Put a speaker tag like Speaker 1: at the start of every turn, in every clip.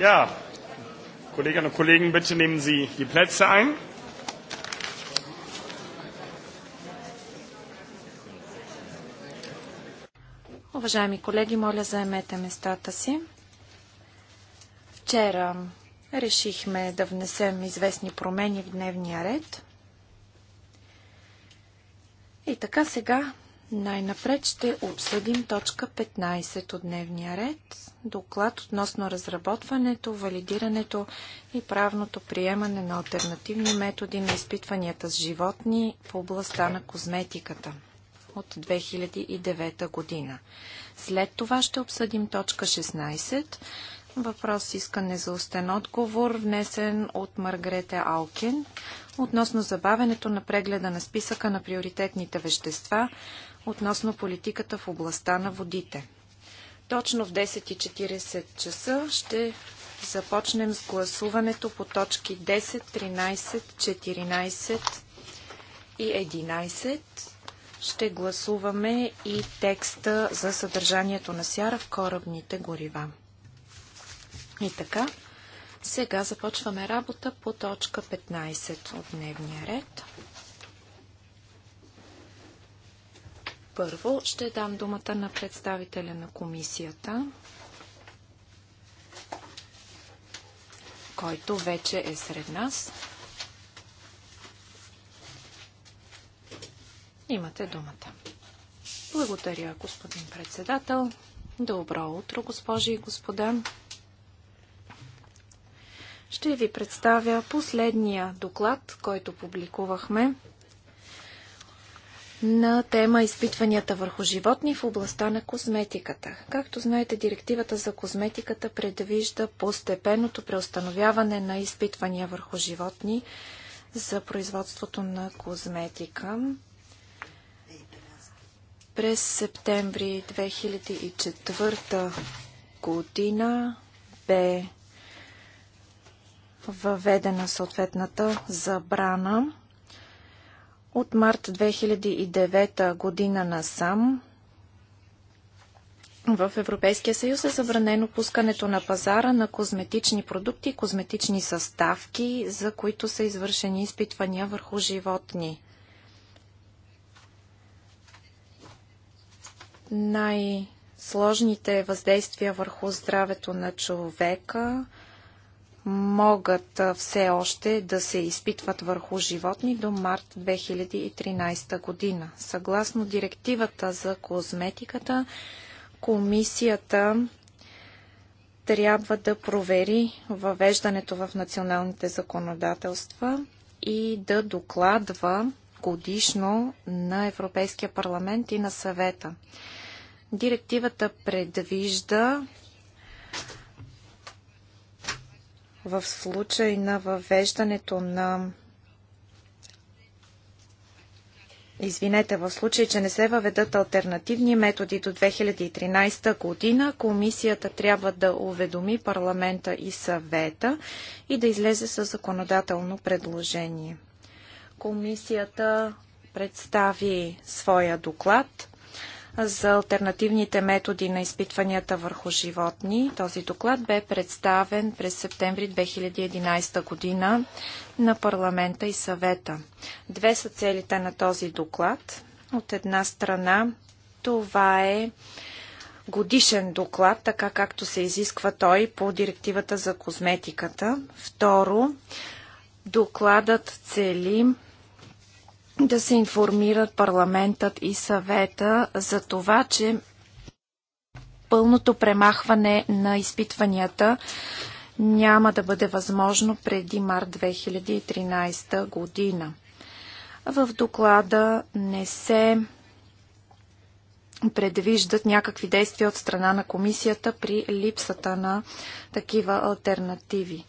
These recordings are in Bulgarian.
Speaker 1: Ja, Kolleginnen und Kollegen, bitte nehmen Sie die Plätze ein.
Speaker 2: Уважаеми колеги, моля заемете местата си. Вчера решихме да внесем известни промени в дневния ред. И така сега най-напред ще обсъдим точка 15 от дневния ред. Доклад относно разработването, валидирането и правното приемане на альтернативни методи на изпитванията с животни в областта на козметиката от 2009 година. След това ще обсъдим точка 16. Въпрос искане за устен отговор, внесен от Маргрете Алкин, относно забавенето на прегледа на списъка на приоритетните вещества, относно политиката в областта на водите. Точно в 10.40 часа ще започнем с гласуването по точки 10, 13, 14 и 11. Ще гласуваме и текста за съдържанието на сяра в корабните горива. И така, сега започваме работа по точка 15 от дневния ред. Първо ще дам думата на представителя на комисията, който вече е сред нас. Имате думата. Благодаря, господин председател. Добро утро, госпожи и господа. Ще ви представя последния доклад, който публикувахме на тема изпитванията върху животни в областта на козметиката. Както знаете, директивата за козметиката предвижда постепенното преустановяване на изпитвания върху животни за производството на козметика. През септември 2004 година бе въведена съответната забрана от март 2009 година насам в Европейския съюз е забранено пускането на пазара на козметични продукти, козметични съставки, за които са извършени изпитвания върху животни. Най- сложните въздействия върху здравето на човека могат все още да се изпитват върху животни до март 2013 година. Съгласно директивата за козметиката, комисията трябва да провери въвеждането в националните законодателства и да докладва годишно на Европейския парламент и на съвета. Директивата предвижда в случай на въвеждането на Извинете, в случай, че не се въведат альтернативни методи до 2013 година, комисията трябва да уведоми парламента и съвета и да излезе със законодателно предложение. Комисията представи своя доклад за альтернативните методи на изпитванията върху животни. Този доклад бе представен през септември 2011 година на парламента и съвета. Две са целите на този доклад. От една страна това е годишен доклад, така както се изисква той по директивата за козметиката. Второ, докладът цели да се информират парламентът и съвета за това, че пълното премахване на изпитванията няма да бъде възможно преди март 2013 година. В доклада не се предвиждат някакви действия от страна на комисията при липсата на такива альтернативи.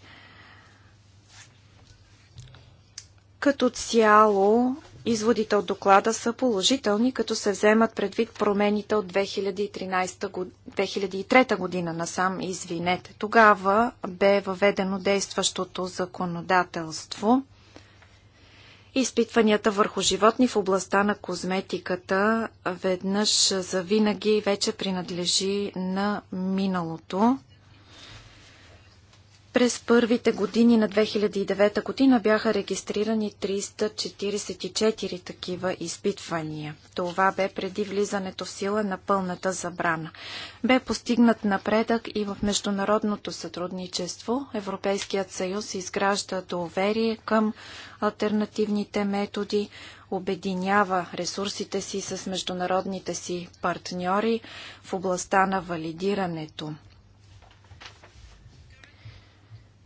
Speaker 2: Като цяло Изводите от доклада са положителни, като се вземат предвид промените от 2013 2003 година насам, извинете. Тогава бе въведено действащото законодателство. Изпитванията върху животни в областта на козметиката веднъж за винаги вече принадлежи на миналото. През първите години на 2009 година бяха регистрирани 344 такива изпитвания. Това бе преди влизането в сила на пълната забрана. Бе постигнат напредък и в международното сътрудничество. Европейският съюз изгражда доверие към альтернативните методи, обединява ресурсите си с международните си партньори в областта на валидирането.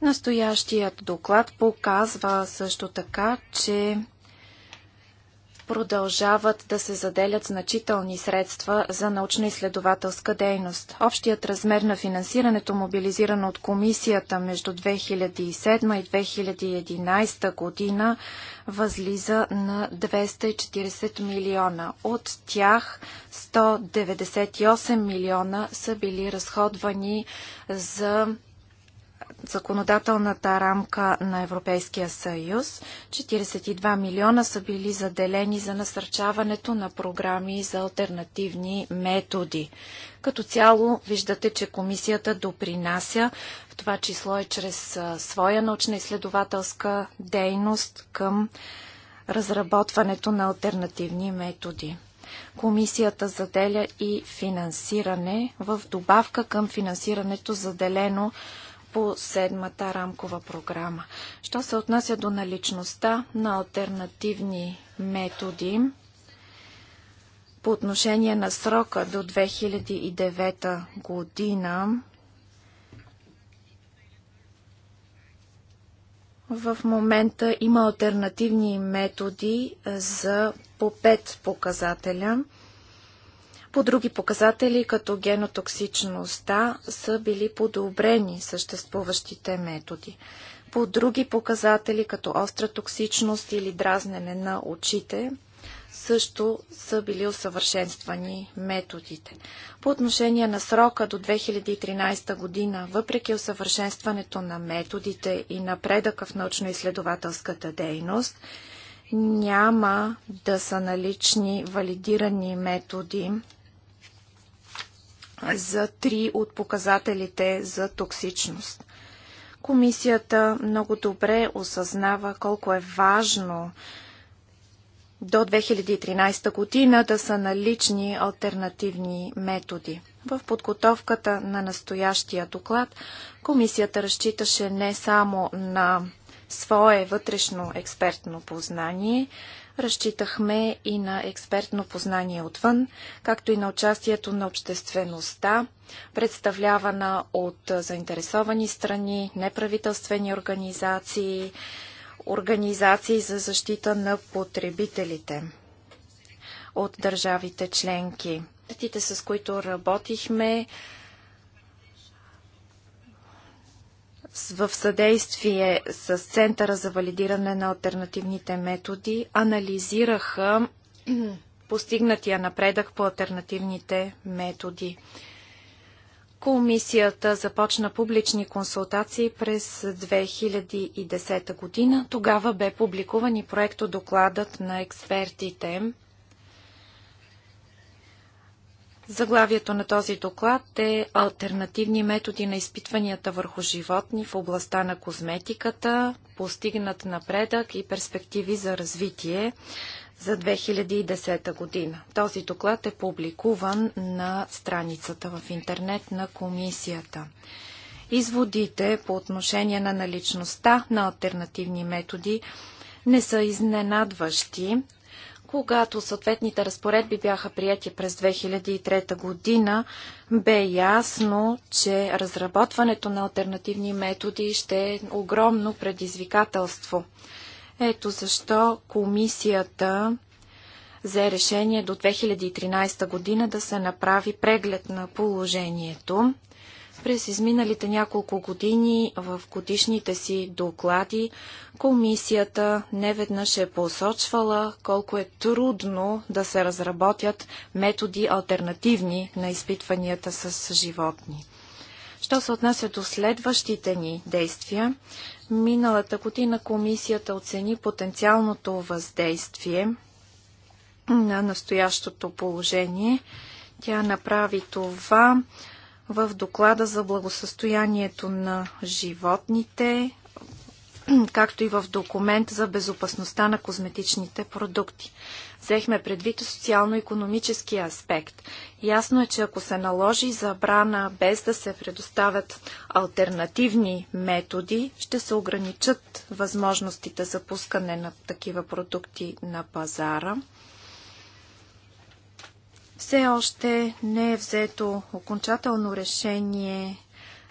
Speaker 2: Настоящият доклад показва също така, че продължават да се заделят значителни средства за научно-изследователска дейност. Общият размер на финансирането, мобилизирано от комисията между 2007 и 2011 година, възлиза на 240 милиона. От тях 198 милиона са били разходвани за законодателната рамка на Европейския съюз. 42 милиона са били заделени за насърчаването на програми за альтернативни методи. Като цяло виждате, че комисията допринася в това число и чрез своя научна изследователска дейност към разработването на альтернативни методи. Комисията заделя и финансиране в добавка към финансирането заделено по седмата рамкова програма. Що се отнася до наличността на альтернативни методи, по отношение на срока до 2009 година, в момента има альтернативни методи за по 5 показателя. По други показатели, като генотоксичността, са били подобрени съществуващите методи. По други показатели, като остра токсичност или дразнене на очите, също са били усъвършенствани методите. По отношение на срока до 2013 година, въпреки усъвършенстването на методите и напредъка в научно-изследователската дейност, няма да са налични валидирани методи за три от показателите за токсичност. Комисията много добре осъзнава колко е важно до 2013 година да са налични альтернативни методи. В подготовката на настоящия доклад комисията разчиташе не само на свое вътрешно експертно познание, Разчитахме и на експертно познание отвън, както и на участието на обществеността, представлявана от заинтересовани страни, неправителствени организации, организации за защита на потребителите от държавите членки. Тите, с които работихме, в съдействие с Центъра за валидиране на альтернативните методи анализираха постигнатия напредък по альтернативните методи. Комисията започна публични консултации през 2010 година. Тогава бе публикуван и проекто докладът на експертите. Заглавието на този доклад е Алтернативни методи на изпитванията върху животни в областта на козметиката, постигнат напредък и перспективи за развитие за 2010 година. Този доклад е публикуван на страницата в интернет на комисията. Изводите по отношение на наличността на альтернативни методи не са изненадващи. Когато съответните разпоредби бяха прияти през 2003 година, бе ясно, че разработването на альтернативни методи ще е огромно предизвикателство. Ето защо комисията взе решение до 2013 година да се направи преглед на положението. През изминалите няколко години в годишните си доклади комисията неведнъж е посочвала колко е трудно да се разработят методи альтернативни на изпитванията с животни. Що се отнася до следващите ни действия, миналата година комисията оцени потенциалното въздействие на настоящото положение. Тя направи това в доклада за благосъстоянието на животните, както и в документ за безопасността на козметичните продукти. Взехме предвид социално-економическия аспект. Ясно е, че ако се наложи забрана без да се предоставят альтернативни методи, ще се ограничат възможностите за пускане на такива продукти на пазара – все още не е взето окончателно решение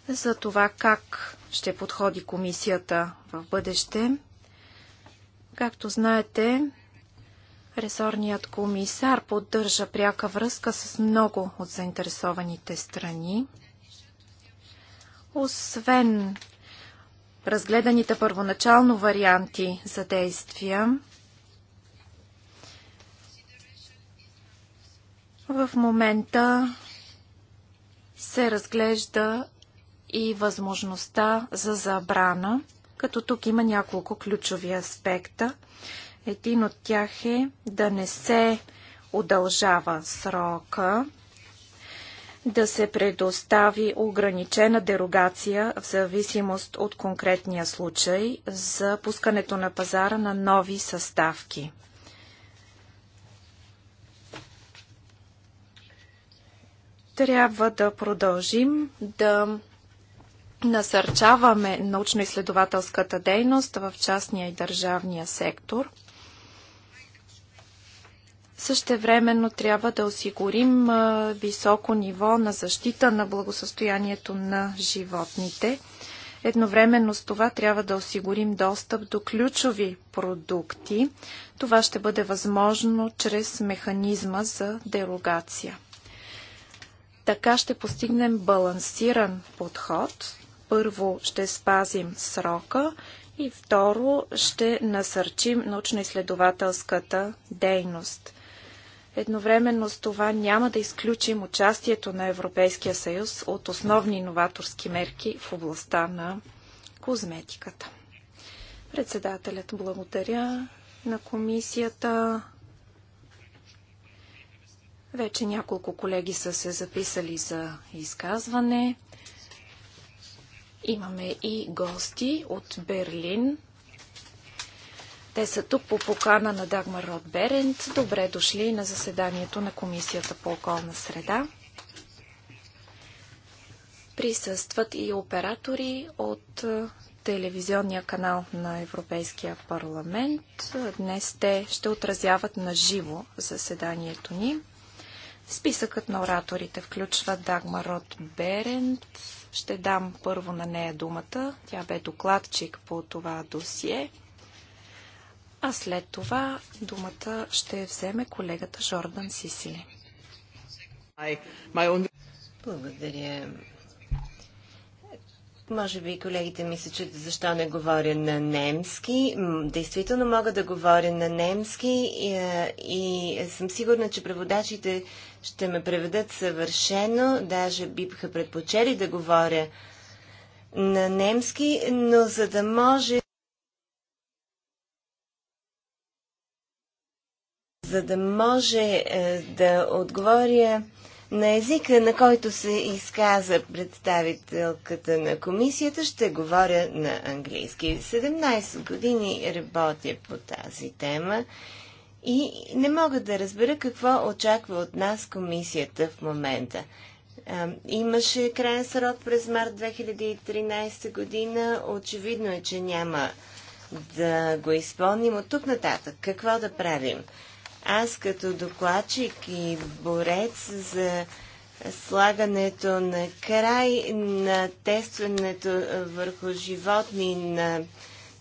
Speaker 2: за това как ще подходи комисията в бъдеще. Както знаете, ресорният комисар поддържа пряка връзка с много от заинтересованите страни. Освен разгледаните първоначално варианти за действия, В момента се разглежда и възможността за забрана, като тук има няколко ключови аспекта. Един от тях е да не се удължава срока, да се предостави ограничена дерогация в зависимост от конкретния случай за пускането на пазара на нови съставки. Трябва да продължим да насърчаваме научно-изследователската дейност в частния и държавния сектор. Същевременно трябва да осигурим високо ниво на защита на благосъстоянието на животните. Едновременно с това трябва да осигурим достъп до ключови продукти. Това ще бъде възможно чрез механизма за дерогация. Така ще постигнем балансиран подход. Първо ще спазим срока и второ ще насърчим научно-изследователската дейност. Едновременно с това няма да изключим участието на Европейския съюз от основни новаторски мерки в областта на козметиката. Председателят благодаря на комисията. Вече няколко колеги са се записали за изказване. Имаме и гости от Берлин. Те са тук по покана на Дагмар Род Берент. Добре дошли на заседанието на Комисията по околна среда. Присъстват и оператори от е, телевизионния канал на Европейския парламент. Днес те ще отразяват на живо заседанието ни. Списъкът на ораторите включва Дагма Рот Берент. Ще дам първо на нея думата. Тя бе докладчик по това досие. А след това думата ще вземе колегата Жордан Сисили. Благодаря.
Speaker 3: Може би колегите се че защо не говоря на немски. Действително мога да говоря на немски и, е, и съм сигурна, че преводачите ще ме преведат съвършено. Даже биха предпочели да говоря на немски, но за да може за да може е, да отговоря на езика, на който се изказа представителката на комисията, ще говоря на английски. 17 години работя по тази тема и не мога да разбера какво очаква от нас комисията в момента. Имаше крайен срок през март 2013 година. Очевидно е, че няма да го изпълним от тук нататък. Какво да правим? Аз като докладчик и борец за слагането на край на тестването върху животни на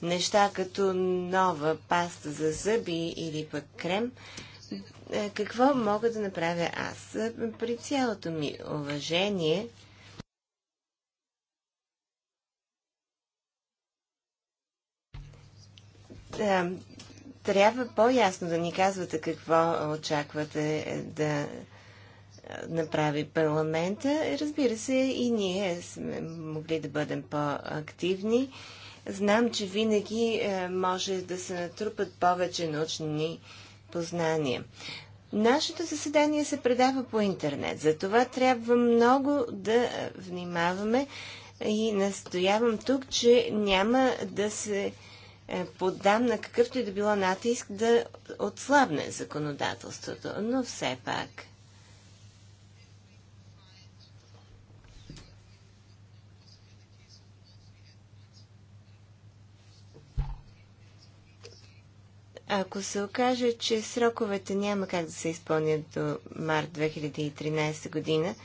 Speaker 3: неща като нова паста за зъби или пък крем, е, какво мога да направя аз? Е, при цялото ми уважение, е, трябва по-ясно да ни казвате какво очаквате да направи парламента. Разбира се, и ние сме могли да бъдем по-активни Знам, че винаги е, може да се натрупат повече научни познания. Нашето заседание се предава по интернет, затова трябва много да е, внимаваме и настоявам тук, че няма да се е, поддам на какъвто и да било натиск да отслабне законодателството, но все пак Ако се окаже, че сроковете няма как да се изпълнят до март 2013 година,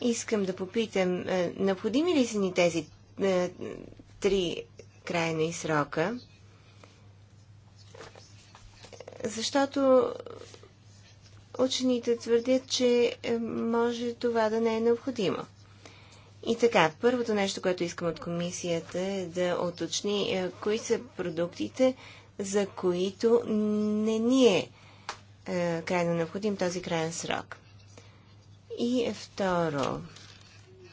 Speaker 3: искам да попитам, е, необходими ли са ни тези е, три крайни срока? Защото учените твърдят, че е, може това да не е необходимо. И така, първото нещо, което искам от комисията е да оточни кои са продуктите, за които не ни е, е, крайно необходим този крайен срок. И второ,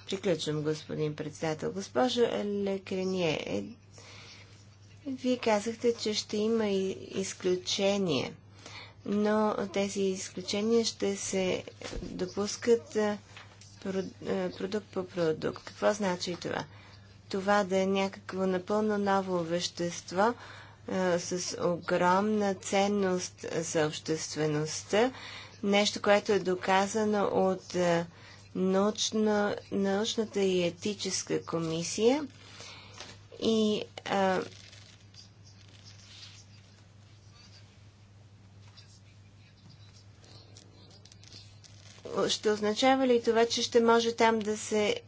Speaker 3: приключвам, господин председател. Госпожо Лекрение, е, вие казахте, че ще има и изключение, но тези изключения ще се допускат е, продукт по продукт. Какво значи това? Това да е някакво напълно ново вещество, а, с огромна ценност за обществеността, нещо, което е доказано от а, научно, научната и етическа комисия. И а, ще означава ли това, че ще може там да се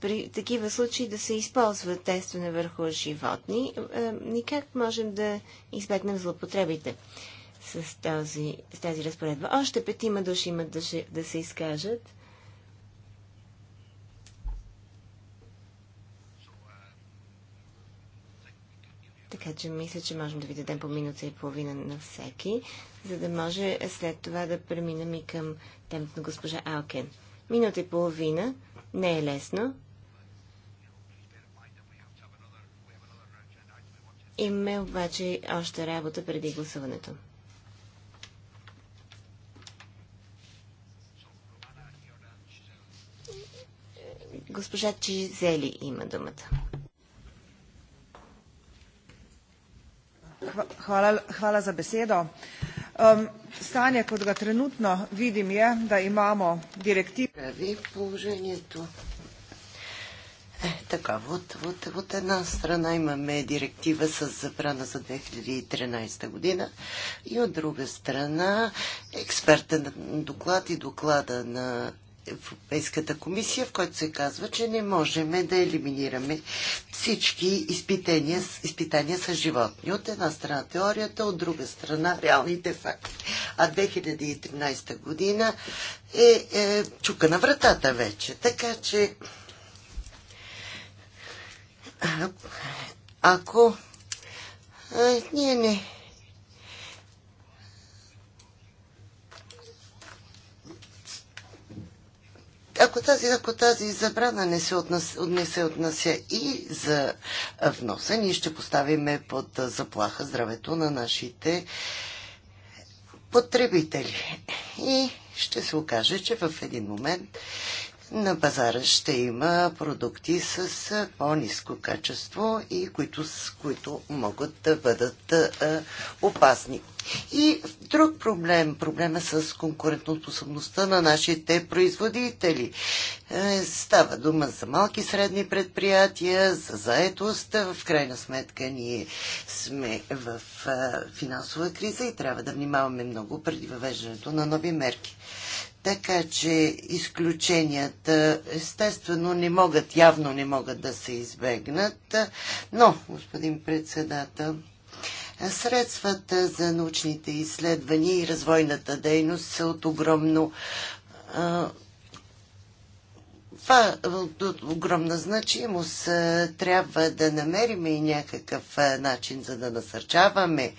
Speaker 3: при такива случаи да се използват тестване върху животни е, и как можем да избегнем злопотребите с, тази, с тази разпоредба. Още петима души имат да, ще, да се изкажат. Така че мисля, че можем да ви дадем по минута и половина на всеки, за да може след това да преминем и към темата на госпожа Алкен. Минута и половина не е лесно, Имаме обаче още работа преди гласуването. Госпожа Чизели има думата.
Speaker 2: Hvala, hvala za besedo. Um, stanje, kot ga trenutno vidim, je, da imamo Pravi direktivo. to.
Speaker 4: Е, така, от, вот, вот една страна имаме директива с забрана за 2013 година и от друга страна експертен доклад и доклада на Европейската комисия, в който се казва, че не можем да елиминираме всички изпитания, изпитания с животни. От една страна теорията, от друга страна реалните факти. А 2013 година е, е чука на вратата вече. Така че а, ако а, ние не ако тази, ако тази забрана не се, отнася, не се отнася и за вноса, ние ще поставиме под заплаха здравето на нашите потребители. И ще се окаже, че в един момент на пазара ще има продукти с по-низко качество и които, които могат да бъдат а, опасни. И друг проблем, проблема с конкурентоспособността на нашите производители. Е, става дума за малки и средни предприятия, за заетост. В крайна сметка ние сме в финансова криза и трябва да внимаваме много преди въвеждането на нови мерки. Така че изключенията естествено не могат, явно не могат да се избегнат, но, господин председател, средствата за научните изследвания и развойната дейност са от огромно това от огромна значимост. Трябва да намерим и някакъв начин, за да насърчаваме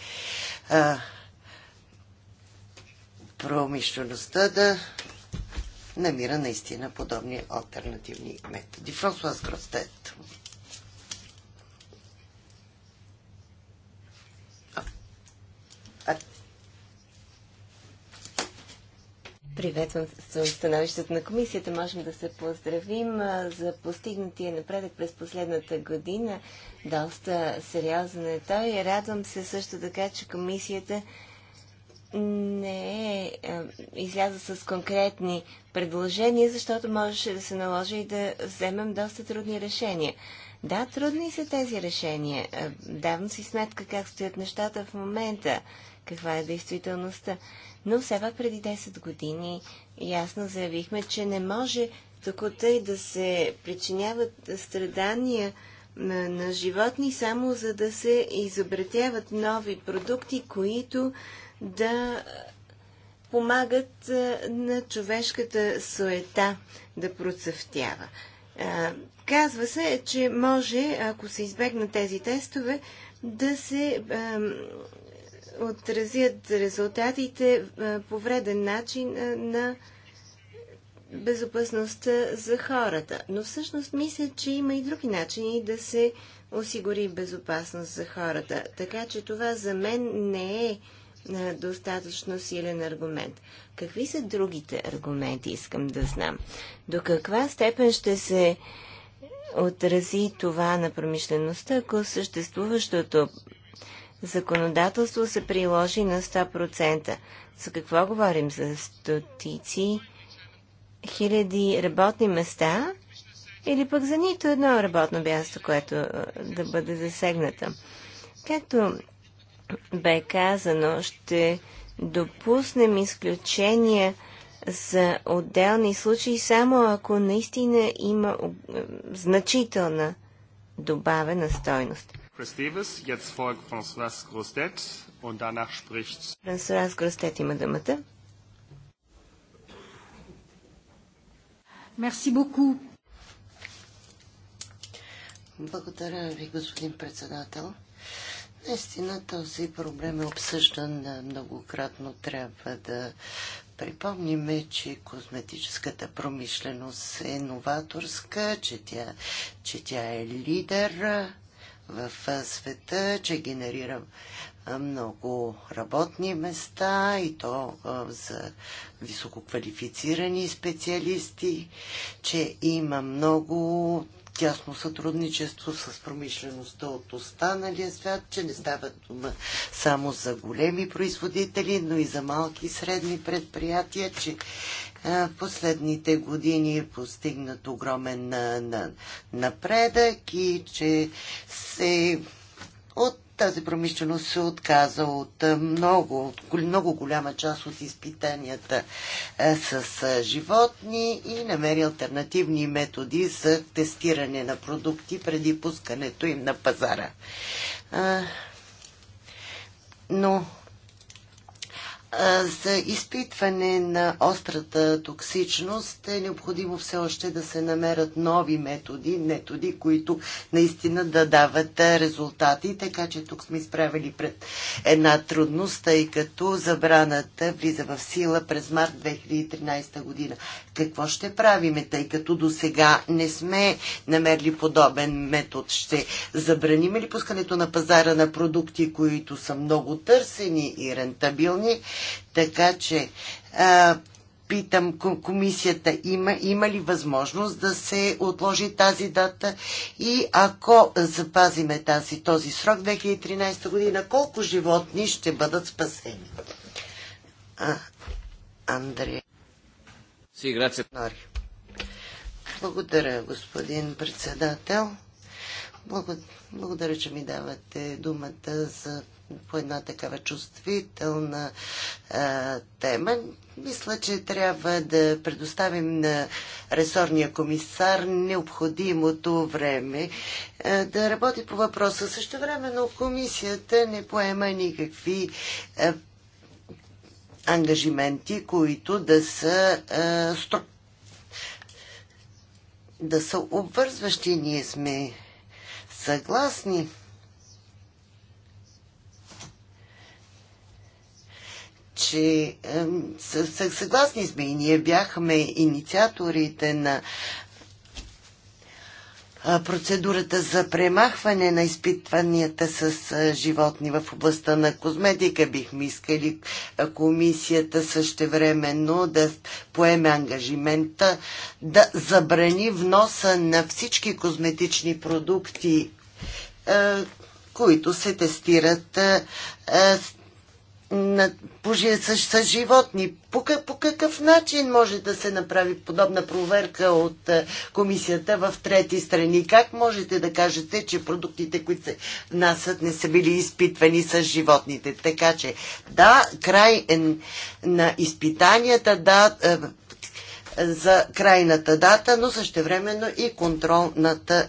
Speaker 4: промишлеността да намира наистина подобни альтернативни методи. Франсуаз Гростет.
Speaker 3: Приветствам становището на комисията. Можем да се поздравим за постигнатия напредък през последната година. Доста сериозен е той. Радвам се също така, че комисията не е, е изляза с конкретни предложения, защото можеше да се наложи и да вземем доста трудни решения. Да, трудни са тези решения. Е, давам си сметка как стоят нещата в момента, каква е действителността. Но все пак преди 10 години ясно заявихме, че не може токота и да се причиняват страдания на, на животни, само за да се изобретяват нови продукти, които да помагат на човешката суета да процъфтява. Казва се, че може, ако се избегнат тези тестове, да се отразят резултатите по вреден начин на безопасността за хората. Но всъщност мисля, че има и други начини да се осигури безопасност за хората. Така че това за мен не е е, достатъчно силен аргумент. Какви са другите аргументи, искам да знам. До каква степен ще се отрази това на промишлеността, ако съществуващото законодателство се приложи на 100%? За какво говорим? За стотици хиляди работни места или пък за нито едно работно място, което е, да бъде засегната. Както бе казано, ще допуснем изключения за отделни случаи, само ако наистина има е, значителна добавена стойност. Франсуас Гростет има думата.
Speaker 2: Мерси боку.
Speaker 4: Благодаря ви, господин председател. Наистина този проблем е обсъждан многократно. Трябва да припомниме, че козметическата промишленост е новаторска, че тя, че тя е лидер в света, че генерира много работни места и то за висококвалифицирани специалисти, че има много тясно сътрудничество с промишлеността от останалия свят, че не става дума само за големи производители, но и за малки и средни предприятия, че в последните години е постигнат огромен напредък и че се от тази промишленост се отказа от много, много голяма част от изпитанията с животни и намери альтернативни методи за тестиране на продукти преди пускането им на пазара. Но за изпитване на острата токсичност е необходимо все още да се намерят нови методи, методи, които наистина да дават резултати, така че тук сме изправили пред една трудност, тъй като забраната влиза в сила през март 2013 година. Какво ще правиме, тъй като до сега не сме намерили подобен метод? Ще забраним ли пускането на пазара на продукти, които са много търсени и рентабилни? Така че а, питам комисията, има, има ли възможност да се отложи тази дата и ако запазиме тази, този срок 2013 година, колко животни ще бъдат спасени? А, Андрея. Си, грация. Благодаря, господин председател. Благодаря, че ми давате думата за по една такава чувствителна а, тема, мисля, че трябва да предоставим на ресорния комисар необходимото време а, да работи по въпроса. Също време, но комисията не поема никакви а, ангажименти, които да са а, стру... да са обвързващи. Ние сме съгласни че съгласни сме и ние бяхме инициаторите на процедурата за премахване на изпитванията с животни в областта на козметика. Бихме искали комисията същевременно да поеме ангажимента да забрани вноса на всички козметични продукти, които се тестират на, по, с, с животни. По, по какъв начин може да се направи подобна проверка от а, е, комисията в трети страни? Как можете да кажете, че продуктите, които се насът, не са били изпитвани с животните? Така че, да, край е, на изпитанията, да, е, за крайната дата, но същевременно и контрол над е,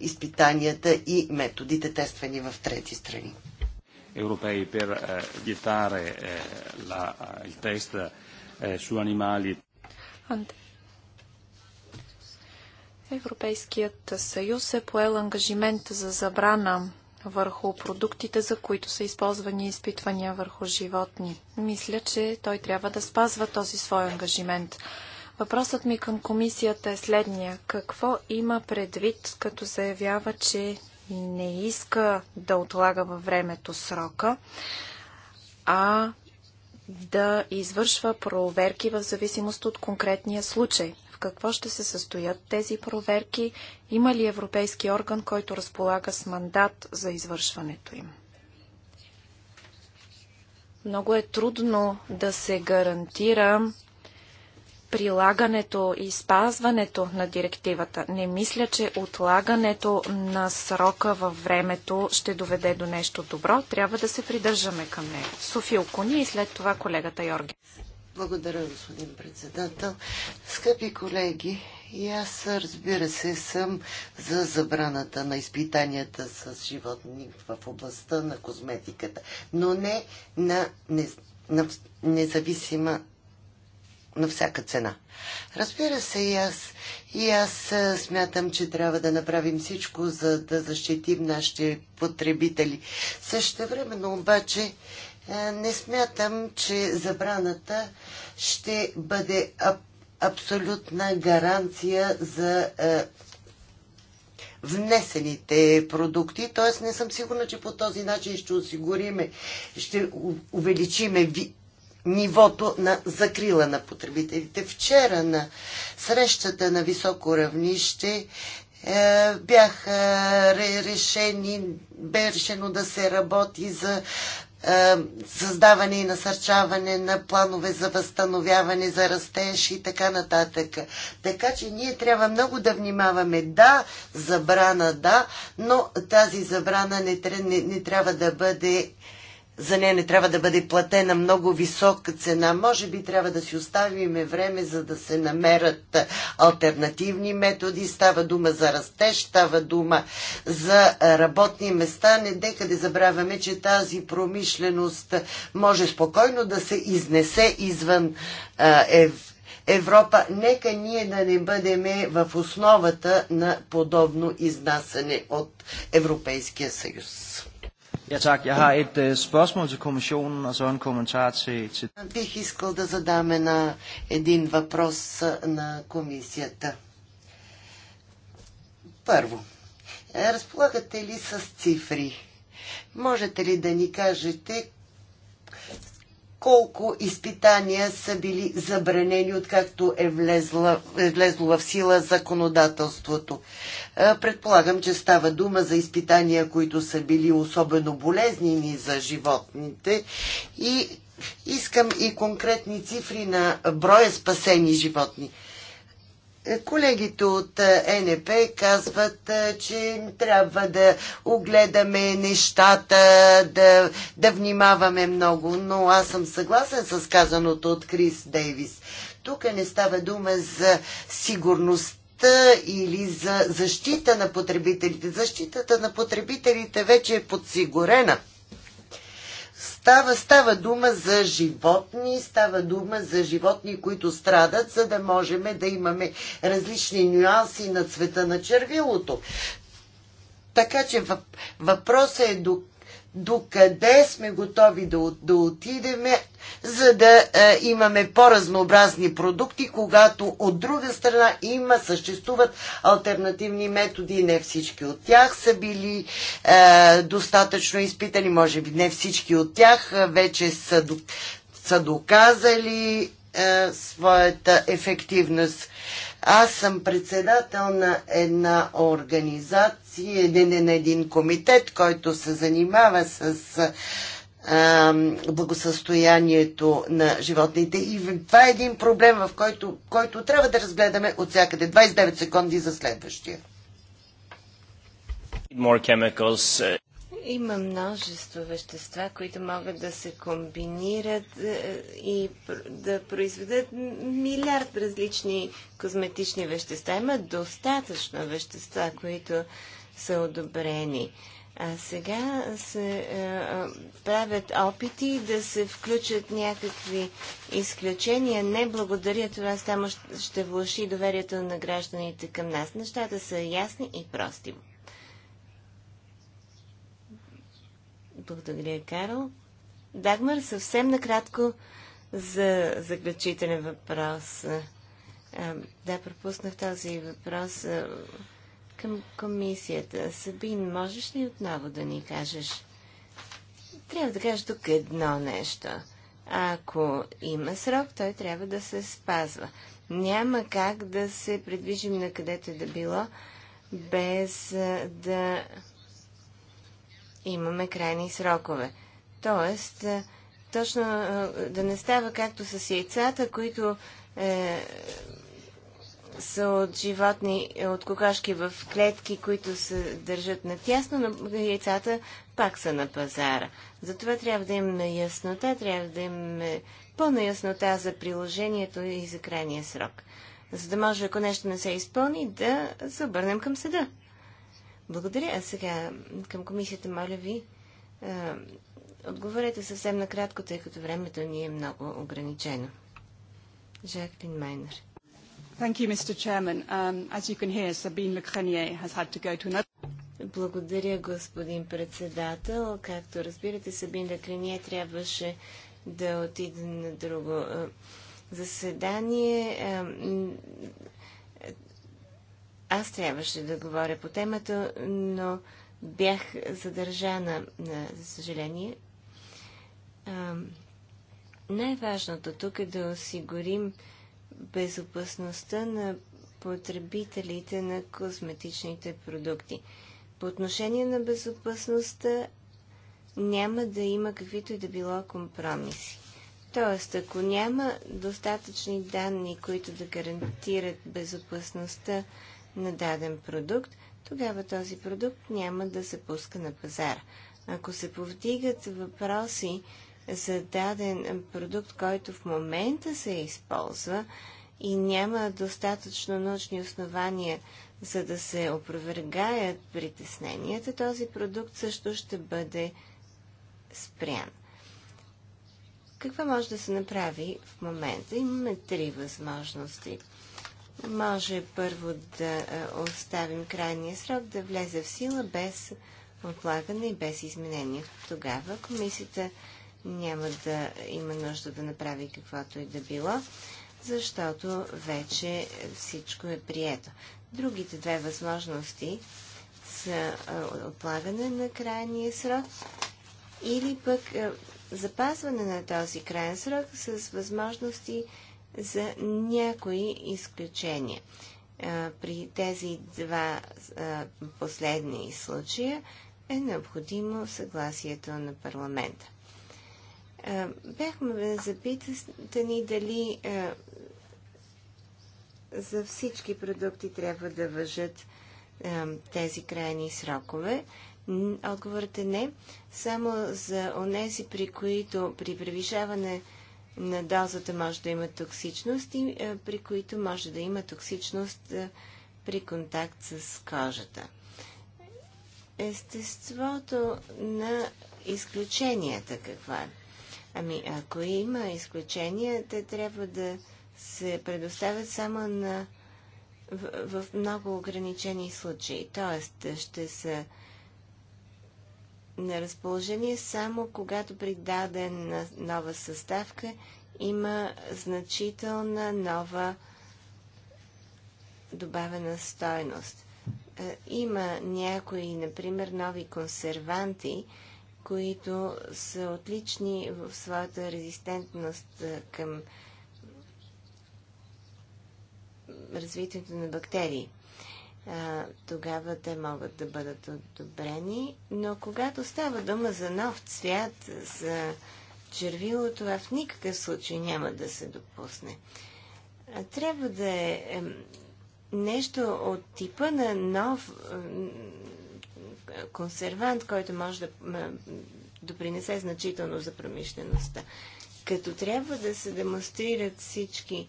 Speaker 4: изпитанията и методите тествани в трети страни
Speaker 1: europei per eh, vietare eh, eh, il test su animali.
Speaker 2: Европейският съюз е поел ангажимент за забрана върху продуктите, за които са използвани изпитвания върху животни. Мисля, че той трябва да спазва този свой ангажимент. Въпросът ми към комисията е следния. Какво има предвид, като заявява, че не иска да отлага във времето срока, а да извършва проверки в зависимост от конкретния случай. В какво ще се състоят тези проверки? Има ли европейски орган, който разполага с мандат за извършването им? Много е трудно да се гарантира прилагането и спазването на директивата. Не мисля, че отлагането на срока във времето ще доведе до нещо добро. Трябва да се придържаме към него. Софи Окуни и след това колегата Йорги.
Speaker 4: Благодаря, господин председател. Скъпи колеги, и аз, разбира се, съм за забраната на изпитанията с животни в областта на козметиката, но не на, не, на независима на всяка цена. Разбира се, и аз, и аз смятам, че трябва да направим всичко, за да защитим нашите потребители. но обаче не смятам, че забраната ще бъде аб- абсолютна гаранция за е, внесените продукти. Т.е. не съм сигурна, че по този начин ще осигуриме, ще увеличиме ви нивото на закрила на потребителите. Вчера на срещата на високо равнище е, бяха решени, бе решено да се работи за е, създаване и насърчаване на планове за възстановяване, за растеж и така нататък. Така че ние трябва много да внимаваме. Да, забрана, да, но тази забрана не, не, не трябва да бъде за нея не трябва да бъде платена много висока цена. Може би трябва да си оставиме време, за да се намерят альтернативни методи. Става дума за растеж, става дума за работни места. Не дека да забравяме, че тази промишленост може спокойно да се изнесе извън Ев... Европа. Нека ние да не бъдеме в основата на подобно изнасяне от Европейския съюз.
Speaker 2: Ja, tak. Jeg har et uh, spørgsmål til kommissionen og så en kommentar til... til...
Speaker 4: Бих искал да задам на един въпрос на комисията. Първо, е, разполагате ли с цифри? Можете ли да ни кажете колко изпитания са били забранени, откакто е, влезла, е влезло в сила законодателството. Е, предполагам, че става дума за изпитания, които са били особено болезнени за животните и искам и конкретни цифри на броя спасени животни. Колегите от е, НП казват, е, че трябва да огледаме нещата, да, да внимаваме много, но аз съм съгласен с казаното от Крис Дейвис. Тук не става дума за сигурност или за защита на потребителите. Защитата на потребителите вече е подсигурена – става, става дума за животни, става дума за животни, които страдат, за да можем да имаме различни нюанси на цвета на червилото. Така че въпросът е до докъде сме готови да, да отидеме, за да е, имаме по-разнообразни продукти, когато от друга страна има, съществуват альтернативни методи. Не всички от тях са били е, достатъчно изпитани, може би не всички от тях е, вече са, са доказали е, своята ефективност. Е, аз съм председател на една организация, не, не, на един комитет, който се занимава с а, благосъстоянието на животните. И това е един проблем, в който, който трябва да разгледаме от всякъде. 29 секунди за следващия.
Speaker 3: Има множество вещества, които могат да се комбинират е, и да произведат милиард различни козметични вещества. Има достатъчно вещества, които са одобрени. А сега се е, правят опити да се включат някакви изключения. Не благодаря, това само ще влуши доверието на гражданите към нас. Нещата са ясни и прости. Благодаря, Карл. Дагмар, съвсем накратко за заключителен въпрос. Да, пропуснах този въпрос към комисията. Сабин, можеш ли отново да ни кажеш? Трябва да кажеш тук едно нещо. Ако има срок, той трябва да се спазва. Няма как да се предвижим на където е да било, без да имаме крайни срокове. Тоест, е, точно е, да не става както с яйцата, които е, са от животни, е, от кокошки в клетки, които се държат на тясно, но яйцата пак са на пазара. Затова трябва да имаме яснота, трябва да имаме пълна яснота за приложението и за крайния срок. За да може, ако нещо не се изпълни, да се обърнем към съда. Благодаря. А сега към комисията, моля ви, а, отговорете съвсем накратко, тъй като времето ни е много ограничено. Жаклин Майнер. Thank you, Mr. Chairman. Um, as you can hear, Sabine has had to go to another... Благодаря, господин председател. Както разбирате, Сабин Лекрение трябваше да отиде на друго заседание. Аз трябваше да говоря по темата, но бях задържана, за съжаление. Най-важното тук е да осигурим безопасността на потребителите на козметичните продукти. По отношение на безопасността няма да има каквито и да било компромиси. Тоест, ако няма достатъчни данни, които да гарантират безопасността на даден продукт, тогава този продукт няма да се пуска на пазар. Ако се повдигат въпроси за даден продукт, който в момента се използва и няма достатъчно научни основания за да се опровергаят притесненията, този продукт също ще бъде спрян. Какво може да се направи в момента? Имаме три възможности. Може първо да е, оставим крайния срок да влезе в сила без отлагане и без изменения. Тогава комисията няма да има нужда да направи каквото и да било, защото вече всичко е прието. Другите две възможности са е, отлагане на крайния срок или пък е, запазване на този крайен срок с възможности за някои изключения. При тези два последни случая е необходимо съгласието на парламента. Бяхме запитани дали за всички продукти трябва да въжат тези крайни срокове. Отговорът е не. Само за онези, при които при превишаване на дозата може да има токсичност, и, е, при които може да има токсичност е, при контакт с кожата. Естеството на изключенията каква е? Ами, ако има изключения, те трябва да се предоставят само на, в, в много ограничени случаи. Тоест, ще са на разположение само когато при дадена нова съставка има значителна нова добавена стойност. Е, има някои, например, нови консерванти, които са отлични в своята резистентност е, към развитието на бактерии а, тогава те могат да бъдат одобрени. Но когато става дума за нов цвят, за червило, това в никакъв случай няма да се допусне. А, трябва да е, е нещо от типа на нов е, консервант, който може да е, допринесе значително за промишлеността. Като трябва да се демонстрират всички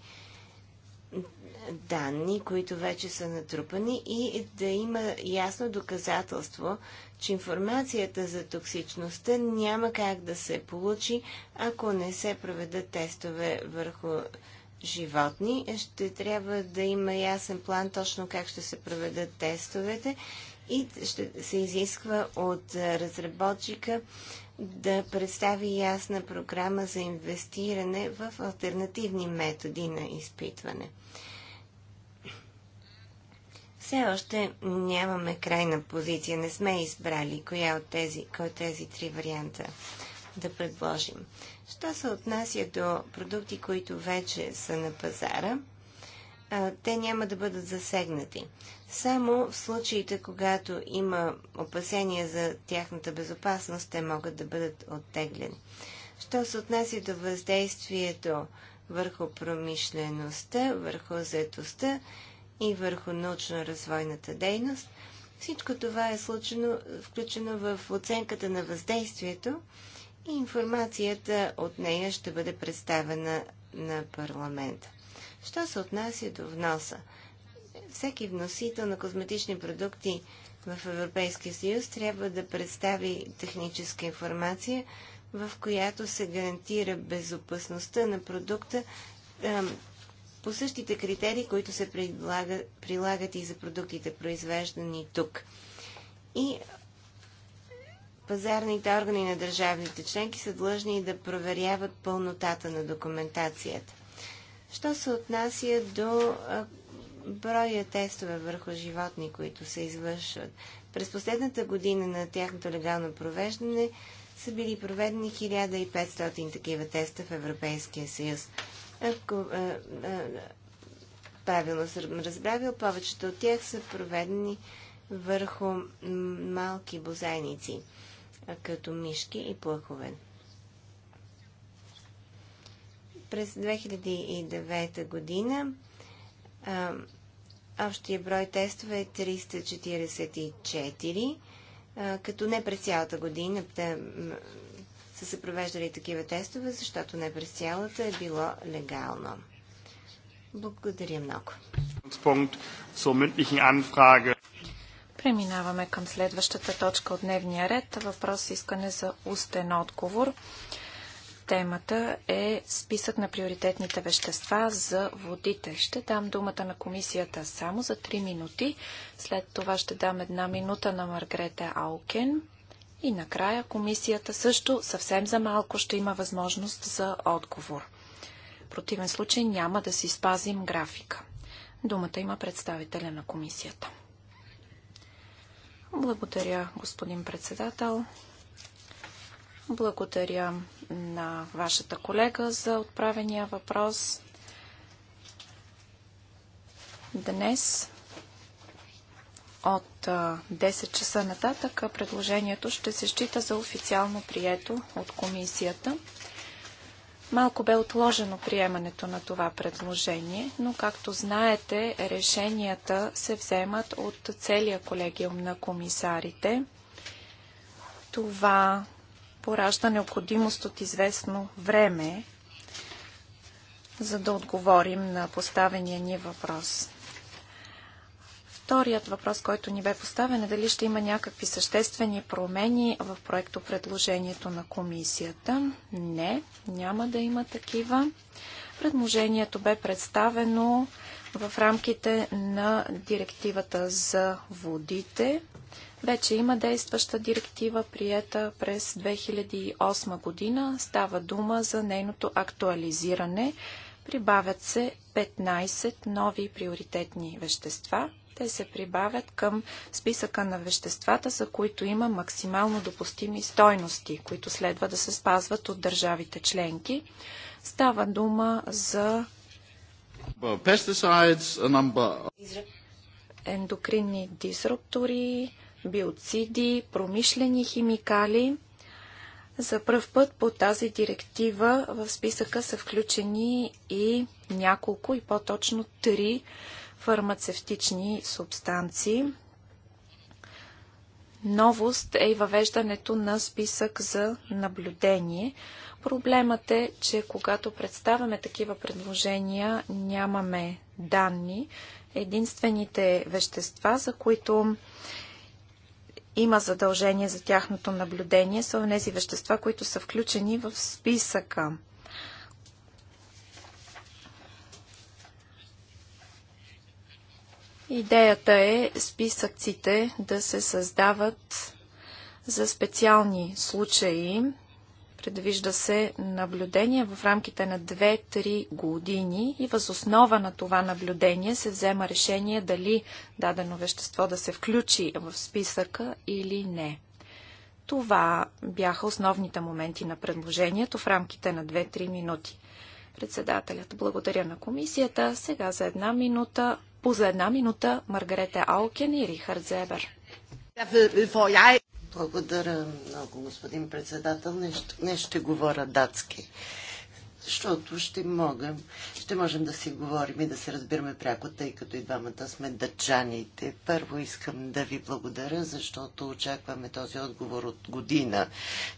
Speaker 3: данни, които вече са натрупани и да има ясно доказателство, че информацията за токсичността няма как да се получи, ако не се проведат тестове върху животни. Ще трябва да има ясен план точно как ще се проведат тестовете и ще се изисква от разработчика да представи ясна програма за инвестиране в альтернативни методи на изпитване. Все още нямаме крайна позиция. Не сме избрали коя от тези, кой от тези три варианта да предложим. Що се отнася до продукти, които вече са на пазара, те няма да бъдат засегнати. Само в случаите, когато има опасения за тяхната безопасност, те могат да бъдат оттеглени. Що се отнася до въздействието върху промишлеността, върху заетостта, и върху научно-развойната дейност. Всичко това е случено, включено в оценката на въздействието и информацията от нея ще бъде представена на парламента. Що се отнася до вноса? Всеки вносител на козметични продукти в Европейския съюз трябва да представи техническа информация, в която се гарантира безопасността на продукта, по същите критерии, които се прилагат, прилагат и за продуктите, произвеждани тук. И пазарните органи на държавните членки са длъжни да проверяват пълнотата на документацията. Що се отнася до броя тестове върху животни, които се извършват. През последната година на тяхното легално провеждане са били проведени 1500 такива теста в Европейския съюз. Ако а, е, а, е, правилно съм разбравил, повечето от тях са проведени върху малки бозайници, като мишки и плъхове. През 2009 година а, общия брой тестове е 344, а, като не през цялата година, са се провеждали такива тестове, защото не през цялата е било легално. Благодаря много.
Speaker 2: Преминаваме към следващата точка от дневния ред. Въпрос искане за устен отговор. Темата е списък на приоритетните вещества за водите. Ще дам думата на комисията само за 3 минути. След това ще дам една минута на Маргрета Аукен. И накрая комисията също съвсем за малко ще има възможност за отговор. В противен случай няма да си спазим графика. Думата има представителя на комисията. Благодаря, господин председател. Благодаря на вашата колега за отправения въпрос. Днес от 10 часа нататък предложението ще се счита за официално прието от комисията. Малко бе отложено приемането на това предложение, но както знаете, решенията се вземат от целия колегиум на комисарите. Това поражда необходимост от известно време, за да отговорим на поставения ни въпрос. Вторият въпрос, който ни бе поставен е дали ще има някакви съществени промени в проекто предложението на комисията. Не, няма да има такива. Предложението бе представено в рамките на директивата за водите. Вече има действаща директива, приета през 2008 година. Става дума за нейното актуализиране. Прибавят се 15 нови приоритетни вещества, те се прибавят към списъка на веществата, за които има максимално допустими стойности, които следва да се спазват от държавите членки. Става дума за ендокринни дисруптори, биоциди, промишлени химикали. За първ път по тази директива в списъка са включени и няколко и по-точно три фармацевтични субстанции. Новост е и въвеждането на списък за наблюдение. Проблемът е, че когато представяме такива предложения, нямаме данни. Единствените вещества, за които има задължение за тяхното наблюдение, са тези вещества, които са включени в списъка. Идеята е списъците да се създават за специални случаи. Предвижда се наблюдение в рамките на 2-3 години и възоснова на това наблюдение се взема решение дали дадено вещество да се включи в списъка или не. Това бяха основните моменти на предложението в рамките на 2-3 минути. Председателят благодаря на комисията. Сега за една минута по за една минута Маргарета Алкен и Рихард Зебер.
Speaker 4: Благодаря много, господин председател. Не ще говоря датски защото ще можем, ще можем да си говорим и да се разбираме пряко, тъй като и двамата сме дъчаните. Първо искам да ви благодаря, защото очакваме този отговор от година.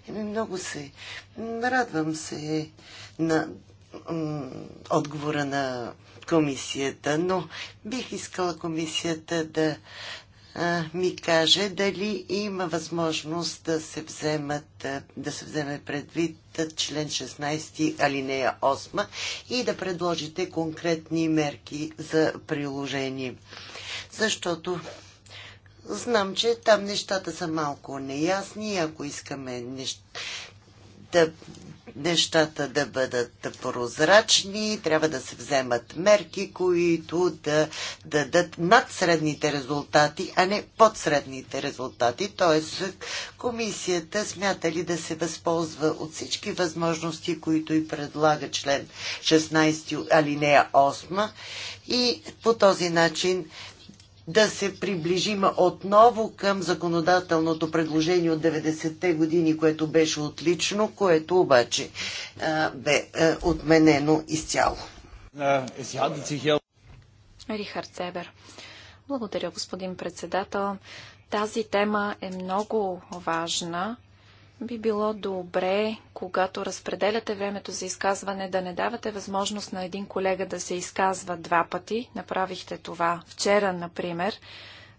Speaker 4: И много се радвам се на отговора на комисията, но бих искала комисията да ми каже дали има възможност да се, вземат, да се вземе предвид член 16 алинея 8 и да предложите конкретни мерки за приложение. Защото знам, че там нещата са малко неясни. Ако искаме нещ... да, нещата да бъдат прозрачни, трябва да се вземат мерки, които да дадат надсредните резултати, а не подсредните резултати. Тоест, комисията смята ли да се възползва от всички възможности, които и предлага член 16 алинея 8 и по този начин да се приближим отново към законодателното предложение от 90-те години, което беше отлично, което обаче а, бе а, отменено изцяло.
Speaker 2: Рихард Себер. Благодаря, господин председател. Тази тема е много важна. Би било добре, когато разпределяте времето за изказване, да не давате възможност на един колега да се изказва два пъти. Направихте това вчера, например.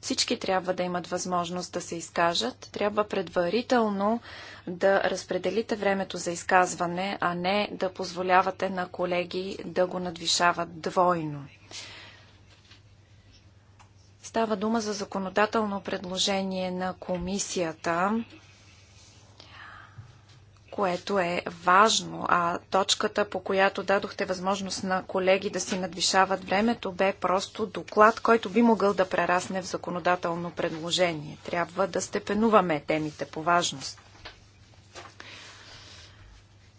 Speaker 2: Всички трябва да имат възможност да се изкажат. Трябва предварително да разпределите времето за изказване, а не да позволявате на колеги да го надвишават двойно. Става дума за законодателно предложение на комисията което е важно. А точката, по която дадохте възможност на колеги да си надвишават времето, бе просто доклад, който би могъл да прерасне в законодателно предложение. Трябва да степенуваме темите по важност.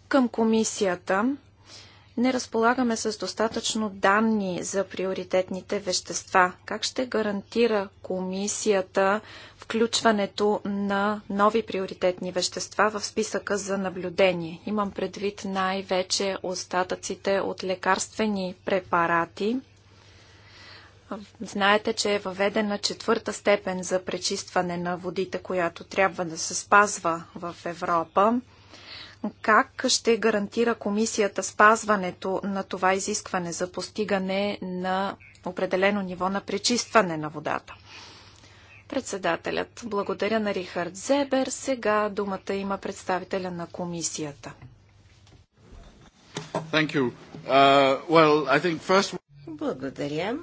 Speaker 2: Към комисията не разполагаме с достатъчно данни за приоритетните вещества. Как ще гарантира комисията включването на нови приоритетни вещества в списъка за наблюдение. Имам предвид най-вече остатъците от лекарствени препарати. Знаете, че е въведена четвърта степен за пречистване на водите, която трябва да се спазва в Европа. Как ще гарантира комисията спазването на това изискване за постигане на определено ниво на пречистване на водата? Председателят, благодаря на Рихард Зебер. Сега думата има представителя на комисията.
Speaker 3: Uh, well, first... Благодаря.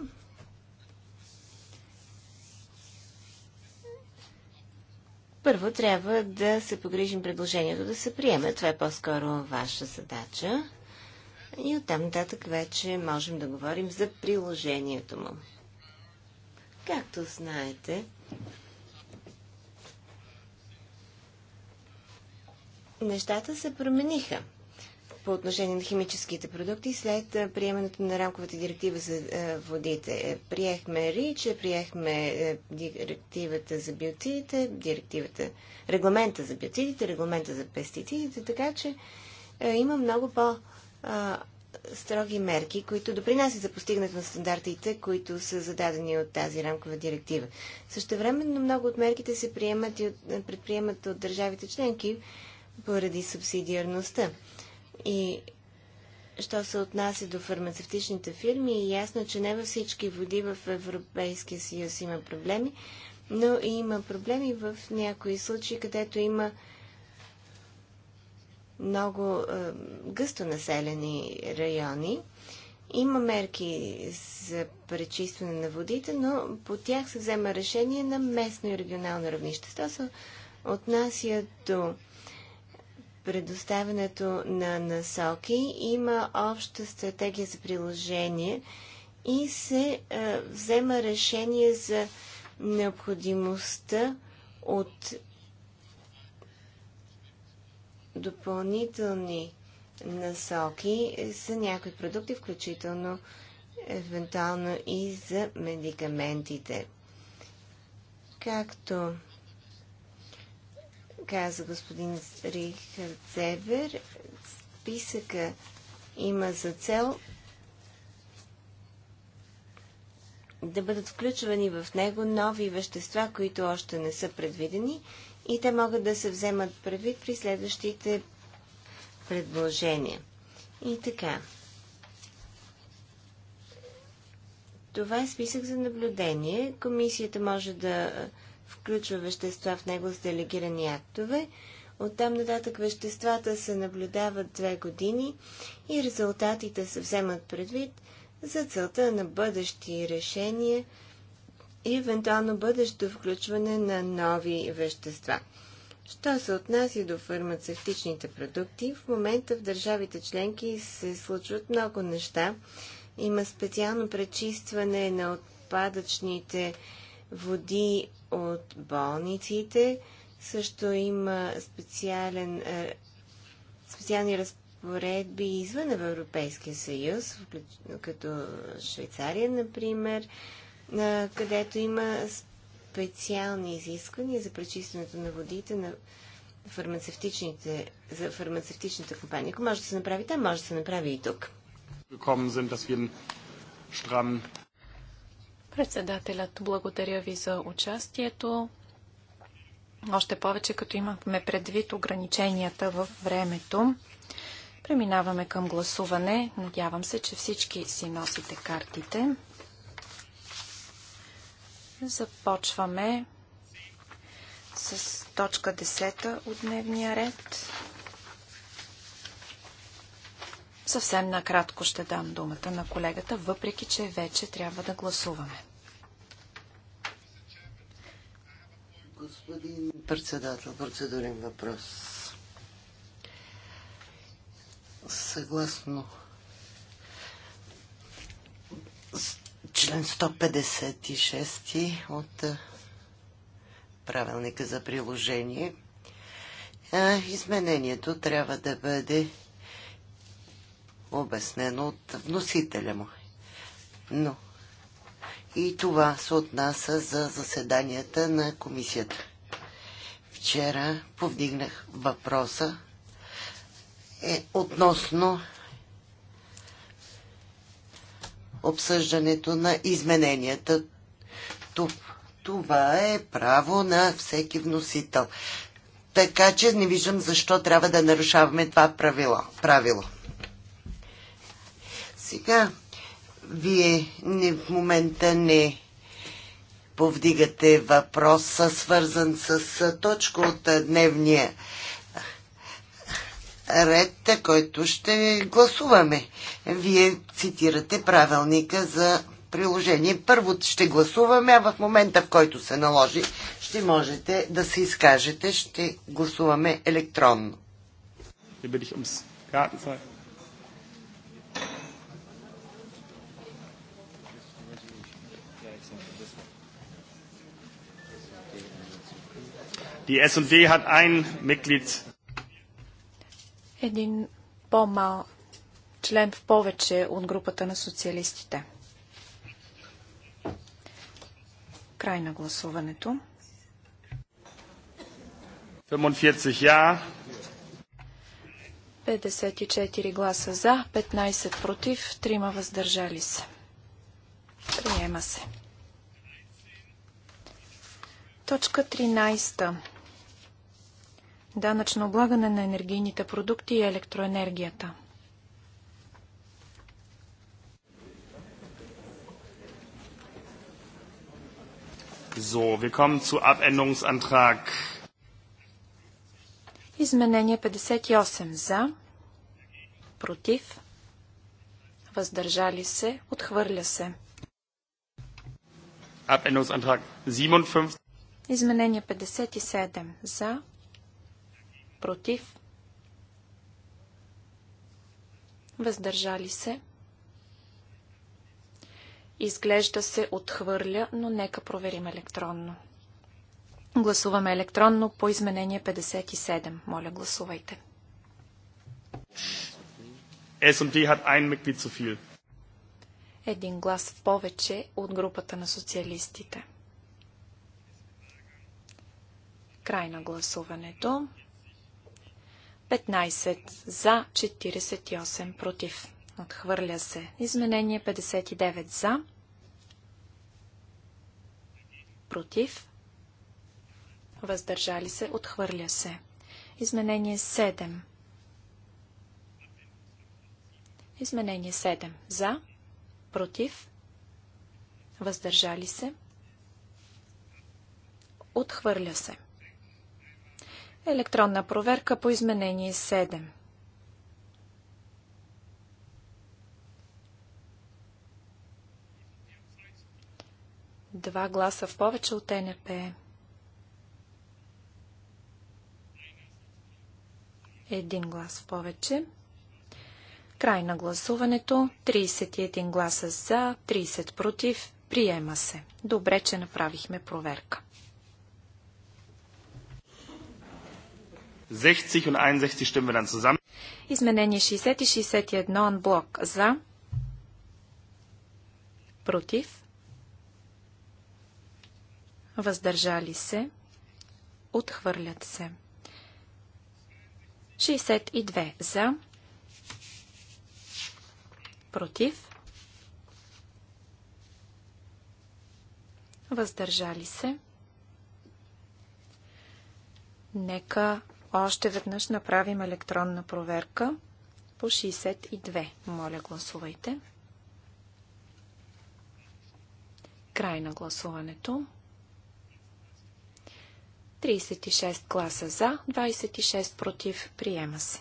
Speaker 3: Първо трябва да се погрижим предложението да се приеме. Това е по-скоро ваша задача. И оттам нататък вече можем да говорим за приложението му. Както знаете, Нещата се промениха по отношение на химическите продукти след приемането на рамковата директива за водите. Приехме РИЧ, приехме директивата за биоцидите, директивата, регламента за биоцидите, регламента за пестицидите, така че има много по- строги мерки, които допринасят за постигнат на стандартите, които са зададени от тази рамкова директива. Същевременно много от мерките се приемат и от, предприемат от държавите членки поради субсидиарността. И що се отнася до фармацевтичните фирми, е ясно, че не във всички води в Европейския съюз има проблеми, но и има проблеми в някои случаи, където има много е, гъсто населени райони. Има мерки за пречистване на водите, но по тях се взема решение на местно и регионално равнище. То се отнася до предоставянето на насоки. Има обща стратегия за приложение и се е, взема решение за необходимостта от допълнителни насоки за някои продукти, включително евентуално и за медикаментите. Както каза господин Рихард Зебер, списъка има за цел да бъдат включвани в него нови вещества, които още не са предвидени и те могат да се вземат предвид при следващите предложения. И така. Това е списък за наблюдение. Комисията може да включва вещества в него с делегирани актове. Оттам нататък веществата се наблюдават две години и резултатите се вземат предвид за целта на бъдещи решения и евентуално бъдещо включване на нови вещества. Що се отнася до фармацевтичните продукти, в момента в държавите членки се случват много неща. Има специално пречистване на отпадъчните води от болниците. Също има специален, е, специални разпоредби извън Европейския съюз, като Швейцария, например, където има специални изисквания за пречистването на водите на фармацевтичните, за фармацевтичната компания. Ако може да се направи
Speaker 1: там, може да се направи и тук.
Speaker 2: Председателят, благодаря ви за участието. Още повече, като имахме предвид ограниченията във времето. Преминаваме към гласуване. Надявам се, че всички си носите картите. Започваме с точка 10 от дневния ред. Съвсем накратко ще дам думата на колегата, въпреки че вече трябва да гласуваме.
Speaker 4: Господин председател, процедурен въпрос. Съгласно член 156 от правилника за приложение. Изменението трябва да бъде обяснено от вносителя му. Но и това се отнася за заседанията на комисията. Вчера повдигнах въпроса е, относно обсъждането на измененията. Това е право на всеки вносител. Така че не виждам защо трябва да нарушаваме това правило. правило. Сега, вие не, в момента не повдигате въпроса, свързан с точка от дневния ред, който ще гласуваме. Вие цитирате правилника за приложение. Първо ще гласуваме, а в момента, в който се наложи, ще можете да се изкажете. Ще гласуваме електронно.
Speaker 1: Die S&D hat ein Mitglied
Speaker 2: един по-мал член в повече от групата на социалистите. Край на гласуването.
Speaker 1: 45 я.
Speaker 2: 54 гласа за, 15 против, 3 въздържали се. Приема се. Точка 13 данъчно облагане на енергийните продукти и електроенергията.
Speaker 1: So, wir kommen zu Abänderungsantrag.
Speaker 2: Изменение 58 за, против, въздържали се, отхвърля се.
Speaker 1: Abänderungsantrag 57.
Speaker 2: Изменение 57 за, против, въздържали се. Изглежда се отхвърля, но нека проверим електронно. Гласуваме електронно по изменение 57. Моля, гласувайте.
Speaker 1: SMD had ein Mitglied zu viel.
Speaker 2: Един глас в повече от групата на социалистите. Край на гласуването. 15 за, 48 против. Отхвърля се. Изменение 59 за, против, въздържали се, отхвърля се. Изменение 7. Изменение 7. За, против, въздържали се, отхвърля се. Електронна проверка по изменение 7. Два гласа в повече от НП. Един глас в повече. Край на гласуването. 31 гласа за, 30 против. Приема се. Добре, че направихме проверка.
Speaker 1: 60 und 61 stimmen wir dann zusammen.
Speaker 2: Изменение 60 и 61 анблок. За. Против. Въздържали се. Отхвърлят се. 62 за. Против. Въздържали се. Нека още веднъж направим електронна проверка по 62. Моля, гласувайте. Край на гласуването. 36 гласа за, 26 против. Приема се.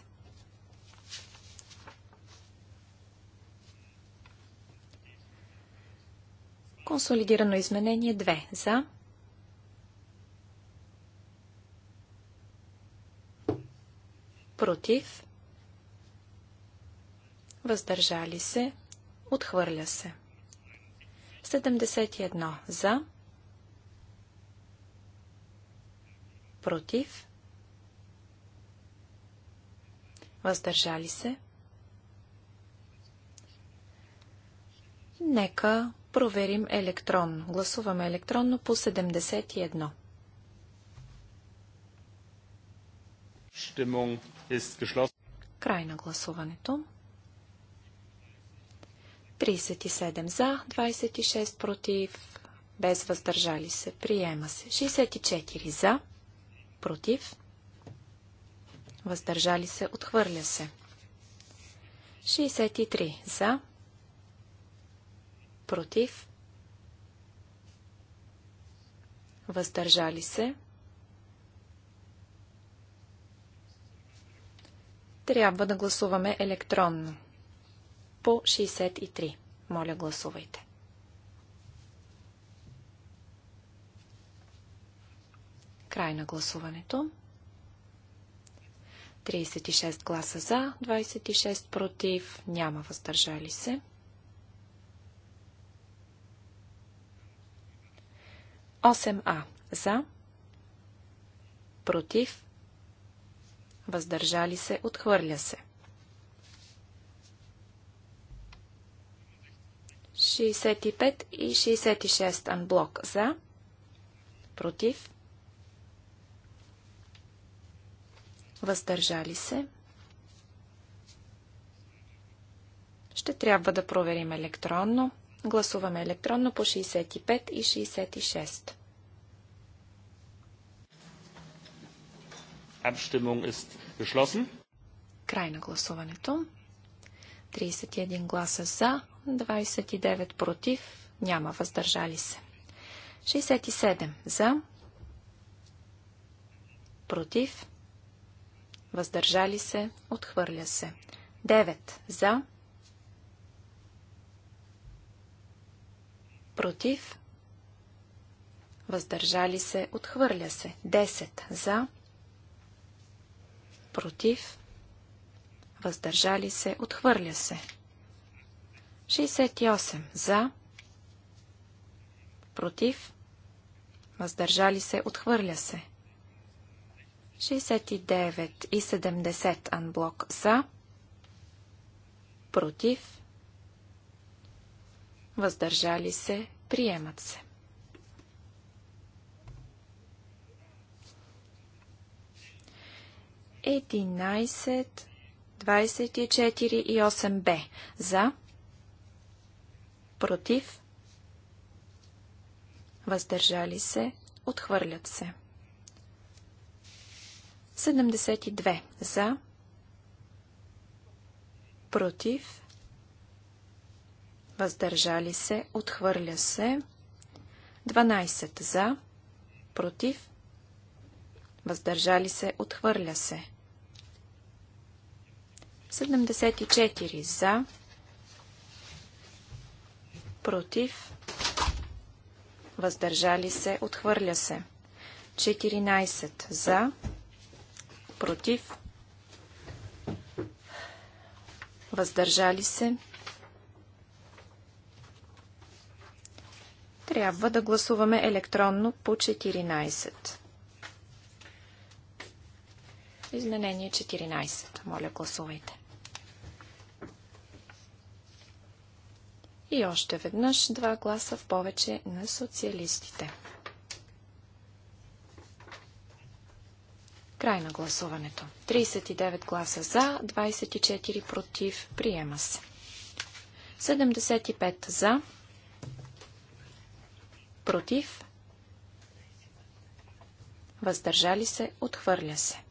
Speaker 2: Консолидирано изменение 2 за, против, въздържали се, отхвърля се. 71 за, против, въздържали се. Нека проверим електронно. Гласуваме електронно по 71.
Speaker 1: Stimmung
Speaker 2: Край на гласуването. 37 за, 26 против, без въздържали се. Приема се. 64 за, против, въздържали се, отхвърля се. 63 за, против, въздържали се, Трябва да гласуваме електронно. По 63. Моля, гласувайте. Край на гласуването. 36 гласа за, 26 против, няма въздържали се. Осем А за, против, въздържали се, отхвърля се. 65 и 66 анблок за, против, въздържали се. Ще трябва да проверим електронно. Гласуваме електронно по 65 и 66.
Speaker 1: Abstimmung ist geschlossen.
Speaker 2: Край на гласуването. 31 гласа за, 29 против, няма въздържали се. 67 за, против, въздържали се, отхвърля се. 9 за, против, въздържали се, отхвърля се. 10 за, против, въздържали се, отхвърля се. 68 за, против, въздържали се, отхвърля се. 69 и 70 анблок за, против, въздържали се, приемат се. 11, 24 и 8b. За. Против. Въздържали се. Отхвърлят се. 72. За. Против. Въздържали се. Отхвърля се. 12. За. Против въздържали се, отхвърля се. 74 за, против, въздържали се, отхвърля се. 14 за, против, въздържали се. Трябва да гласуваме електронно по 14. Изменение 14. Моля, гласувайте. И още веднъж два гласа в повече на социалистите. Край на гласуването. 39 гласа за, 24 против. Приема се. 75 за, против, въздържали се, отхвърля се.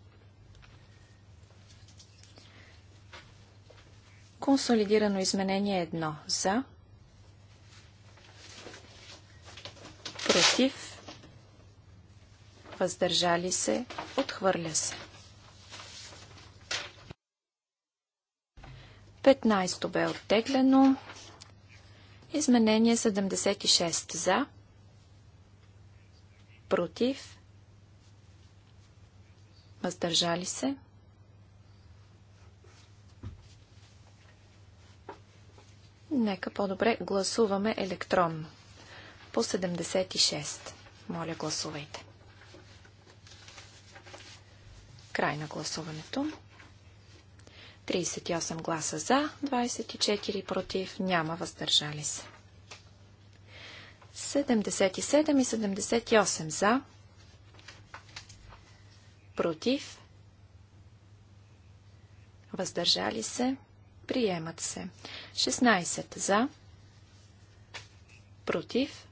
Speaker 2: Консолидирано изменение 1 за. Против. Въздържали се. Отхвърля се. 15 бе оттеглено. Изменение 76 за. Против. Въздържали се. Нека по-добре гласуваме електронно. По 76. Моля, гласувайте. Край на гласуването. 38 гласа за, 24 против, няма въздържали се. 77 и 78 за, против, въздържали се, приемат се. 16 за, против,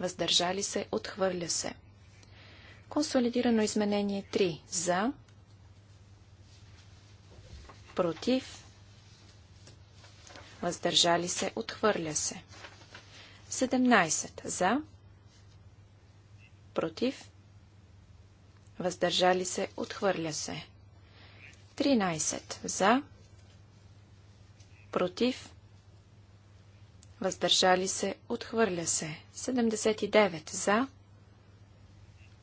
Speaker 2: въздържали се, отхвърля се. Консолидирано изменение 3 за, против, въздържали се, отхвърля се. 17 за, против, въздържали се, отхвърля се. 13 за, против, въздържали се, отхвърля се. 79 за,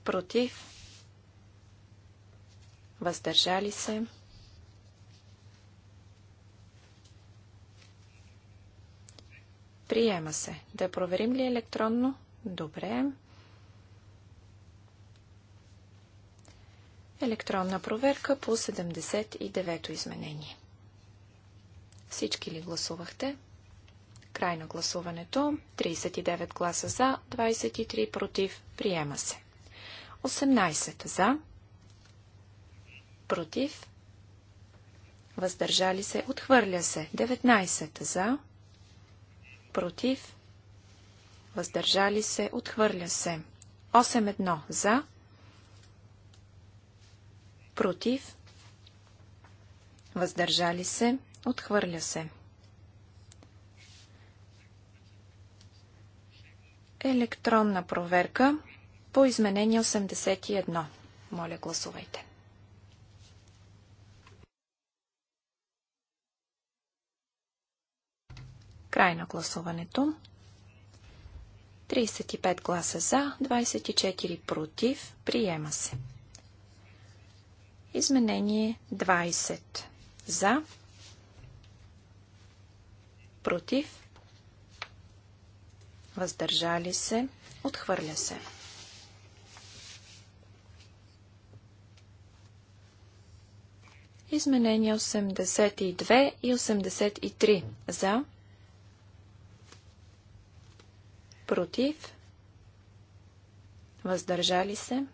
Speaker 2: против, въздържали се. Приема се. Да проверим ли електронно? Добре. Електронна проверка по 79-то изменение. Всички ли гласувахте? Край на гласуването. 39 гласа за, 23 против. Приема се. 18 за, против, въздържали се, отхвърля се. 19 за, против, въздържали се, отхвърля се. 8-1 за, против, въздържали се, Отхвърля се. Електронна проверка по изменение 81. Моля, гласувайте. Край на гласуването. 35 гласа за, 24 против. Приема се. Изменение 20 за, против, въздържали се, отхвърля се. Изменения 82 и 83 за, против, въздържали се,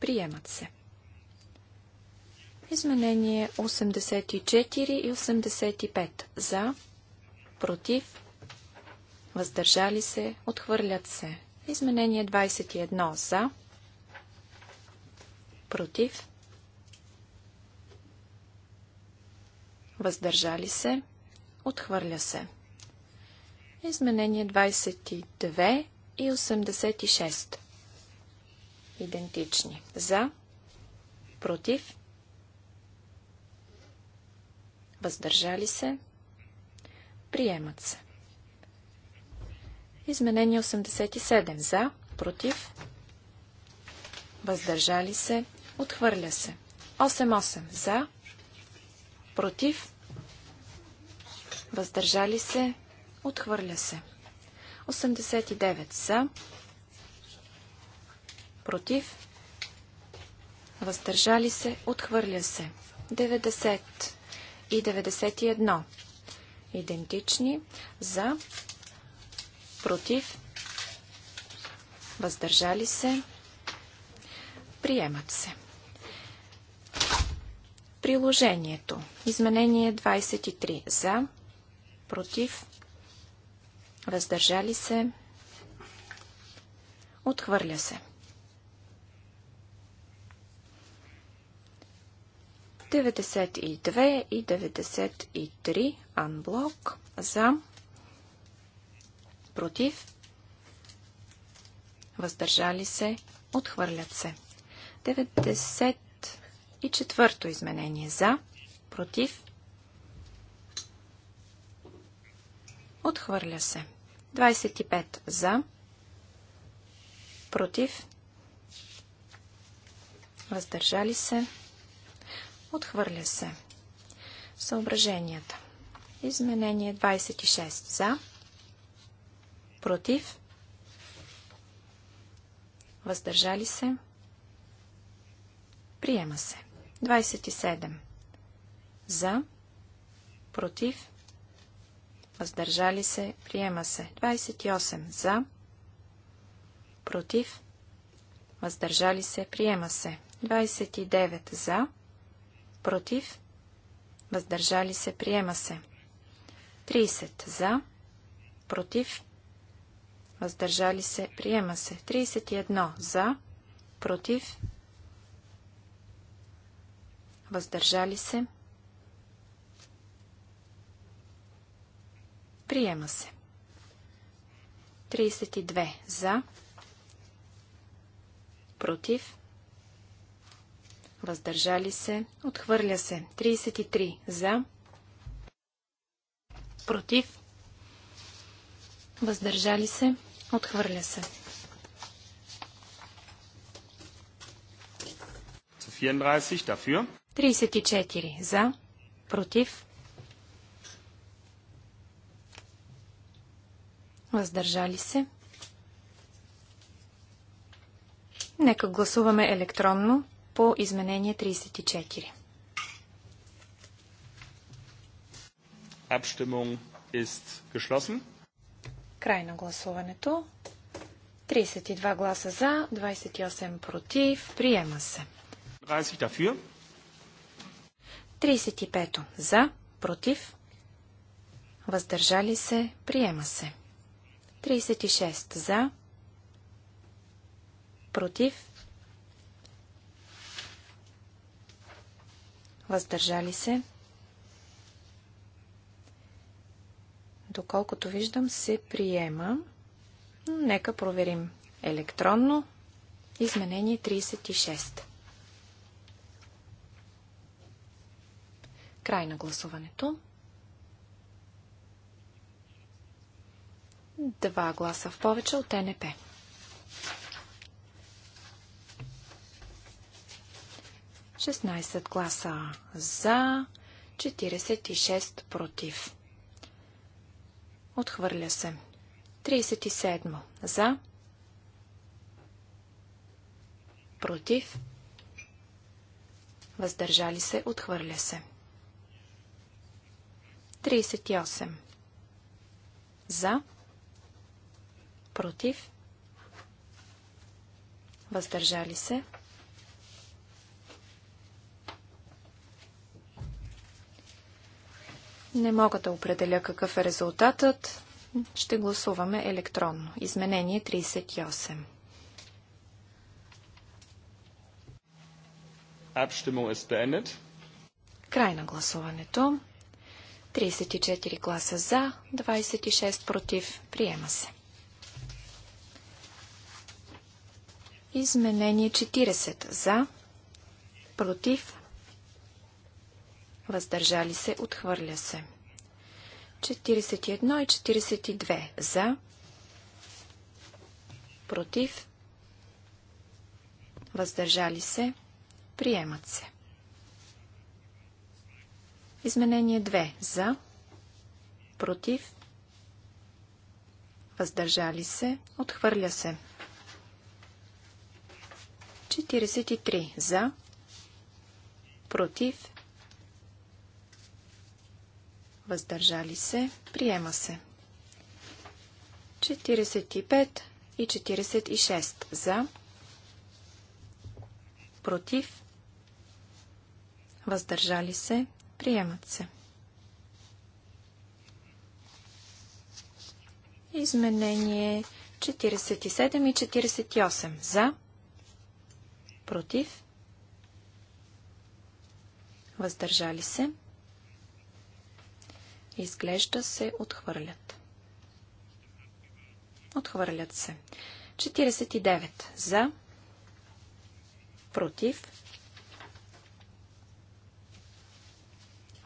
Speaker 2: приемат се. Изменение 84 и 85. За, против, въздържали се, отхвърлят се. Изменение 21. За, против, въздържали се, отхвърля се. Изменение 22 и 86. Идентични. За, против, въздържали се, приемат се. Изменение 87 за, против, въздържали се, отхвърля се. 8-8 за, против, въздържали се, отхвърля се. 89 за, против, въздържали се, отхвърля се. 90 и 91. Идентични за, против, въздържали се, приемат се. Приложението. Изменение 23. За, против, въздържали се, отхвърля се. 92 и 93 анблок за против въздържали се, отхвърлят се. 94-то изменение за против отхвърля се. 25 за против въздържали се, Отхвърля се. Съображенията. Изменение 26 за. Против. Въздържали се. Приема се. 27. За. Против. Въздържали се. Приема се. 28. За. Против. Въздържали се. Приема се. 29. За против, въздържали се, приема се. 30 за, против, въздържали се, приема се. 31 за, против, въздържали се, приема се. 32 за, против, въздържали се, отхвърля се. 33 за, против, въздържали се, отхвърля се.
Speaker 1: 34
Speaker 2: 34 за, против, въздържали се. Нека гласуваме електронно по изменение 34.
Speaker 1: Abstimmung ist geschlossen.
Speaker 2: Край на гласуването. 32 гласа за, 28 против. Приема се.
Speaker 1: 30 дафür.
Speaker 2: 35 за, против. Въздържали се. Приема се. 36 за, против. въздържали се. Доколкото виждам, се приема. Нека проверим електронно. Изменение 36. Край на гласуването. Два гласа в повече от НП. 16 гласа за, 46 против. Отхвърля се. 37 за, против, въздържали се, отхвърля се. 38 за, против, въздържали се, Не мога да определя какъв е резултатът. Ще гласуваме електронно. Изменение 38.
Speaker 1: Abstimmung ist beendet.
Speaker 2: Край на гласуването. 34 гласа за, 26 против. Приема се. Изменение 40 за, против въздържали се, отхвърля се. 41 и 42 за, против, въздържали се, приемат се. Изменение 2 за, против, въздържали се, отхвърля се. 43 за, против, въздържали се, приема се. 45 и 46 за, против, въздържали се, приемат се. Изменение 47 и 48 за, против, въздържали се, Изглежда се отхвърлят. Отхвърлят се. 49. За. Против.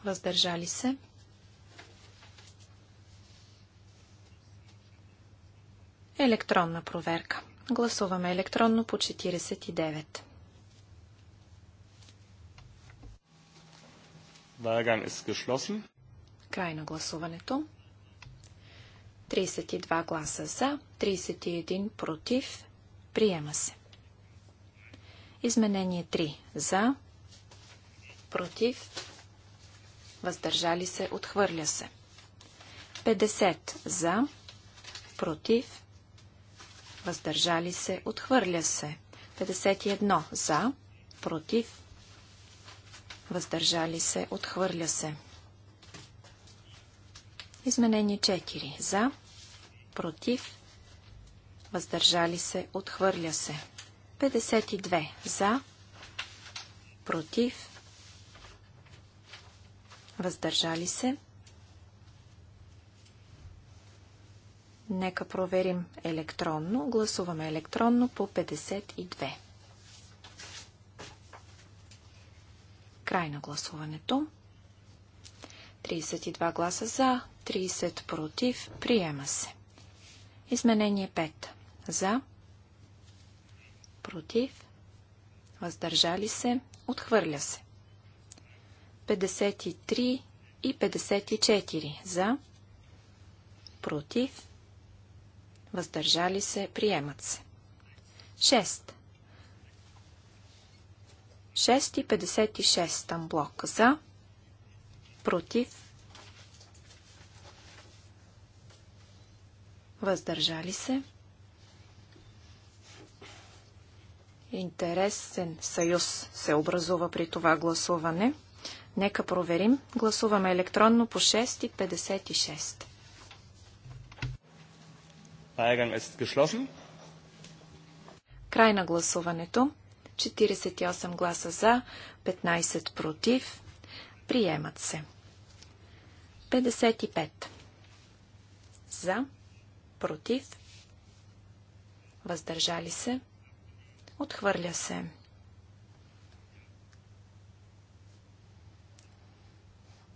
Speaker 2: Въздържали се. Електронна проверка. Гласуваме електронно по 49.
Speaker 1: Wahlgang ist geschlossen.
Speaker 2: Край на гласуването. 32 гласа за, 31 против. Приема се. Изменение 3 за, против, въздържали се, отхвърля се. 50 за, против, въздържали се, отхвърля се. 51 за, против, въздържали се, отхвърля се. Изменение 4. За, против, въздържали се, отхвърля се. 52. За, против, въздържали се. Нека проверим електронно. Гласуваме електронно по 52. Край на гласуването. 32 гласа за, 30 против. Приема се. Изменение 5. За. Против. Въздържали се. Отхвърля се. 53 и 54. За. Против. Въздържали се. Приемат се. 6. 6 и 56 там блок за, против, въздържали се. Интересен съюз се образува при това гласуване. Нека проверим. Гласуваме електронно по 6.56. Край на гласуването. 48 гласа за, 15 против. Приемат се. 55. За, против, въздържали се, отхвърля се.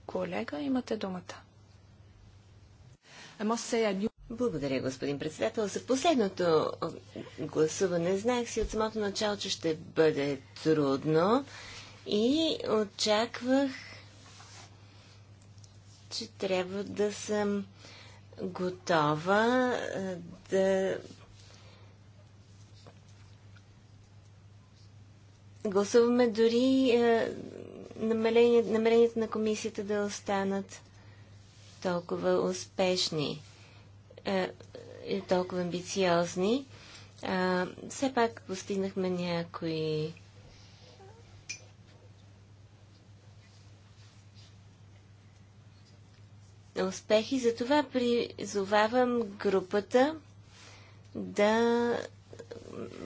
Speaker 2: Колега, имате думата.
Speaker 3: Благодаря, господин председател. За последното гласуване знаех си от самото начало, че ще бъде трудно и очаквах че трябва да съм готова да гласуваме дори намеренията, намеренията на комисията да останат толкова успешни и толкова амбициозни. Все пак постигнахме някои успехи. Затова призовавам групата да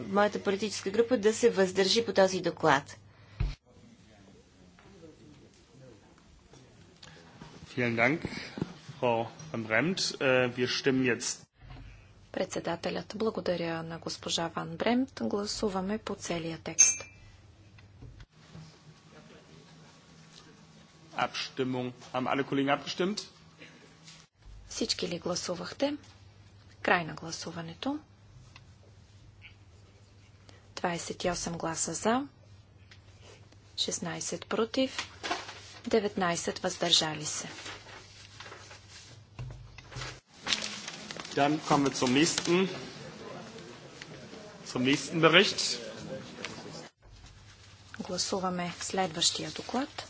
Speaker 3: моята политическа група да се въздържи по този доклад.
Speaker 1: Äh,
Speaker 2: Председателят благодаря на госпожа Ван Бремт. Гласуваме по целия текст.
Speaker 1: Abstimmung. Haben alle Kollegen abgestimmt?
Speaker 2: Всички ли гласувахте? Край на гласуването. 28 гласа за, 16 против, 19 въздържали
Speaker 1: се. Dann kommen wir zum nächsten, zum nächsten Bericht.
Speaker 2: Гласуваме следващия доклад.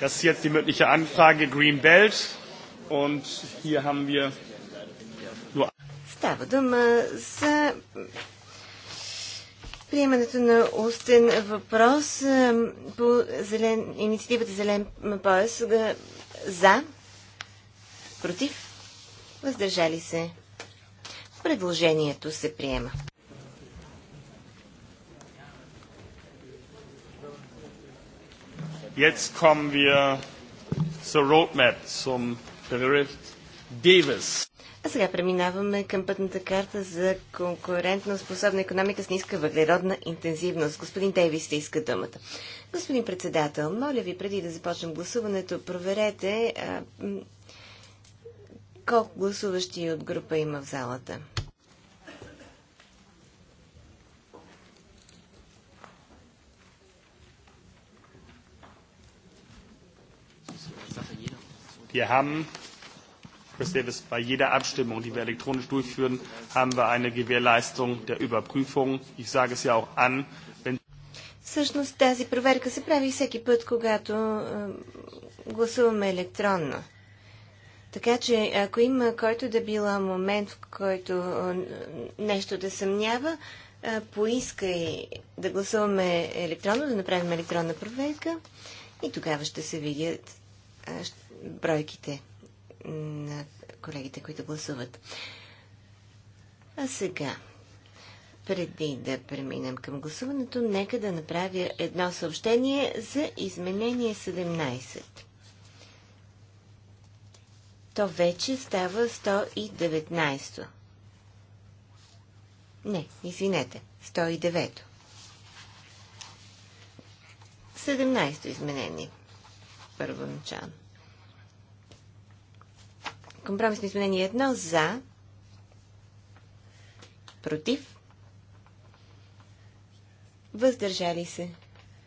Speaker 1: Das ist jetzt die mündliche Anfrage Green Belt und hier haben wir nur Става дума за
Speaker 3: приемането на устен въпрос е, по зелен, инициативата Зелен пояс е, за, против, въздържали се. Предложението се приема.
Speaker 1: Jetzt kommen wir zur Roadmap, zum Bericht Davis.
Speaker 3: А сега преминаваме към пътната карта за конкурентно способна економика с ниска въглеродна интензивност. Господин Дейвис ще иска думата. Господин председател, моля ви, преди да започнем гласуването, проверете а, колко гласуващи от група има в залата.
Speaker 1: Wir haben, Chris Davis, bei jeder Abstimmung, die wir elektronisch durchführen, haben wir eine Gewährleistung der Überprüfung. Ich sage es ja auch an, wenn
Speaker 3: Всъщност тази проверка се прави всеки път, когато е, гласуваме електронно. Така че, ако има който да била момент, в който е, нещо да съмнява, е, поискай да гласуваме електронно, да направим електронна проверка и тогава ще се видят, е, бройките на колегите, които гласуват. А сега, преди да преминем към гласуването, нека да направя едно съобщение за изменение 17. То вече става 119. Не, извинете, 109. 17 изменение. Първоначално. Компромисно изменение 1 за, против, въздържали се,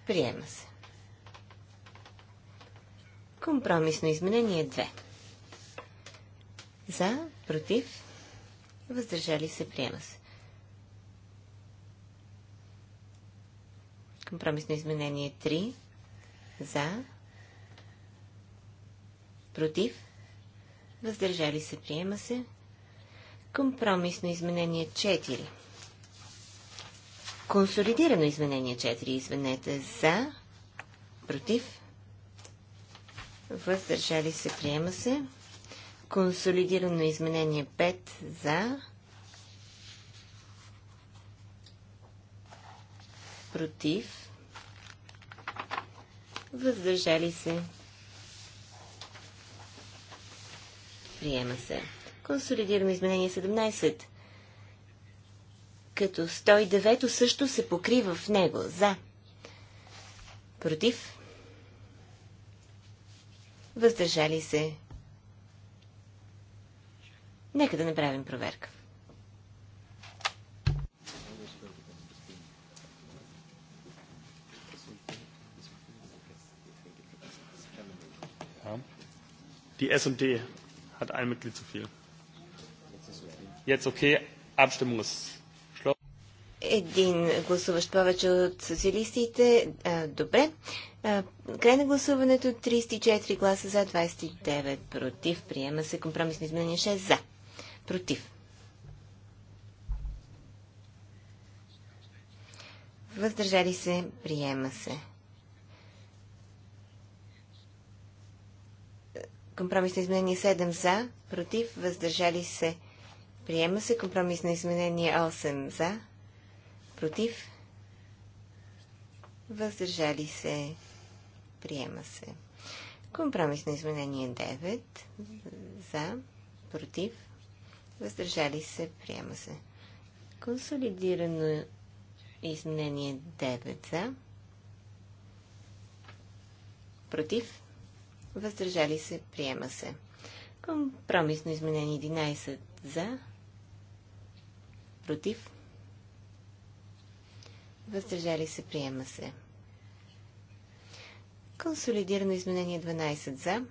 Speaker 3: приема се. Компромисно изменение 2 за, против, въздържали се, приема се. Компромисно изменение 3 за, против, въздържали се, приема се. Компромисно изменение 4. Консолидирано изменение 4, извинете, за, против, въздържали се, приема се. Консолидирано изменение 5 за, против, въздържали се, Приема се. Консолидирано изменение 17. Като 109 също се покрива в него. За. Против. Въздържали се. Нека да направим проверка.
Speaker 1: Die SMD Hat ein Mitglied zu viel. Jetzt okay. Abstimmung ist
Speaker 3: Един гласуващ повече от социалистите. добре. край на гласуването 34 гласа за, 29 против. Приема се компромисно изменение 6 за. Против. Въздържали се. Приема се. Компромисно изменение 7 за, против, въздържали се. Приема се компромисно изменение 8 за, против, въздържали се. Приема се. Компромисно изменение 9 за, против, въздържали се. Приема се. Консолидирано изменение 9 за, против, въздържали се, приема се. Компромисно изменение 11 за, против, въздържали се, приема се. Консолидирано изменение 12 за,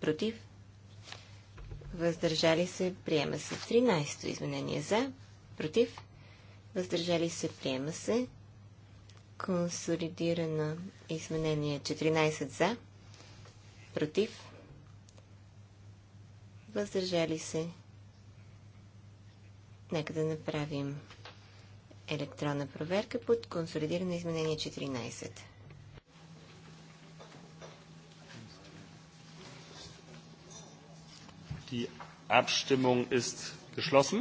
Speaker 3: против, въздържали се, приема се. 13 изменение за, против, въздържали се, приема се. Консолидирано изменение 14 за, против, въздържали се. Нека да направим електронна проверка под консолидирано изменение 14.
Speaker 1: Die Abstimmung ist geschlossen.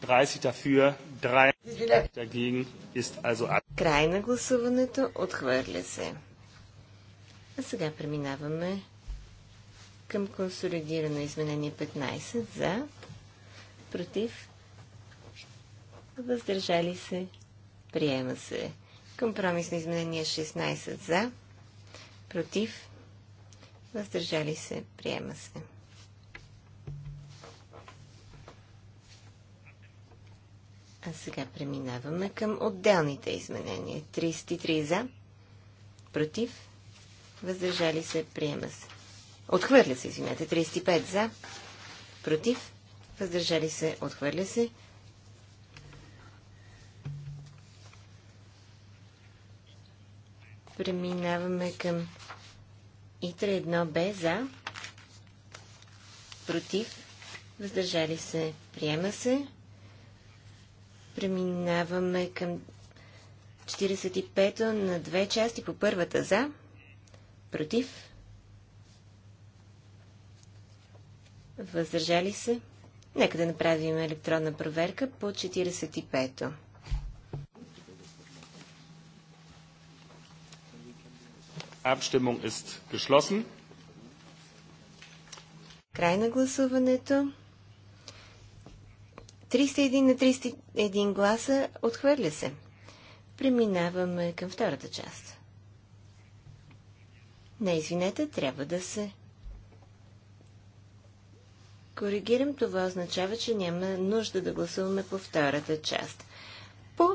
Speaker 1: 30 dafür, 3 dagegen ist also ab. Край на гласуването отхвърля
Speaker 3: се. А сега преминаваме към консолидирано изменение 15 за, против, въздържали се, приема се. Компромисно изменение 16 за, против, въздържали се, приема се. А сега преминаваме към отделните изменения. 33 за, против, въздържали се, приема се. Отхвърля се, извинете, 35 за, против, въздържали се, отхвърля се. Преминаваме към ИТРА 1 Б за, против, въздържали се, приема се. Преминаваме към 45 на две части по първата за, Против? Въздържали се? Нека да направим електронна проверка по 45-то.
Speaker 1: Abstimmung ist geschlossen.
Speaker 3: Край на гласуването. 301 на 301 гласа отхвърля се. Преминаваме към втората част. Не, извинете, трябва да се коригирам. Това означава, че няма нужда да гласуваме по втората част. По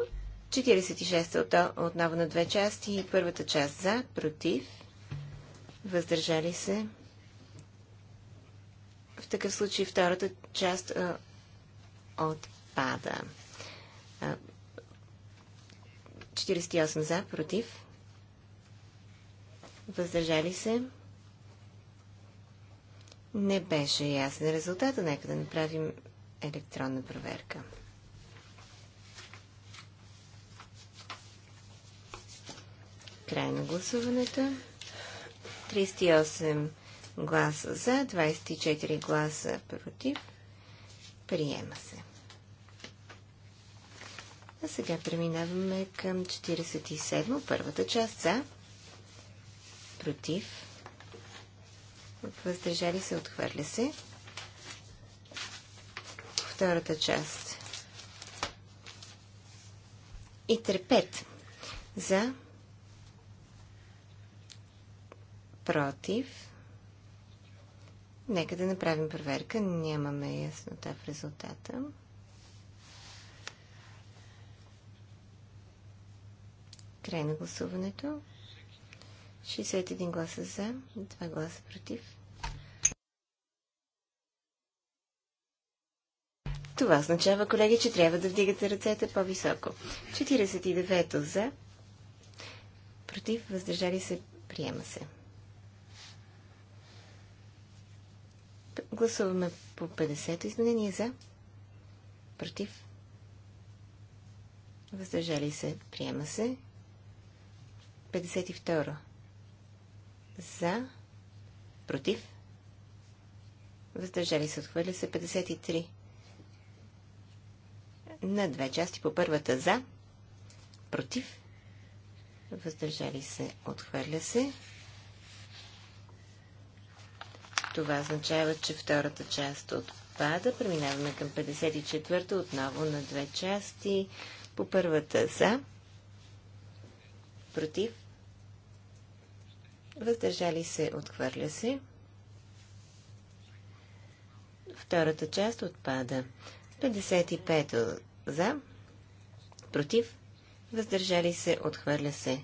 Speaker 3: 46-та отново на две части и първата част за, против, въздържали се. В такъв случай втората част а, отпада. А, 48 за, против, въздържали се. Не беше ясен резултата. Нека да направим електронна проверка. Край на гласуването. 38 гласа за, 24 гласа против. Приема се. А сега преминаваме към 47, първата част за против, въздържали се, отхвърля се. Втората част. И трепет за против. Нека да направим проверка. Нямаме яснота в резултата. Край на гласуването. 61 гласа за, 2 гласа против. Това означава, колеги, че трябва да вдигате ръцете по-високо. 49 за, против, въздържали се, приема се. Гласуваме по 50-то изменение за, против, въздържали се, приема се. 52 за, против, въздържали се, отхвърля се 53. На две части по първата за, против, въздържали се, отхвърля се. Това означава, че втората част отпада. Преминаваме към 54-та отново на две части. По първата за, против, въздържали се, отхвърля се. Втората част отпада. 55 за, против, въздържали се, отхвърля се.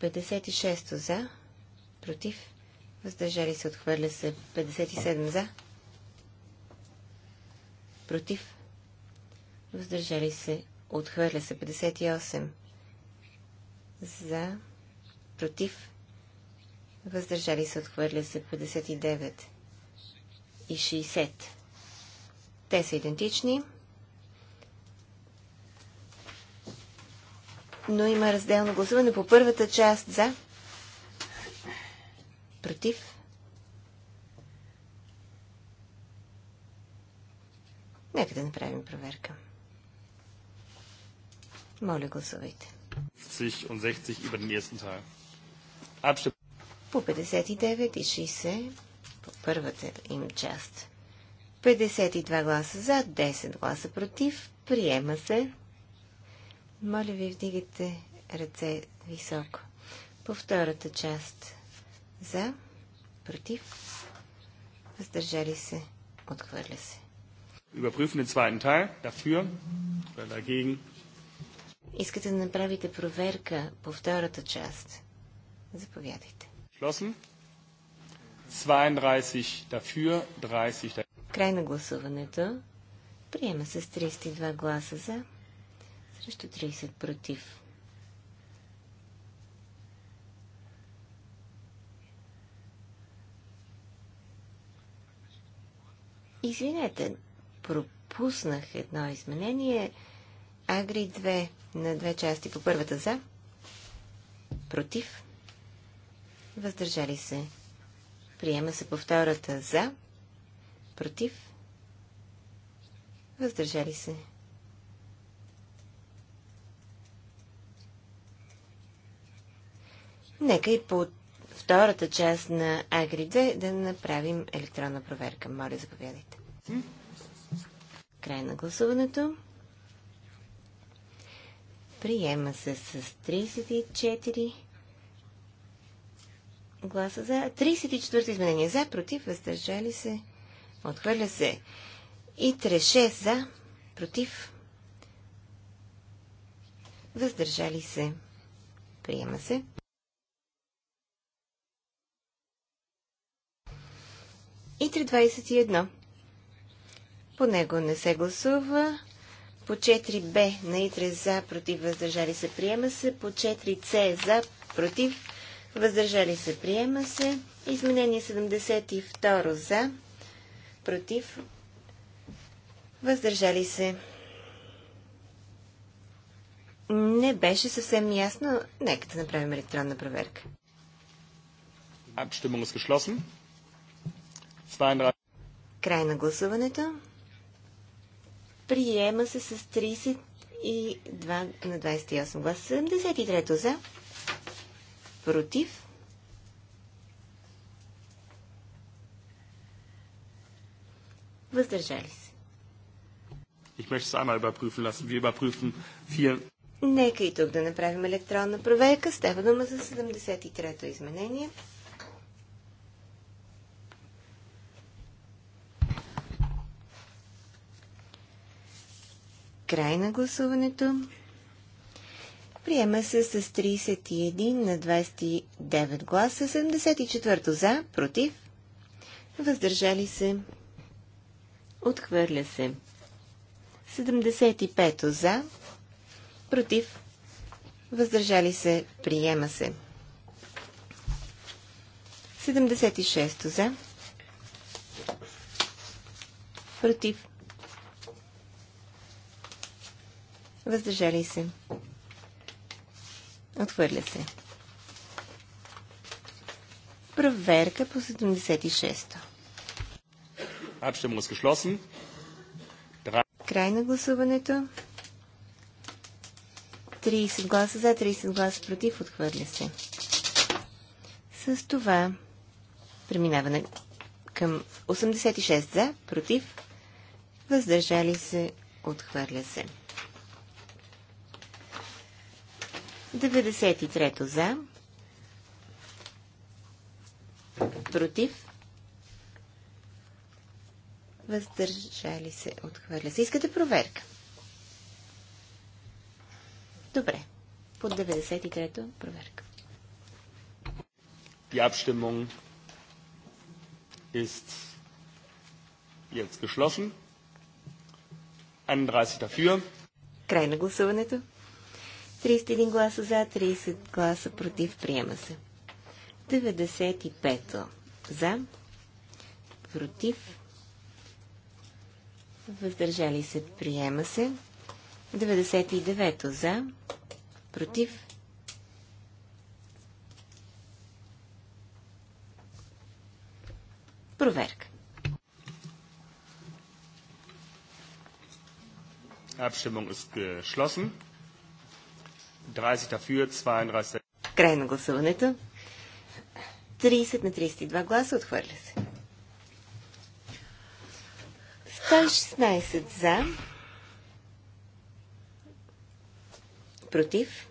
Speaker 3: 56 за, против, въздържали се, отхвърля се. 57 за, против, въздържали се, отхвърля се. 58 за, против, въздържали се отхвърля се 59 и 60. Те са идентични, но има разделно гласуване по първата част за, против, Нека да направим проверка. Моля, гласувайте.
Speaker 1: 60 и 60 über den ersten Teil
Speaker 3: по 59 и 60 по първата им част. 52 гласа за, 10 гласа против. Приема се. Моля ви, вдигате ръце високо. По втората част за, против, въздържали се, отхвърля се.
Speaker 1: Überprüfen den zweiten Teil. Dafür oder dagegen?
Speaker 3: Искате да направите проверка по втората част. Заповядайте.
Speaker 1: Geschlossen. 32 dafür, 30 dafür.
Speaker 3: Край на гласуването. Приема се с 32 гласа за, срещу 30 против. Извинете, пропуснах едно изменение. Агри 2 на две части по първата за, против въздържали се. Приема се повтората за, против, въздържали се. Нека и по втората част на Агри 2 да направим електронна проверка. Моля, заповядайте. Край на гласуването. Приема се с 34 гласа за. 34 изменение за, против, въздържали се, отхвърля се. И 36 за, против, въздържали се, приема се. И 321. По него не се гласува. По 4Б на ИТРЕ за, против, въздържали се, приема се. По 4С за, против, въздържали се, приема се. Изменение 72 за, против, въздържали се. Не беше съвсем ясно. Нека да направим електронна проверка.
Speaker 1: Abstimmung ist geschlossen.
Speaker 3: 32... Край на гласуването. Приема се с 32 на 28 гласа. 73 за. Против? Въздържали се.
Speaker 1: Ich möchte es einmal überprüfen lassen. Wir überprüfen vier.
Speaker 3: Нека и тук да направим електронна проверка. Става дума за 73-то изменение. Край на гласуването. Приема се с 31 на 29 гласа, 74 за, против, въздържали се, отхвърля се. 75 за, против, въздържали се, приема се. 76 за, против, въздържали се. Отхвърля се. Проверка по 76-то.
Speaker 1: geschlossen. Е
Speaker 3: Край на гласуването. 30 гласа за, 30 гласа против. Отхвърля се. С това преминаване към 86 за, против. Въздържали се. Отхвърля се. 93 за. Против. Въздържали се. Отхвърля се. Искате проверка? Добре. Под 93-то проверка.
Speaker 1: Die Abstimmung ist jetzt geschlossen. 31 dafür.
Speaker 3: Край на гласуването. 31 гласа за, 30 гласа против. Приема се. 95 за, против, въздържали се. Приема се. 99 за, против. Проверка.
Speaker 1: Abstimmung ist geschlossen. Край на
Speaker 3: гласуването. 30 на 32 гласа отхвърля се. 116 за. Против.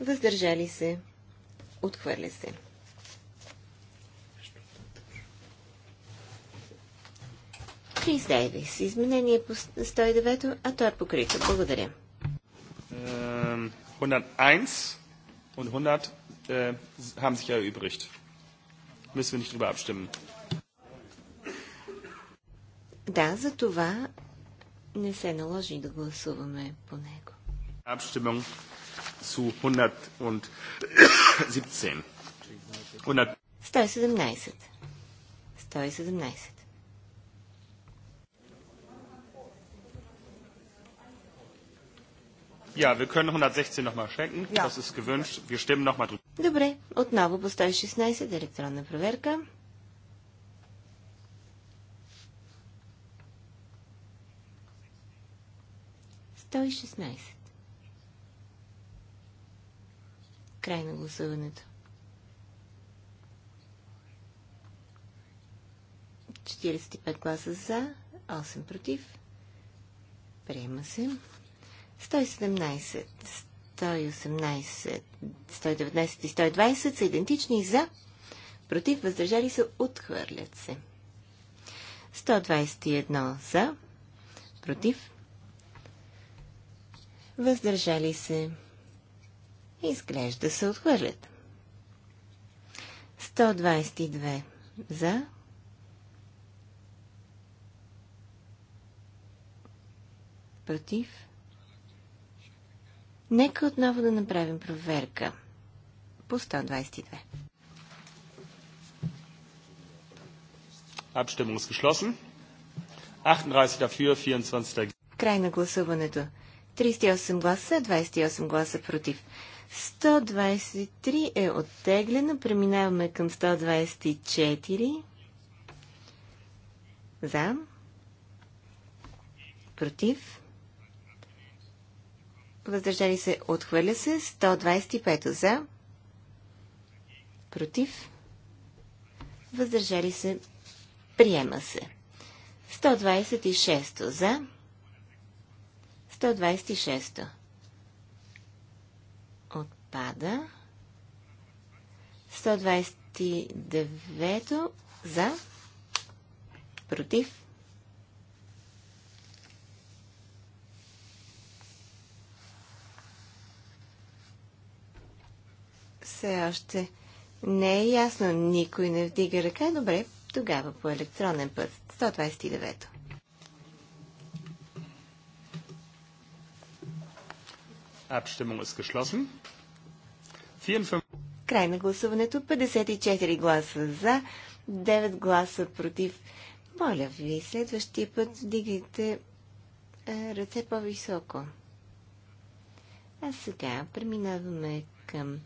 Speaker 3: Въздържали се. Отхвърля се. Издайвай с Изменение по 109, а то е
Speaker 1: покрито. Благодаря. 101 und 100 äh, haben sich ja erübrigt. Müssen wir nicht drüber abstimmen.
Speaker 3: Да, за това не се наложи да гласуваме по него.
Speaker 1: Abstimmung zu 117.
Speaker 3: 117. 117.
Speaker 1: Ja, wir können 116 nochmal schenken. Ja. Das ist gewünscht. Wir stimmen nochmal drüber.
Speaker 3: Добре, отново по 116 електронна проверка. Той 16. Край на гласуването. 45 гласа за, 8 против. Приема се. 117, 118, 119 и 120 са идентични за, против, въздържали се, отхвърлят се. 121 за, против, въздържали се, изглежда се отхвърлят. 122 за, против, Нека отново да направим проверка по 122.
Speaker 1: Abstimmung ist geschlossen. 38 dafür, 24 dagegen.
Speaker 3: Край на гласуването. 38 гласа, 28 гласа против. 123 е оттеглено. Преминаваме към 124. За. Против въздържали се, отхвърля се. 125 за, против, въздържали се, приема се. 126 за, 126 отпада. 129 за, против, все още не е ясно. Никой не вдига ръка. Добре, тогава по електронен път. 129.
Speaker 1: Abstimmung ist geschlossen.
Speaker 3: Край на гласуването. 54 гласа за, 9 гласа против. Моля ви, следващия път вдигайте е, ръце по-високо. А сега преминаваме към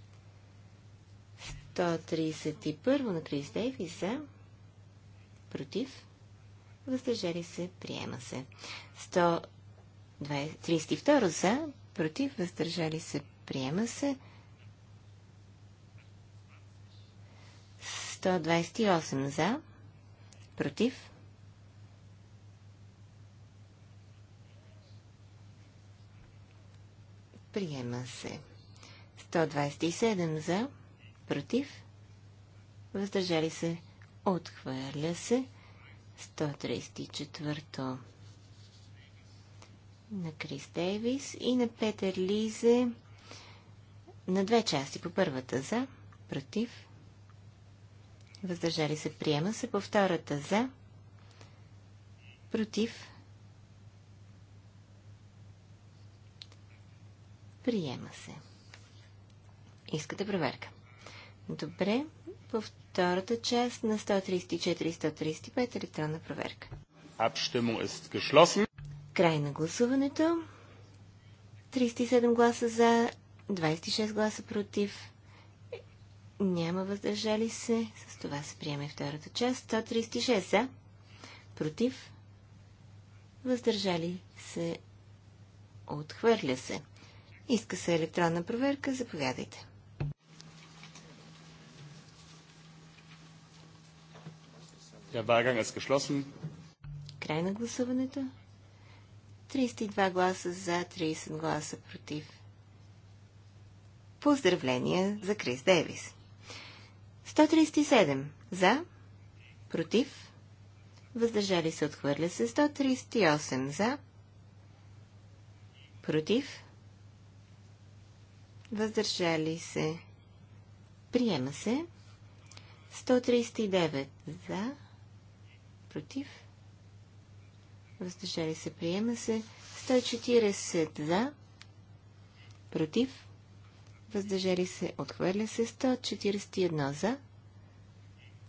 Speaker 3: 131 на 39 и за, против, въздържали се, приема се. 132 за, против, въздържали се, приема се. 128 за, против. Приема се. 127 за, против, въздържали се, отхвърля се. 134-то на Крис Дейвис и на Петър Лизе на две части. По първата за, против, въздържали се, приема се. По втората за, против, приема се. Искате проверка. 134 Добре. По втората част на 134-135 електронна проверка.
Speaker 1: Abstimmung ist е geschlossen.
Speaker 3: Край на гласуването. 37 гласа за, 26 гласа против. Няма въздържали се. С това се приеме втората част. 136 за, против. Въздържали се. Отхвърля се. Иска се електронна проверка. Заповядайте.
Speaker 1: Der Wahlgang ist geschlossen.
Speaker 3: Край на гласуването. 32 гласа за, 30 гласа против. Поздравления за Крис Дейвис. 137 за, против, въздържали се, отхвърля се. 138 за, против, въздържали се, приема се. 139 за, против, въздържали се, приема се. 140 за, против, въздържали се, отхвърля се. 141 за,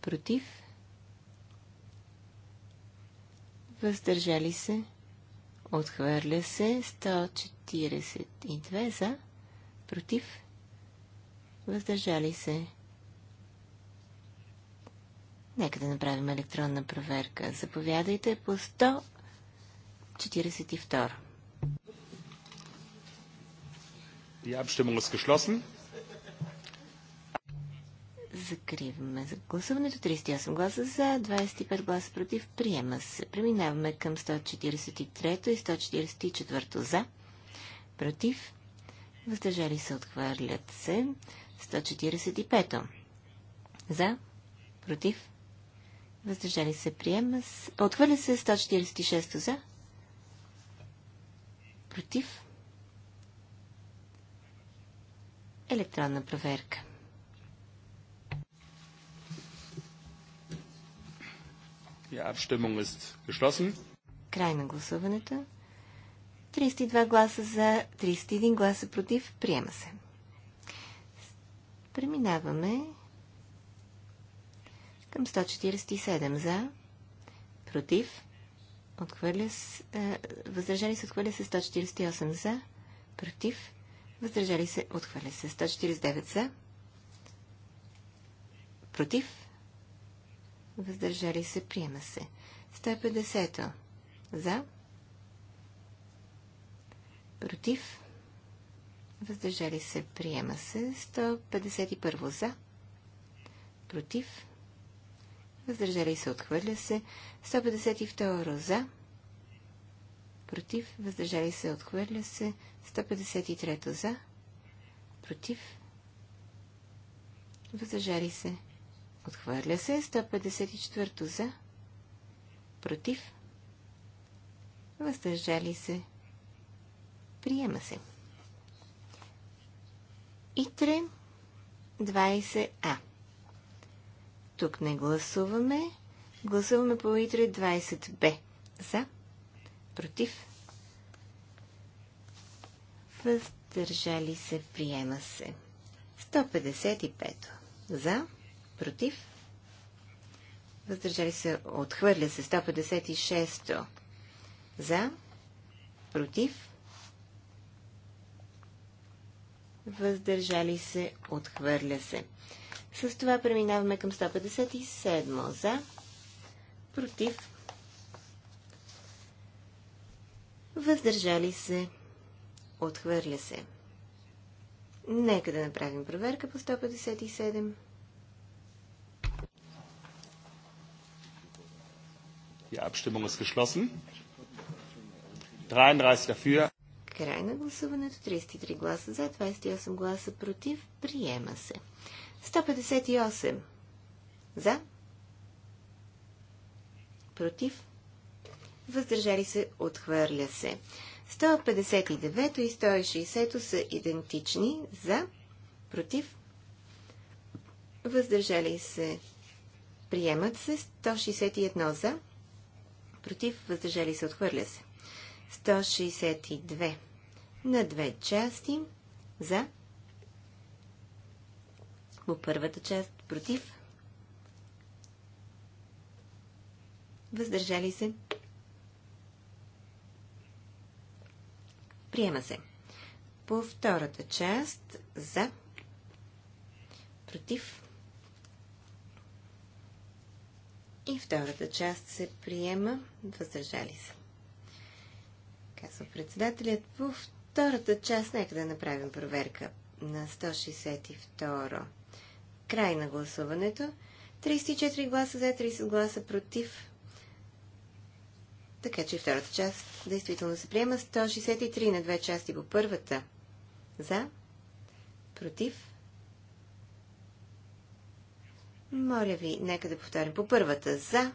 Speaker 3: против, въздържали се, отхвърля се. 142 за, против, въздържали се. Нека да направим електронна проверка. Заповядайте по 142.
Speaker 1: Die Abstimmung ist geschlossen.
Speaker 3: Закриваме за гласуването. 38 гласа за, 25 гласа против. Приема се. Преминаваме към 143 и 144 за. Против. Въздържали се отхвърлят се. 145 за. Против. Въздържали се приема. С... Отхвърля се 146 за. Против. Електронна проверка. Край на гласуването. 32 гласа за, 31 гласа против. Приема се. Преминаваме към 147 за, против, отхвърля с, е, въздържали се, отхвърля се 148 за, против, въздържали се, отхвърля се 149 за, против, въздържали се, приема се 150 за, против, въздържали се, приема се 151 за, против, въздържали се, отхвърля се. 152 за, против, въздържали се, отхвърля се. 153 за, против, въздържали се, отхвърля се. 154 за, против, въздържали се, приема се. Итре 20А. Тук не гласуваме. Гласуваме по ИТРЕ 20Б. За. Против. Въздържали се. Приема се. 155. За. Против. Въздържали се. Отхвърля се. 156. За. Против. Въздържали се. Отхвърля се. С това преминаваме към 157 за, против, въздържали се, отхвърля се. Нека да направим проверка по 157.
Speaker 1: Die Abstimmung ist geschlossen. 33 dafür.
Speaker 3: Край на гласуването 33 гласа за, 28 гласа против. Приема се. 158. За. Против. Въздържали се. Отхвърля се. 159 и 160 са идентични. За. Против. Въздържали се. Приемат се 161 за. Против. Въздържали се. Отхвърля се. 162 на две части. За по първата част против. Въздържали се. Приема се. По втората част за. Против. И втората част се приема. Въздържали се. Казва председателят. По втората част нека да направим проверка на 162. Край на гласуването. 34 гласа за, 30 гласа против. Така че втората част действително се приема. 163 на две части по първата. За. Против. Моля ви, нека да повторим по първата. За.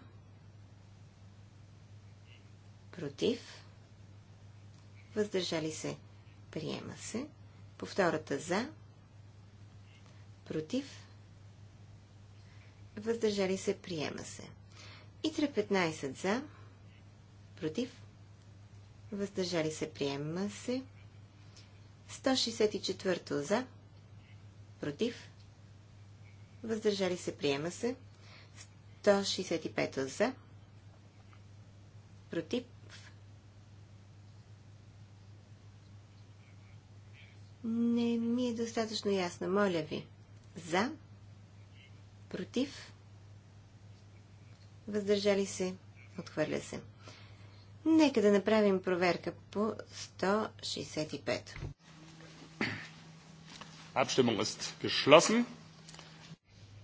Speaker 3: Против. Въздържали се. Приема се. По втората. За. Против въздържали се, приема се. Итре 15 за, против, въздържали се, приема се. 164 за, против, въздържали се, приема се. 165 за, против, Не ми е достатъчно ясно, моля ви. За, против, въздържали се, отхвърля се. Нека да направим проверка по 165.
Speaker 1: Abstimmung ist geschlossen.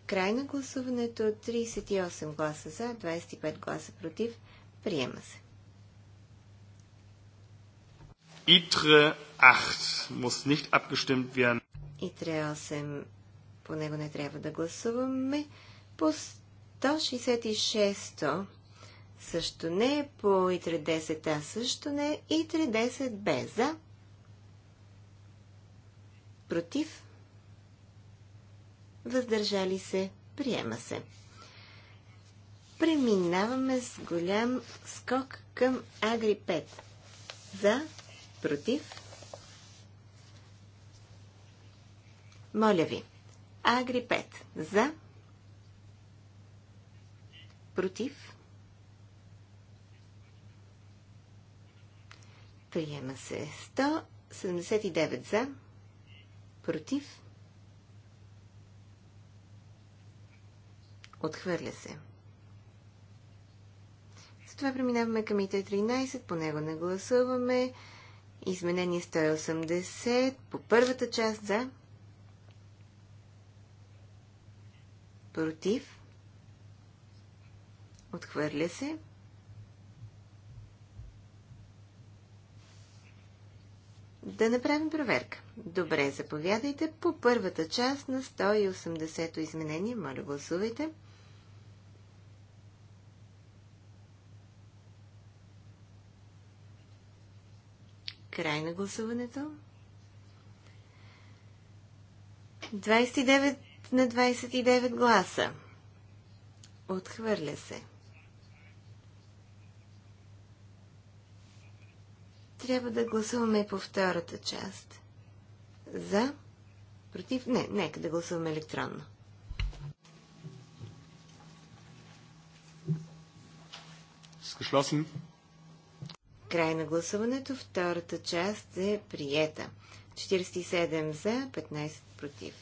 Speaker 3: Край на гласуването 38 гласа за, 25 гласа против. Приема се.
Speaker 1: ITRE 8 muss nicht abgestimmt werden.
Speaker 3: ITRE 8 по него не трябва да гласуваме. По 166-то също не. По и 30 а също не. И 30 б за. Против. Въздържали се. Приема се. Преминаваме с голям скок към Агри 5. За. Против. Моля ви. Агри 5. За. Против. Приема се 179 за. Против. Отхвърля се. С това преминаваме към ИТ 13. По него не гласуваме. Изменение 180 по първата част за. Против. Отхвърля се. Да направим проверка. Добре, заповядайте по първата част на 180-то изменение. Моля, гласувайте. Край на гласуването. 29 на 29 гласа. Отхвърля се. Трябва да гласуваме по втората част. За? Против? Не, нека да гласуваме електронно.
Speaker 1: Скъшлосен.
Speaker 3: Край на гласуването. Втората част е приета. 47 за, 15 против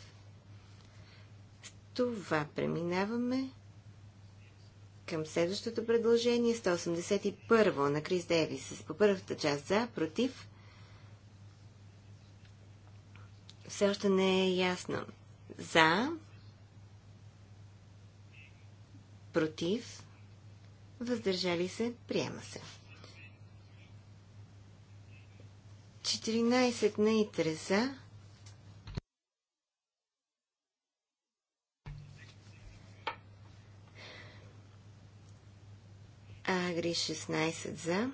Speaker 3: това преминаваме към следващото предложение, 181 на Крис Девис. По първата част за, против. Все още не е ясно. За, против, въздържали се, приема се. 14 на Итреса, Агри 16 за.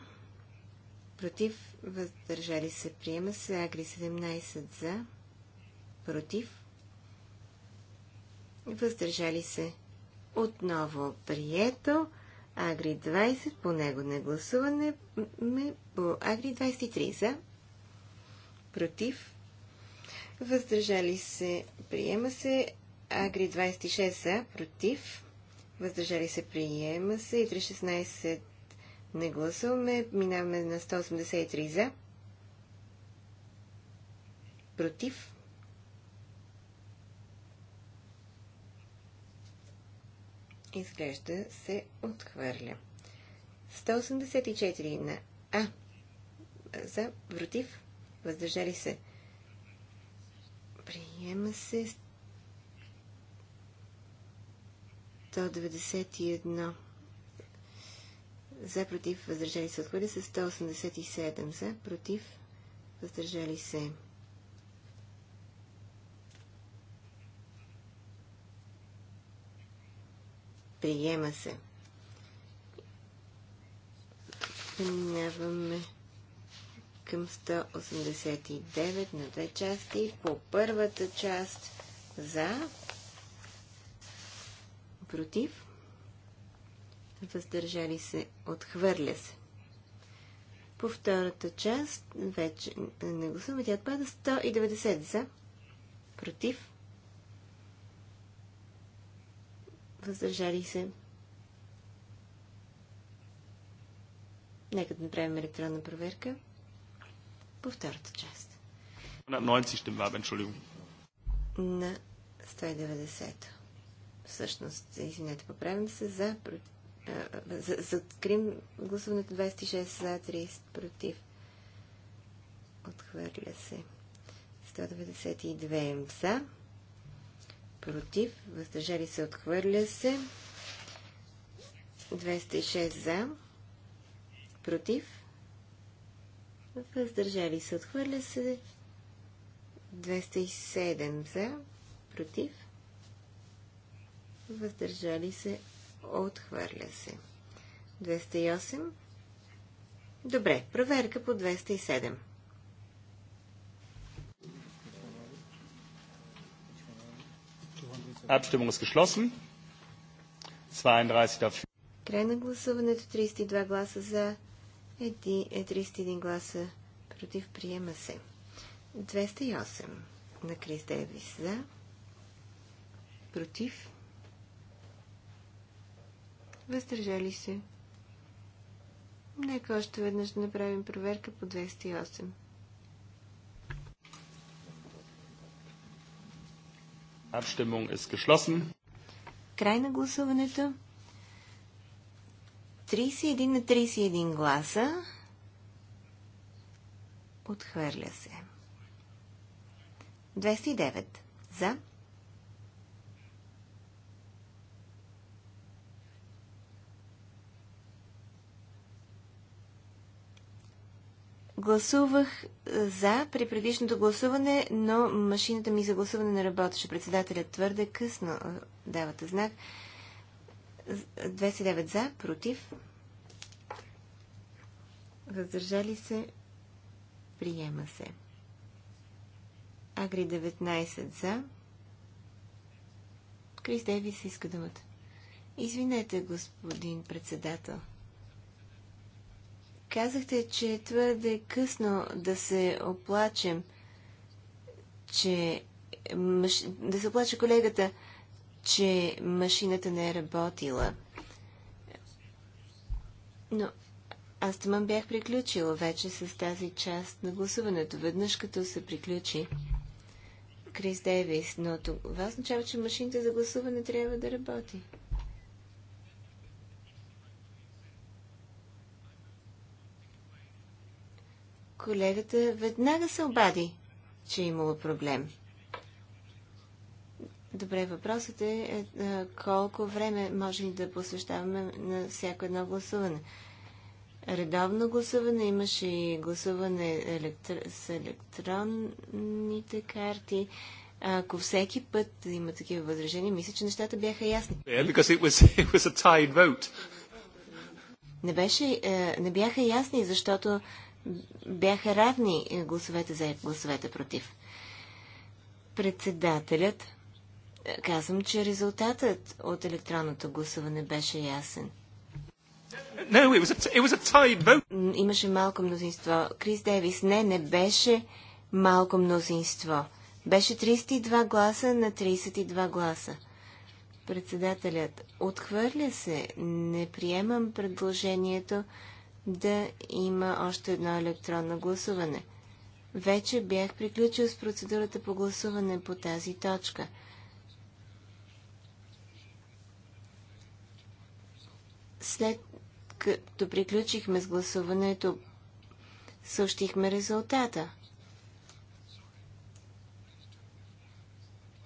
Speaker 3: Против. Въздържали се. Приема се. Агри 17 за. Против. Въздържали се. Отново прието. Агри 20. По него на гласуване. По Агри 23 за. Против. Въздържали се. Приема се. Агри 26 за. Против въздържали се, приема се. И 316 не гласуваме. Минаваме на 183 за. Против. Изглежда се отхвърля. 184 на А. За. Против. Въздържали се. Приема се 191 за, против, въздържали се, отхвърли се 187 за, против, въздържали се. Приема се. Преминаваме към 189 на две части. По първата част за, против, въздържали се, отхвърля се. По втората част вече не гласуваме, тя отпада 190 за, против, въздържали се. Нека да направим електронна проверка по
Speaker 1: втората част. На 90 ще Entschuldigung.
Speaker 3: На 190 всъщност, извинете, поправям се, за, за, за Крим гласуването 26 за 30 против. Отхвърля се. 192 за. Против. Въздържали се. Отхвърля се. 206 за. Против. Въздържали се. Отхвърля се. 207 за. Против въздържали се, отхвърля се. 208. Добре, проверка по 207.
Speaker 1: Abstimmung ist geschlossen. 32 dafür.
Speaker 3: Край на гласуването 32 гласа за, 31 е, гласа против приема се. 208 на Крис Девис за, против въздържали се. Нека още веднъж да направим проверка по 208.
Speaker 1: Abstimmung ist geschlossen.
Speaker 3: Край на гласуването. 31 на 31 гласа. Отхвърля се. 209. За. Гласувах е, за при предишното гласуване, но машината ми за гласуване не работеше. Председателят твърде късно е, давате знак. 209 за, против. Въздържали се. Приема се. Агри 19 за. Крис Дейвис иска думата. Извинете, господин председател. Казахте, че е твърде късно да се оплачем, че да се оплаче колегата, че машината не е работила. Но аз тъмън бях приключила вече с тази част на гласуването, веднъж като се приключи Крис Дейвис, но това означава, че машината за гласуване трябва да работи. Колегата веднага се обади, че е имало проблем. Добре, въпросът е, е, е колко време можем да посвещаваме на всяко едно гласуване. Редовно гласуване имаше и гласуване електр... с електронните карти. Ако всеки път има такива възражения, мисля, че нещата бяха ясни.
Speaker 1: Yeah, it was, it was
Speaker 3: не, беше, е, не бяха ясни, защото бяха равни гласовете за гласовете против. Председателят е, Казвам, че резултатът от електронното гласуване беше ясен. No, it was a, it was a tied vote. Имаше малко мнозинство. Крис Дейвис, не, не беше малко мнозинство. Беше 32 гласа на 32 гласа. Председателят, отхвърля се, не приемам предложението да има още едно електронно гласуване. Вече бях приключил с процедурата по гласуване по тази точка. След като приключихме с гласуването, съобщихме резултата.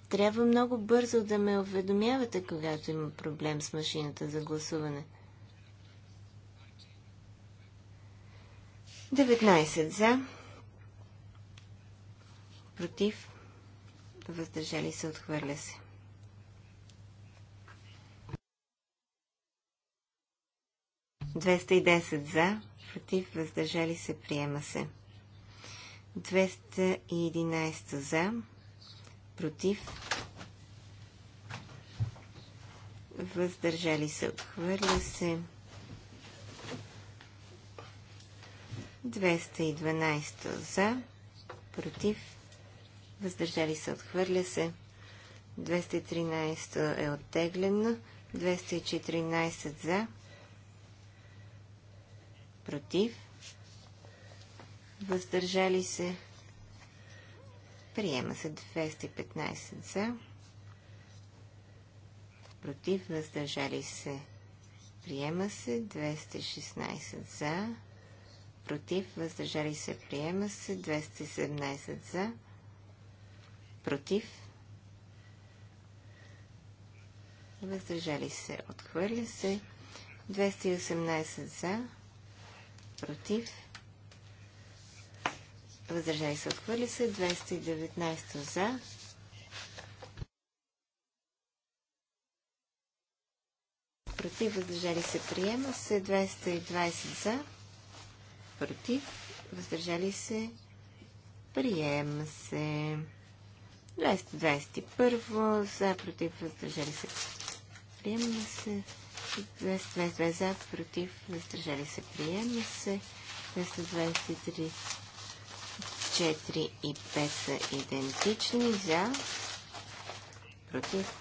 Speaker 3: Трябва много бързо да ме уведомявате, когато има проблем с машината за гласуване. 19 за, против, въздържали се, отхвърля се. Двеста за, против, въздържали се, приема се. 211 за, против, въздържали се, отхвърля се. 212 за, против, въздържали се, отхвърля се. 213 е оттеглено. 214 за, против, въздържали се. Приема се 215 за, против, въздържали се. Приема се 216 за, против, въздържали се, приема се. 217 за, против, въздържали се, отхвърля се. 218 за, против, въздържали се, отхвърля се. 219 за, против, въздържали се, приема се. 220 за, против, въздържали се, приема се. 221 за, против, въздържали се, приема се. 222 за, против, въздържали се, приема се. 223, 4 и 5 са идентични за, против.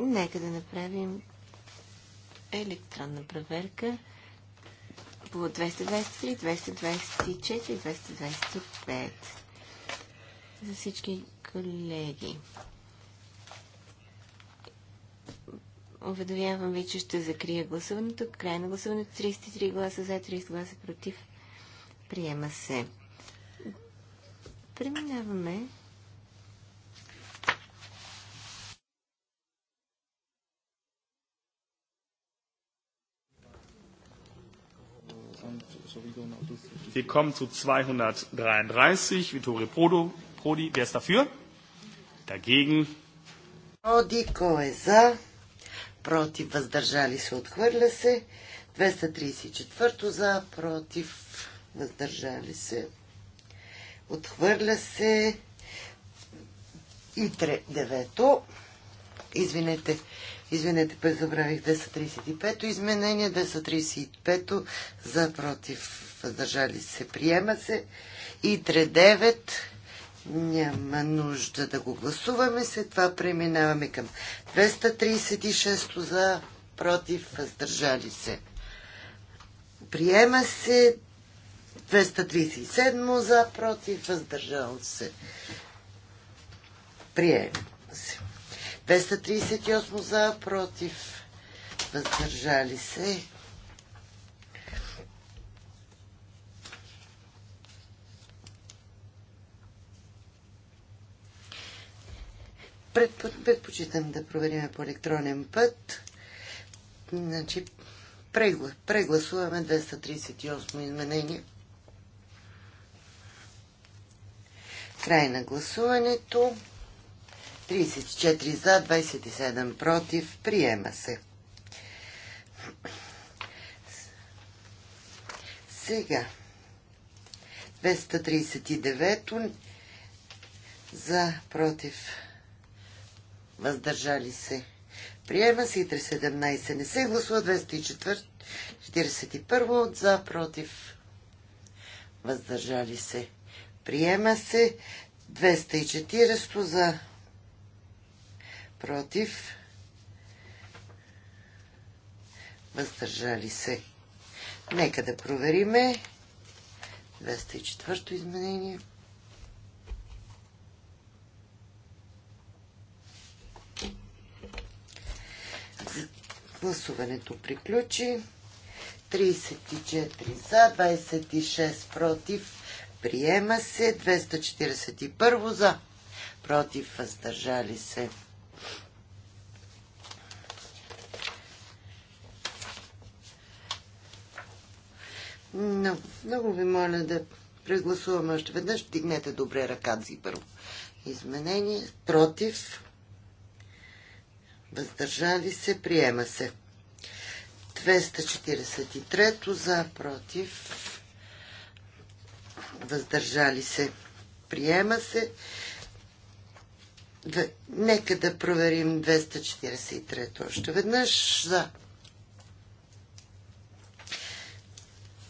Speaker 3: Нека да направим електронна проверка по 223, 224, 225 за всички колеги. Уведомявам ви, че ще закрия гласуването. Край на гласуването 33 гласа за, 30 гласа против. Приема се. Преминаваме
Speaker 1: Wir kommen zu 233. Vittorio Prodo, Prodi, wer ist dafür? Dagegen. Проди, кой е за?
Speaker 4: Против, въздържали се, отхвърля се. 234 за, против, въздържали се. Отхвърля се. И 9. Извинете. Извинете, забравих 1035-то. Изменение 1035-то за против. Въздържали се. Приема се. И 39 няма нужда да го гласуваме. След това преминаваме към 236 за против. Въздържали се. Приема се 237 за против. Въздържал се. Приема се. 238 за, против, въздържали се. Предпочитам да проверим по електронен път. Значи, прегласуваме 238 изменение. Край на гласуването. 34 за, 27 против. Приема се. Сега. 239 за, против. Въздържали се. Приема се и 317 не се гласува. 24, 41 от за, против. Въздържали се. Приема се 240 за против, въздържали се. Нека да провериме 204-то изменение. Гласуването приключи. 34 за, 26 против. Приема се 241 за. Против въздържали се. Но, много ви моля да прегласуваме още веднъж. Дигнете добре ръка си първо. Изменение. Против. Въздържали се. Приема се. 243 за против. Въздържали се. Приема се. Нека да проверим 243 още веднъж за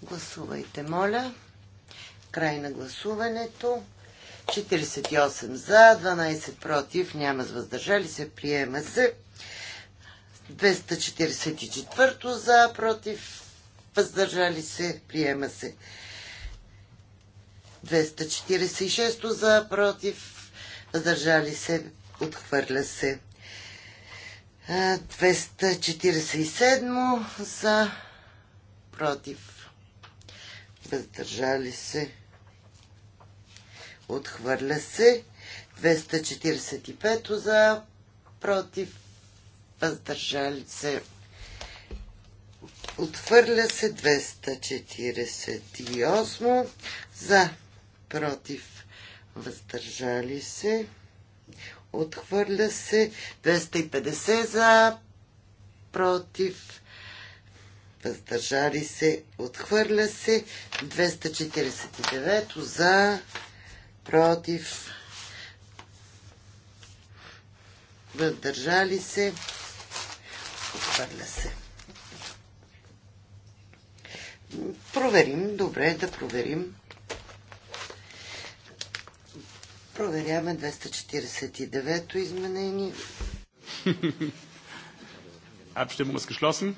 Speaker 4: Гласувайте, моля. Край на гласуването. 48 за, 12 против, няма въздържали се, приема се. 244 за, против, въздържали се, приема се. 246 за, против, въздържали се, отхвърля се. 247 за, против, въздържали се, отхвърля се. 245 за, против, въздържали се, отхвърля се. 248 за, против, въздържали се, отхвърля се. 250 за, против, въздържали се, отхвърля се. 249 за, против, въздържали се, отхвърля се. Проверим, добре е да проверим. Проверяваме 249-то изменение.
Speaker 1: Abstimmung е geschlossen.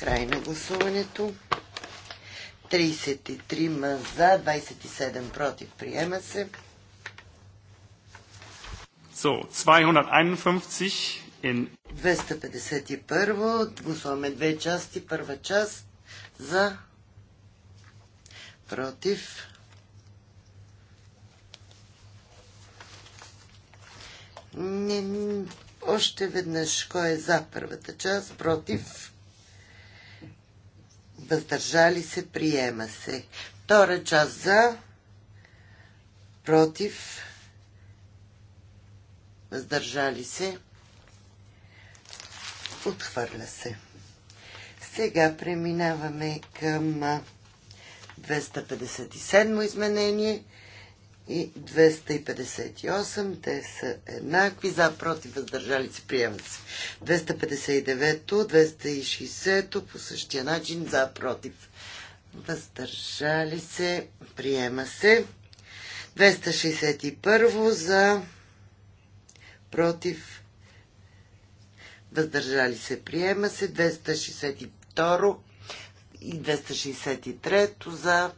Speaker 1: Край на
Speaker 4: гласуването. 33 за, 27 против. Приема се.
Speaker 1: So, 251 in...
Speaker 4: 251. Гласуваме две части. Първа част за против. Не, още веднъж кой е за първата част, против въздържали се, приема се. Втора част за, против, въздържали се, отхвърля се. Сега преминаваме към 257 изменение – и 258. Те са еднакви. За, против, въздържали се, приемат се. 259-то, 260-то по същия начин. За, против, въздържали се, приема се. 261 за, против, въздържали се, приема се. 262 и 263 за,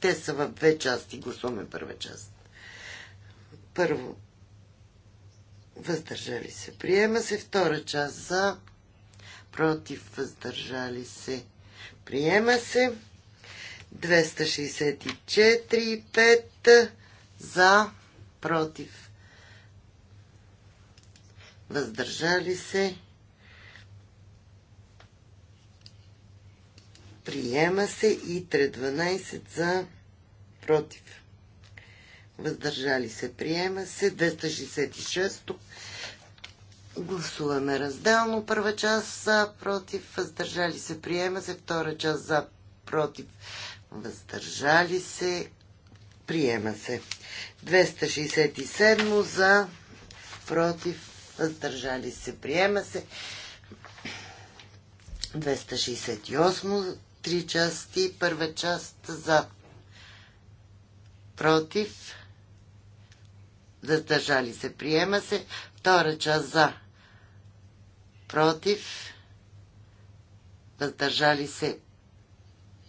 Speaker 4: те са в две части. Гласуваме първа част. Първо, въздържали се. Приема се втора част за, против, въздържали се. Приема се 264 5 за, против, въздържали се. Приема се и 312 за против. Въздържали се. Приема се 266. Гласуваме разделно. Първа част за против. Въздържали се. Приема се. Втора част за против. Въздържали се. Приема се. 267 за против. Въздържали се. Приема се. 268 три части. Първа част за против. Въздържали се. Приема се. Втора част за против. Въздържали се.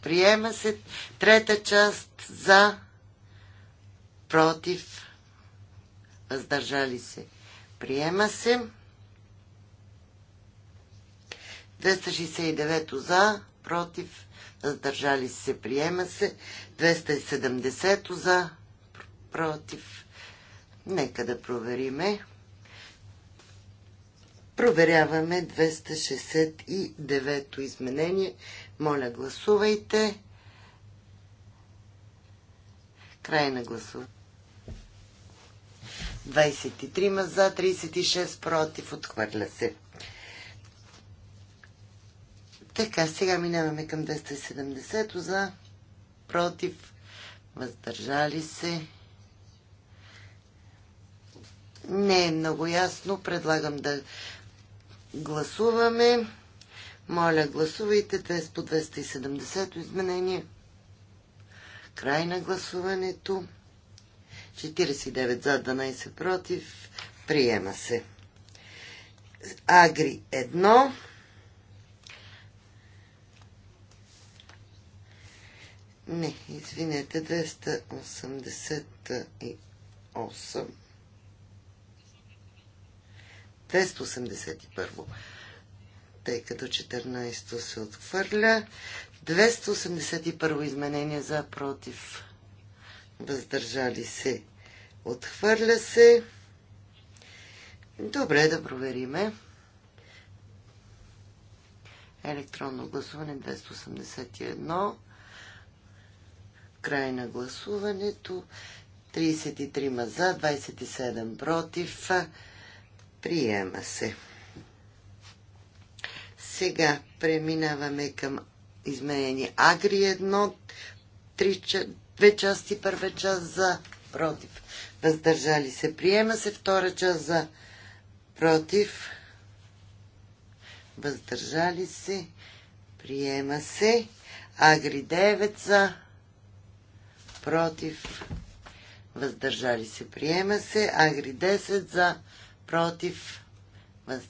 Speaker 4: Приема се. Трета част за против. Въздържали се. Приема се. 269 за, против, въздържали се, приема се. 270 за, против. Нека да провериме. Проверяваме 269 изменение. Моля, гласувайте. Край на гласуване. 23 за, 36 против, отхвърля се. Така, сега минаваме към 270 за, против, въздържали се. Не е много ясно. Предлагам да гласуваме. Моля, гласувайте тест по 270 изменение. Край на гласуването. 49 за, 12 против. Приема се. Агри Не, извинете, 288. 281. Тъй като 14 то се отхвърля. 281 изменение за против. Въздържали се. Отхвърля се. Добре, да провериме. Електронно гласуване 281. Край на гласуването. 33 за, 27 против. Приема се. Сега преминаваме към изменени Агри 1, 2 части, първа част за, против. Въздържали се. Приема се втора част за, против. Въздържали се. Приема се. Агри 9 за, против, въздържали се, приема се. Агри 10 за, против, въз...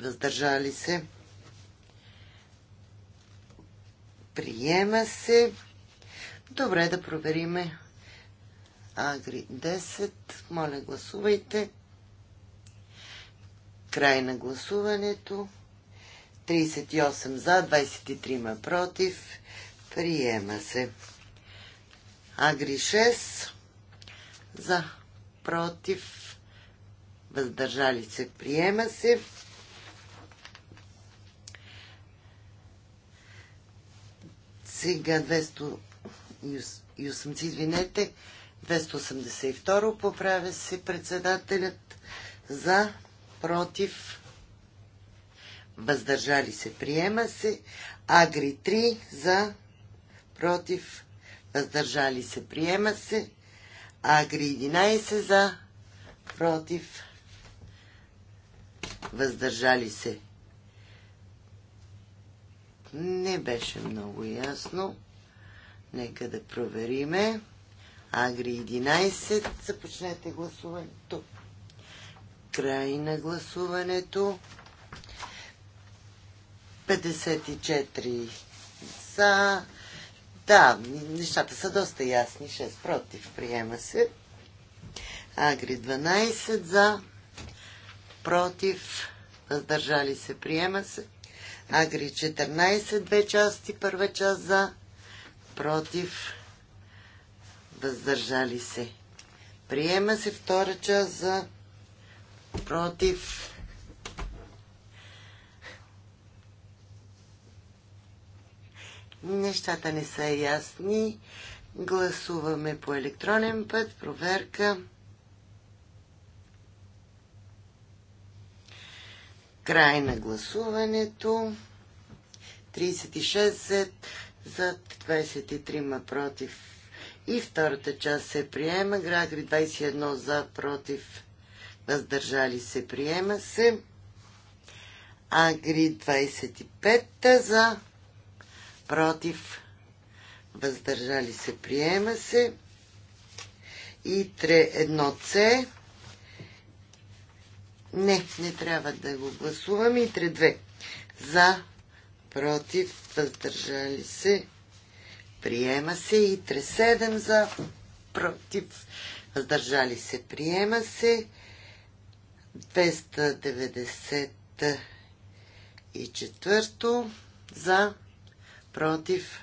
Speaker 4: въздържали се, приема се. Добре, да провериме. Агри 10, моля гласувайте. Край на гласуването. 38 за, 23 против. Приема се. Агри 6. За. Против. Въздържали се. Приема се. Сега 200... Юсъмци, извинете. 282 поправя се председателят за, против, въздържали се, приема се, Агри 3 за, против, въздържали се, приема се. Агри 11 за, против, въздържали се. Не беше много ясно. Нека да провериме. Агри 11. Започнете гласуването. Край на гласуването. 54 за, да, нещата са доста ясни. 6 против. Приема се. Агри 12 за. Против. Въздържали се. Приема се. Агри 14. Две части. Първа част за. Против. Въздържали се. Приема се втора част за. Против. Нещата не са ясни. Гласуваме по електронен път. Проверка. Край на гласуването. 36 за, 23 ма против. И втората част се приема. Грагри 21 за против. Въздържали се приема се. Агри 25 за против, въздържали се, приема се. И 3-1C. Не, не трябва да го гласуваме. И 3-2. За, против, въздържали се, приема се. И 3-7 за, против, въздържали се, приема се. 294 за, против,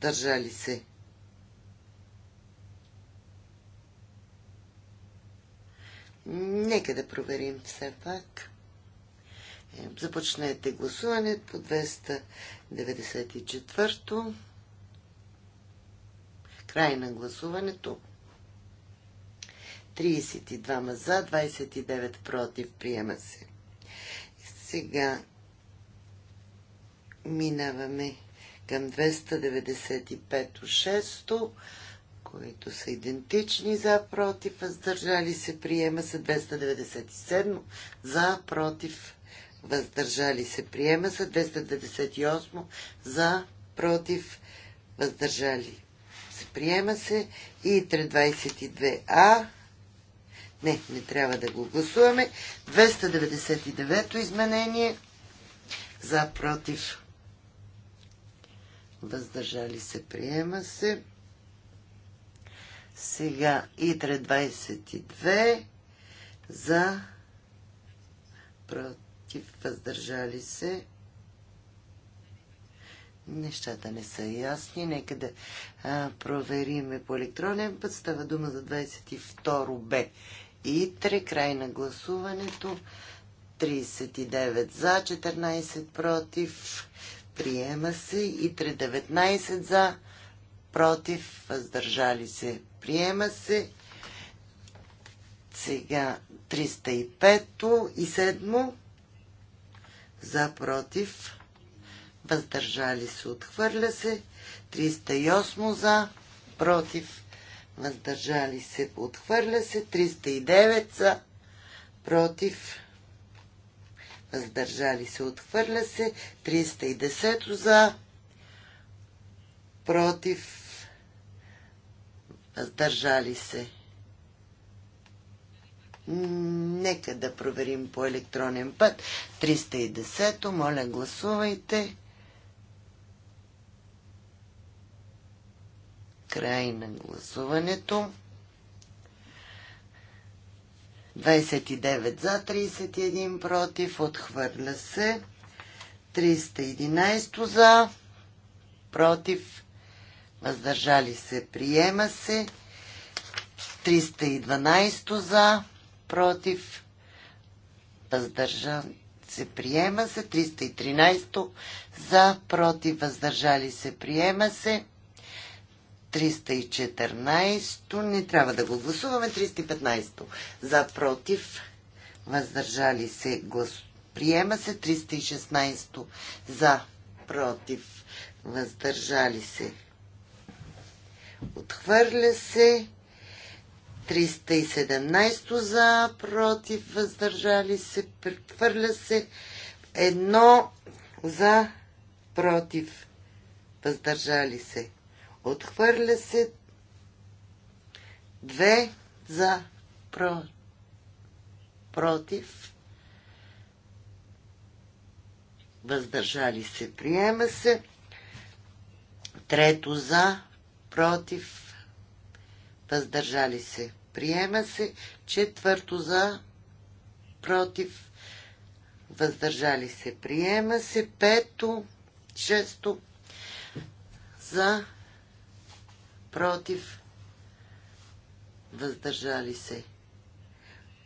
Speaker 4: държали се. Нека да проверим все пак. Е, започнете гласуване по 294-то. Край на гласуването. 32 за, 29 против. Приема се. Сега Минаваме към 295-6, които са идентични за против, въздържали се, приема се 297, за против, въздържали се, приема се 298, за против, въздържали се, приема се и 322А, не, не трябва да го гласуваме, 299 изменение, за против, въздържали се, приема се. Сега ИТРЕ 22 за против, въздържали се. Нещата не са ясни. Нека да а, провериме по електронен път. Става дума за 22 Б. ИТРЕ, край на гласуването. 39 за, 14 против приема се и 319 за, против, въздържали се, приема се. Сега 305 и 7 за, против, въздържали се, отхвърля се. 308 за, против, въздържали се, отхвърля се. 309 за, против, въздържали се, отхвърля се. 310 за, против, въздържали се. Нека да проверим по електронен път. 310-то, моля гласувайте. Край на гласуването. 29 за, 31 против, отхвърля се. 311 за, против, въздържали се, приема се. 312 за, против, въздържали се, приема се. 313 за, против, въздържали се, приема се. 314 не трябва да го гласуваме. 315 за против. Въздържали се глас. Приема се 316 за против. Въздържали се. Отхвърля се. 317 за против. Въздържали се. Прехвърля се. Едно за против. Въздържали се. Отхвърля се. Две за про, против. Въздържали се. Приема се. Трето за против. Въздържали се. Приема се. Четвърто за против. Въздържали се. Приема се. Пето. Шесто за против, въздържали се.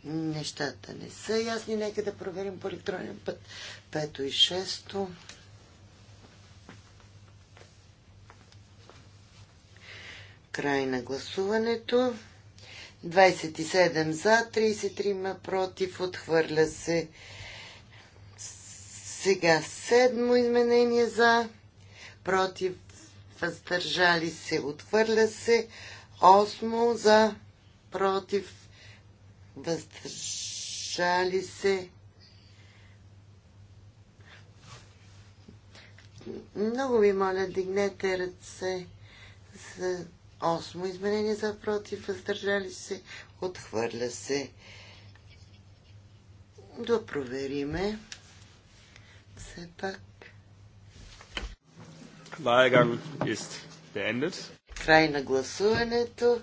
Speaker 4: Нещата не са ясни. Нека да проверим по електронен път. Пето и шесто. Край на гласуването. 27 за, 33 ма против, отхвърля се. Сега седмо изменение за, против, въздържали се, отхвърля се. Осмо за, против, въздържали се. Много ви моля, дигнете ръце за осмо изменение за против, въздържали се, отхвърля се. Да провериме. Все пак
Speaker 1: Wahlgang ist beendet. Край на
Speaker 4: гласуването.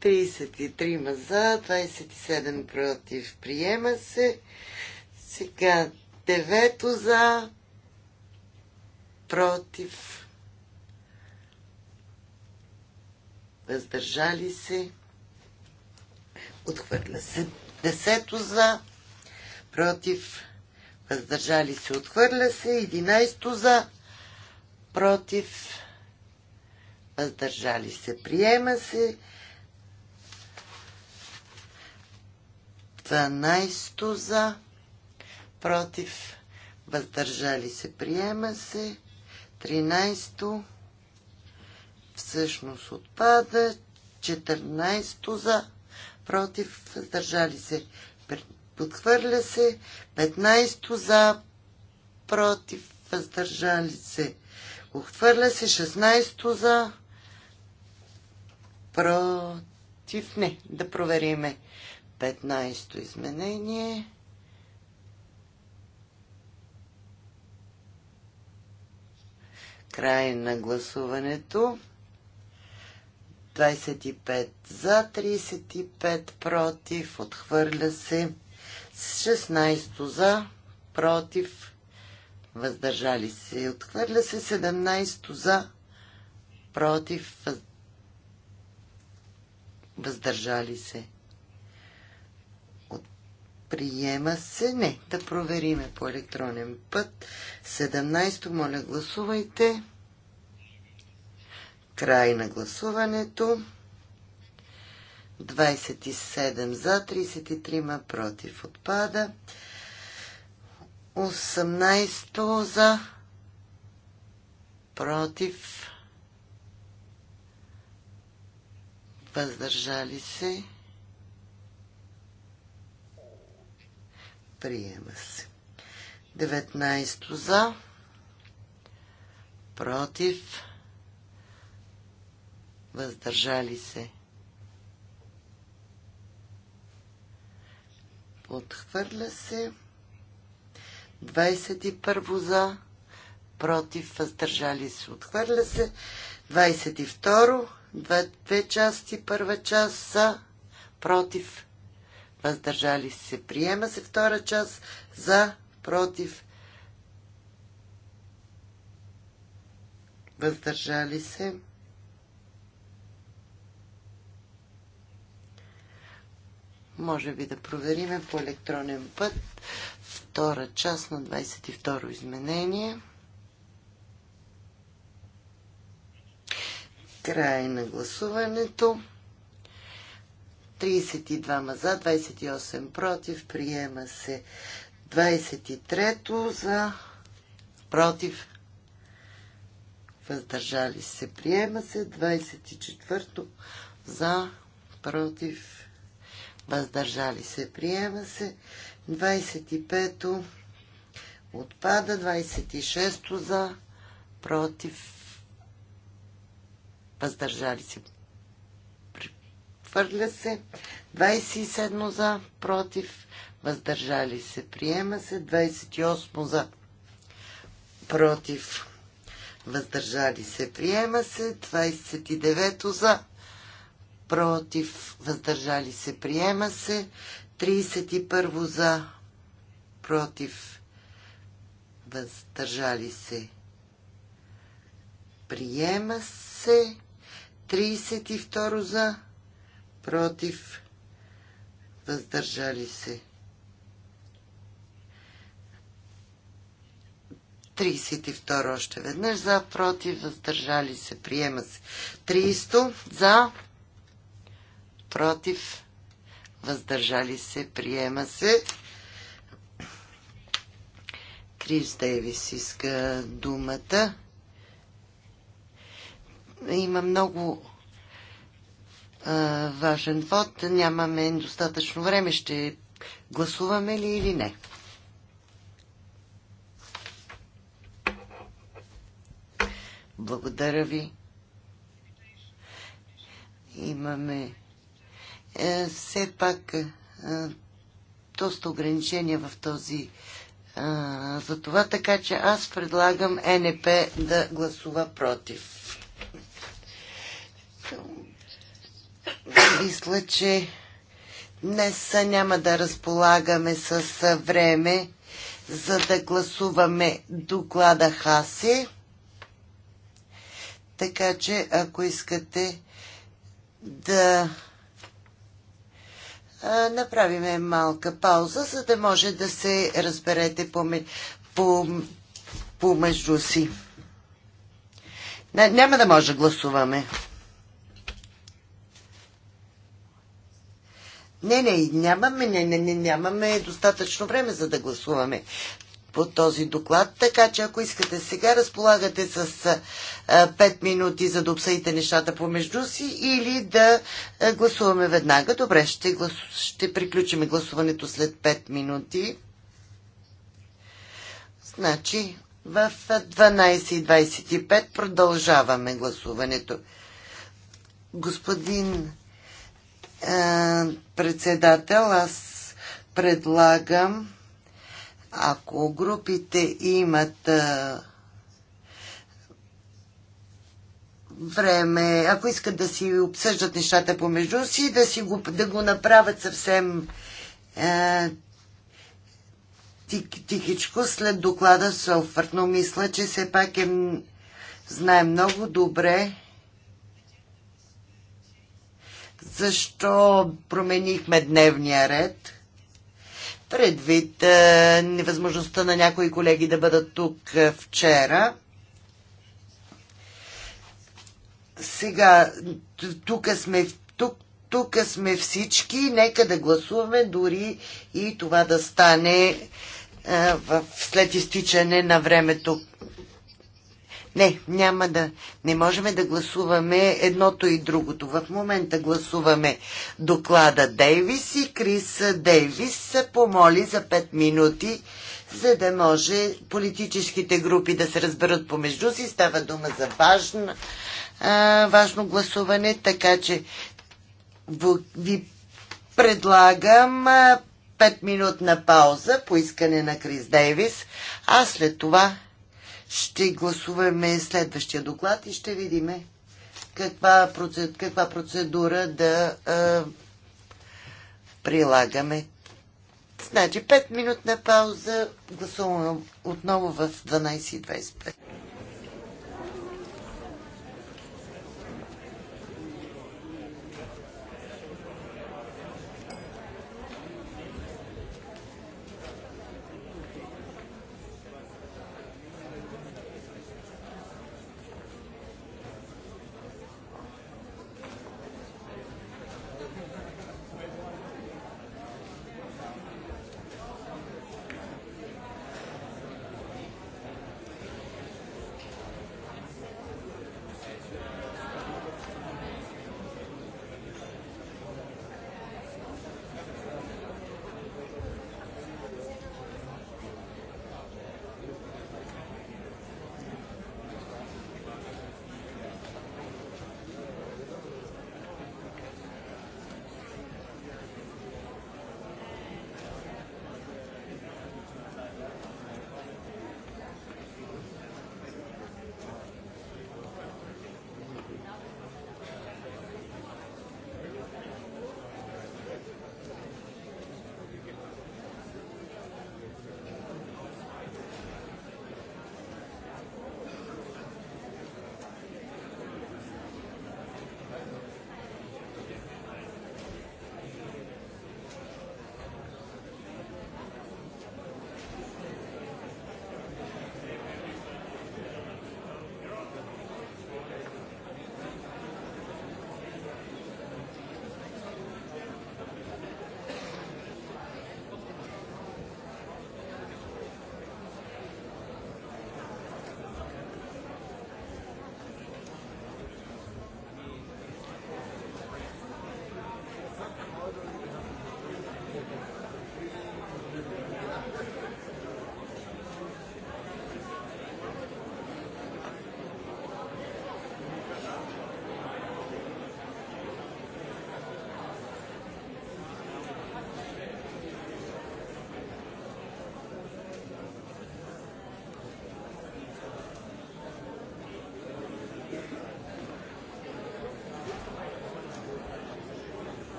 Speaker 4: 33 за, 27 против. Приема се. Сега 9 за, против. Въздържали се. Отхвърля се. Десето за, против. Въздържали се. Отхвърля се. 11 за, против, въздържали се, приема се. 12 за, против, въздържали се, приема се. 13 всъщност отпада. 14 за, против, въздържали се, подхвърля се. 15 за, против, въздържали се, Отхвърля се 16-то за против. Не, да провериме 15-то изменение. Край на гласуването. 25 за, 35 против, отхвърля се. 16 за, против, въздържали се. Отхвърля се 17 за, против, въздържали се. От... Приема се. Не, да провериме по електронен път. 17 моля гласувайте. Край на гласуването. 27 за, 33 против отпада. 18 за против въздържали се приема се 19 за против въздържали се отхвърля се 21 за, против, въздържали се, отхвърля се. 22, две, две части, първа част за, против, въздържали се, приема се втора част за, против, въздържали се. Може би да провериме по електронен път втора част на 22-ро изменение. Край на гласуването. 32 за, 28 против. Приема се 23-то за против. Въздържали се. Приема се 24-то за против. Въздържали се. Приема се 25-то отпада, 26-то за, против, въздържали се. Хвърля се. 27 за, против, въздържали се. Приема се. 28 за, против, въздържали се. Приема се. 29 за, против, въздържали се. Приема се. 31 за, против, въздържали се. Приема се. 32 за, против, въздържали се. 32 още веднъж за, против, въздържали се, приема се. 300 за, против, въздържали се, приема се. Крис Дейвис иска думата. Има много а, важен вод. Нямаме достатъчно време. Ще гласуваме ли или не? Благодаря ви. Имаме е, все пак е, доста ограничения в този е, за това, така че аз предлагам НП да гласува против. Мисля, че днес няма да разполагаме с време, за да гласуваме доклада Хаси. Така че, ако искате да направиме малка пауза, за да може да се разберете помежду си. Не, няма да може да гласуваме. Не, не, нямаме, не, не, не, нямаме достатъчно време за да гласуваме по този доклад, така че ако искате сега, разполагате с 5 минути за да обсъдите нещата помежду си или да гласуваме веднага. Добре, ще, глас... ще приключим гласуването след 5 минути. Значи, в 12.25 продължаваме гласуването. Господин а, председател, аз предлагам ако групите имат време, ако искат да си обсъждат нещата помежду си, да, си го, да го направят съвсем а, тих, тихичко след доклада Солфърт, но мисля, че все пак е, знае много добре защо променихме дневния ред предвид е, невъзможността на някои колеги да бъдат тук е, вчера. Сега, тук сме, тук, тук сме всички, нека да гласуваме дори и това да стане е, в, след изтичане на времето, не, няма да. Не можем да гласуваме едното и другото. В момента гласуваме доклада Дейвис и Крис Дейвис се помоли за 5 минути, за да може политическите групи да се разберат помежду си. Става дума за важно, а, важно гласуване, така че ви предлагам 5 минутна пауза по искане на Крис Дейвис, а след това ще гласуваме следващия доклад и ще видим каква, процед, каква процедура да а, прилагаме. Значи 5 минутна пауза, гласуваме отново в 12.25.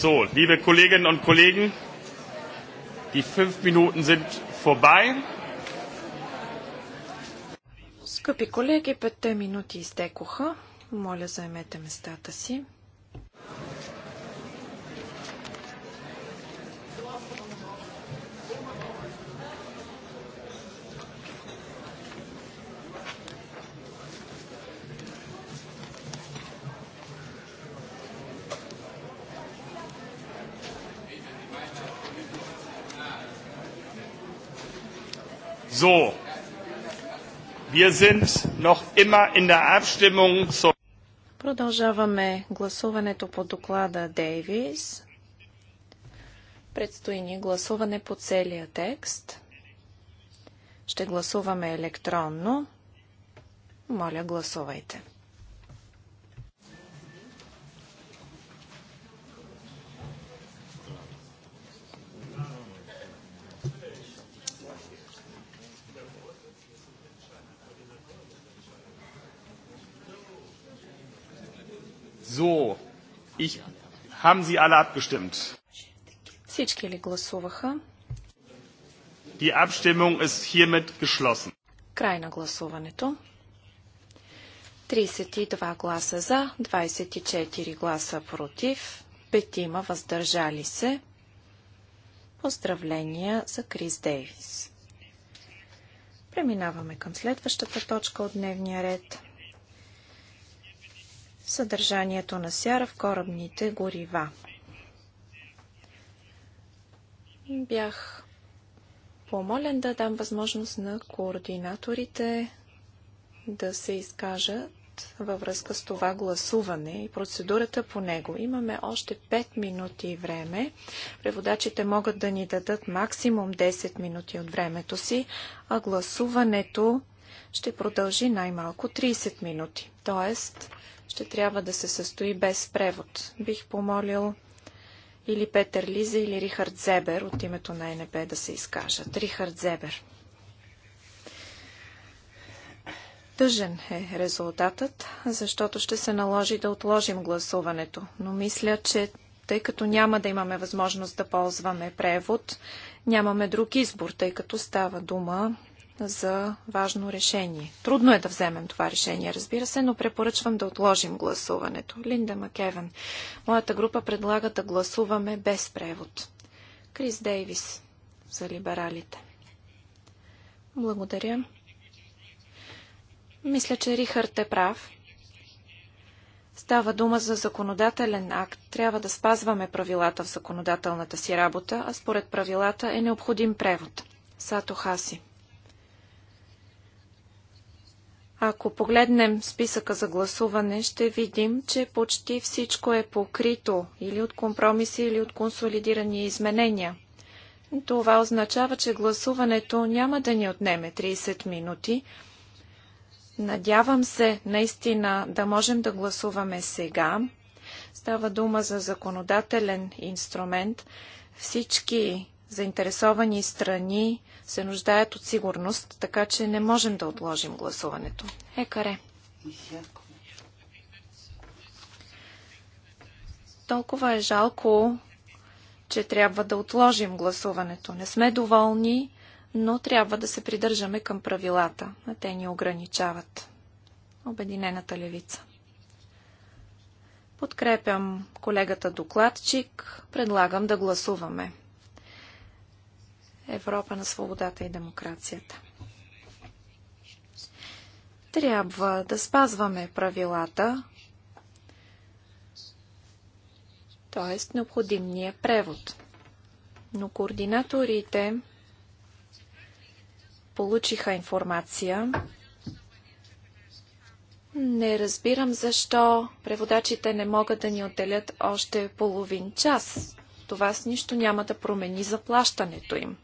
Speaker 1: So, liebe Kolleginnen und Kollegen, die fünf Minuten sind vorbei.
Speaker 2: Скъпи колеги, петте минути изтекоха. Моля, заемете местата си.
Speaker 1: Wir sind noch immer in der Abstimmung zur
Speaker 2: Продължаваме гласуването по доклада Дейвис. Предстои ни гласуване по целия текст. Ще гласуваме електронно. Моля, гласувайте.
Speaker 1: Haben Sie alle abgestimmt?
Speaker 2: Всички ли гласуваха?
Speaker 1: Die Abstimmung ist hiermit geschlossen.
Speaker 2: Край на гласуването. 32 гласа за, 24 гласа против, 5 въздържали се. Поздравления за Крис Дейвис. Преминаваме към следващата точка от дневния ред – съдържанието на сяра в корабните горива. Бях помолен да дам възможност на координаторите да се изкажат във връзка с това гласуване и процедурата по него. Имаме още 5 минути време. Преводачите могат да ни дадат максимум 10 минути от времето си, а гласуването ще продължи най-малко 30 минути. Тоест, ще трябва да се състои без превод. Бих помолил или Петър Лиза, или Рихард Зебер от името на НП да се изкажат. Рихард Зебер. Тъжен е резултатът, защото ще се наложи да отложим гласуването, но мисля, че тъй като няма да имаме възможност да ползваме превод, нямаме друг избор, тъй като става дума за важно решение. Трудно е да вземем това решение, разбира се, но препоръчвам да отложим гласуването. Линда Макевен. Моята група предлага да гласуваме без превод. Крис Дейвис за либералите. Благодаря. Мисля, че Рихард е прав. Става дума за законодателен акт. Трябва да спазваме правилата в законодателната си работа, а според правилата е необходим превод. Сато Хаси. Ако погледнем списъка за гласуване, ще видим, че почти всичко е покрито или от компромиси, или от консолидирани изменения. Това означава, че гласуването няма да ни отнеме 30 минути. Надявам се наистина да можем да гласуваме сега. Става дума за законодателен инструмент. Всички заинтересовани страни, се нуждаят от сигурност, така че не можем да отложим гласуването. Екаре. Толкова е жалко, че трябва да отложим гласуването. Не сме доволни, но трябва да се придържаме към правилата, а те ни ограничават. Обединената левица. Подкрепям колегата докладчик. Предлагам да гласуваме. Европа на свободата и демокрацията. Трябва да спазваме правилата, т.е. необходимния превод. Но координаторите получиха информация. Не разбирам защо преводачите не могат да ни отделят още половин час. Това с нищо няма да промени заплащането им.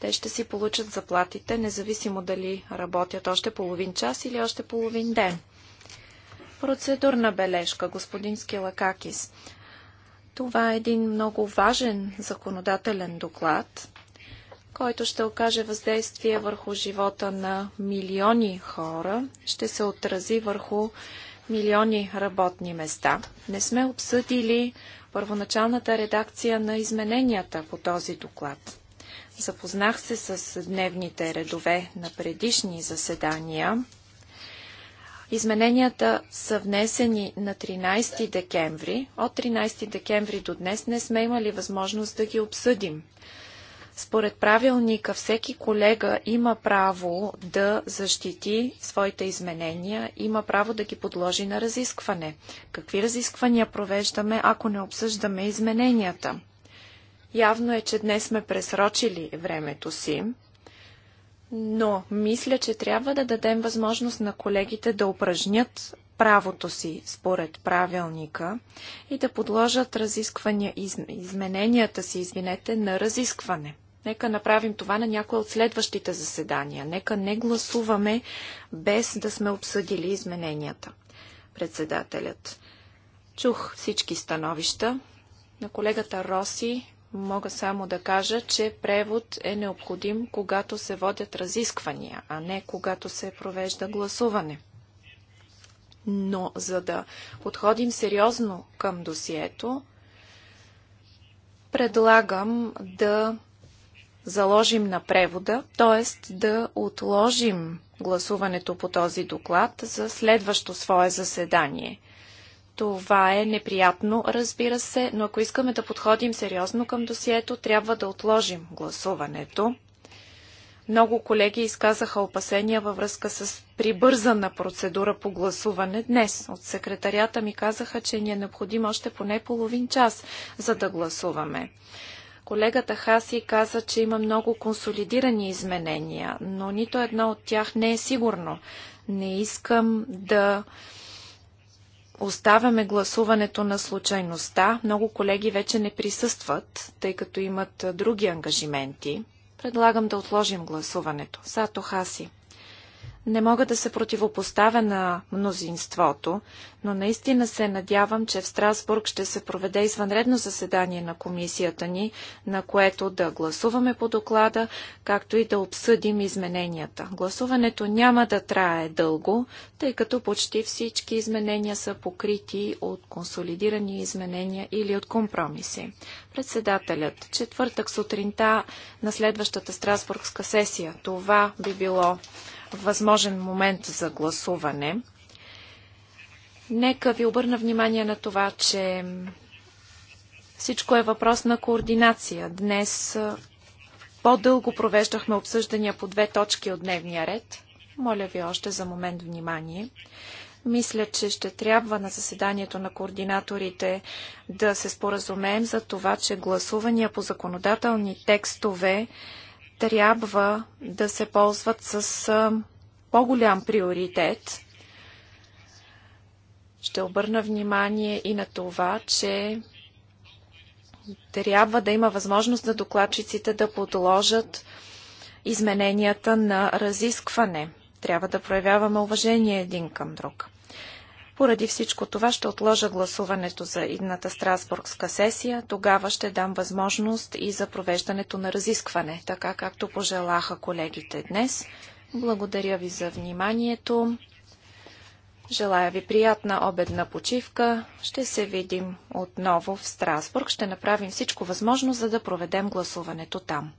Speaker 2: Те ще си получат заплатите, независимо дали работят още половин час или още половин ден. Процедурна бележка, господин Скилакакис. Това е един много важен законодателен доклад, който ще окаже въздействие върху живота на милиони хора, ще се отрази върху милиони работни места. Не сме обсъдили първоначалната редакция на измененията по този доклад. Запознах се с дневните редове на предишни заседания. Измененията са внесени на 13 декември. От 13 декември до днес не сме имали възможност да ги обсъдим. Според правилника всеки колега има право да защити своите изменения, има право да ги подложи на разискване. Какви разисквания провеждаме, ако не обсъждаме измененията? Явно е, че днес сме пресрочили времето си, но мисля, че трябва да дадем възможност на колегите да упражнят правото си според правилника и да подложат разисквания, измененията си, извинете, на разискване. Нека направим това на някои от следващите заседания. Нека не гласуваме без да сме обсъдили измененията. Председателят. Чух всички становища. На колегата Роси Мога само да кажа, че превод е необходим, когато се водят разисквания, а не когато се провежда гласуване. Но за да подходим сериозно към досието, предлагам да заложим на превода, т.е. да отложим гласуването по този доклад за следващо свое заседание. Това е неприятно, разбира се, но ако искаме да подходим сериозно към досието, трябва да отложим гласуването. Много колеги изказаха опасения във връзка с прибързана процедура по гласуване днес. От секретарията ми казаха, че ни е необходим още поне половин час, за да гласуваме. Колегата Хаси каза, че има много консолидирани изменения, но нито едно от тях не е сигурно. Не искам да оставяме гласуването на случайността. Много колеги вече не присъстват, тъй като имат други ангажименти. Предлагам да отложим гласуването. Сато Хаси. Не мога да се противопоставя на мнозинството, но наистина се надявам, че в Страсбург ще се проведе извънредно заседание на комисията ни, на което да гласуваме по доклада, както и да обсъдим измененията. Гласуването няма да трае дълго, тъй като почти всички изменения са покрити от консолидирани изменения или от компромиси. Председателят, четвъртък сутринта на следващата Страсбургска сесия. Това би било възможен момент за гласуване. Нека ви обърна внимание на това, че всичко е въпрос на координация. Днес по-дълго провеждахме обсъждания по две точки от дневния ред. Моля ви още за момент внимание. Мисля, че ще трябва на заседанието на координаторите да се споразумеем за това, че гласувания по законодателни текстове трябва да се ползват с по-голям приоритет. Ще обърна внимание и на това, че трябва да има възможност на докладчиците да подложат измененията на разискване. Трябва да проявяваме уважение един към друг. Поради всичко това ще отложа гласуването за идната Страсбургска сесия. Тогава ще дам възможност и за провеждането на разискване, така както пожелаха колегите днес. Благодаря ви за вниманието. Желая ви приятна обедна почивка. Ще се видим отново в Страсбург. Ще направим всичко възможно, за да проведем гласуването там.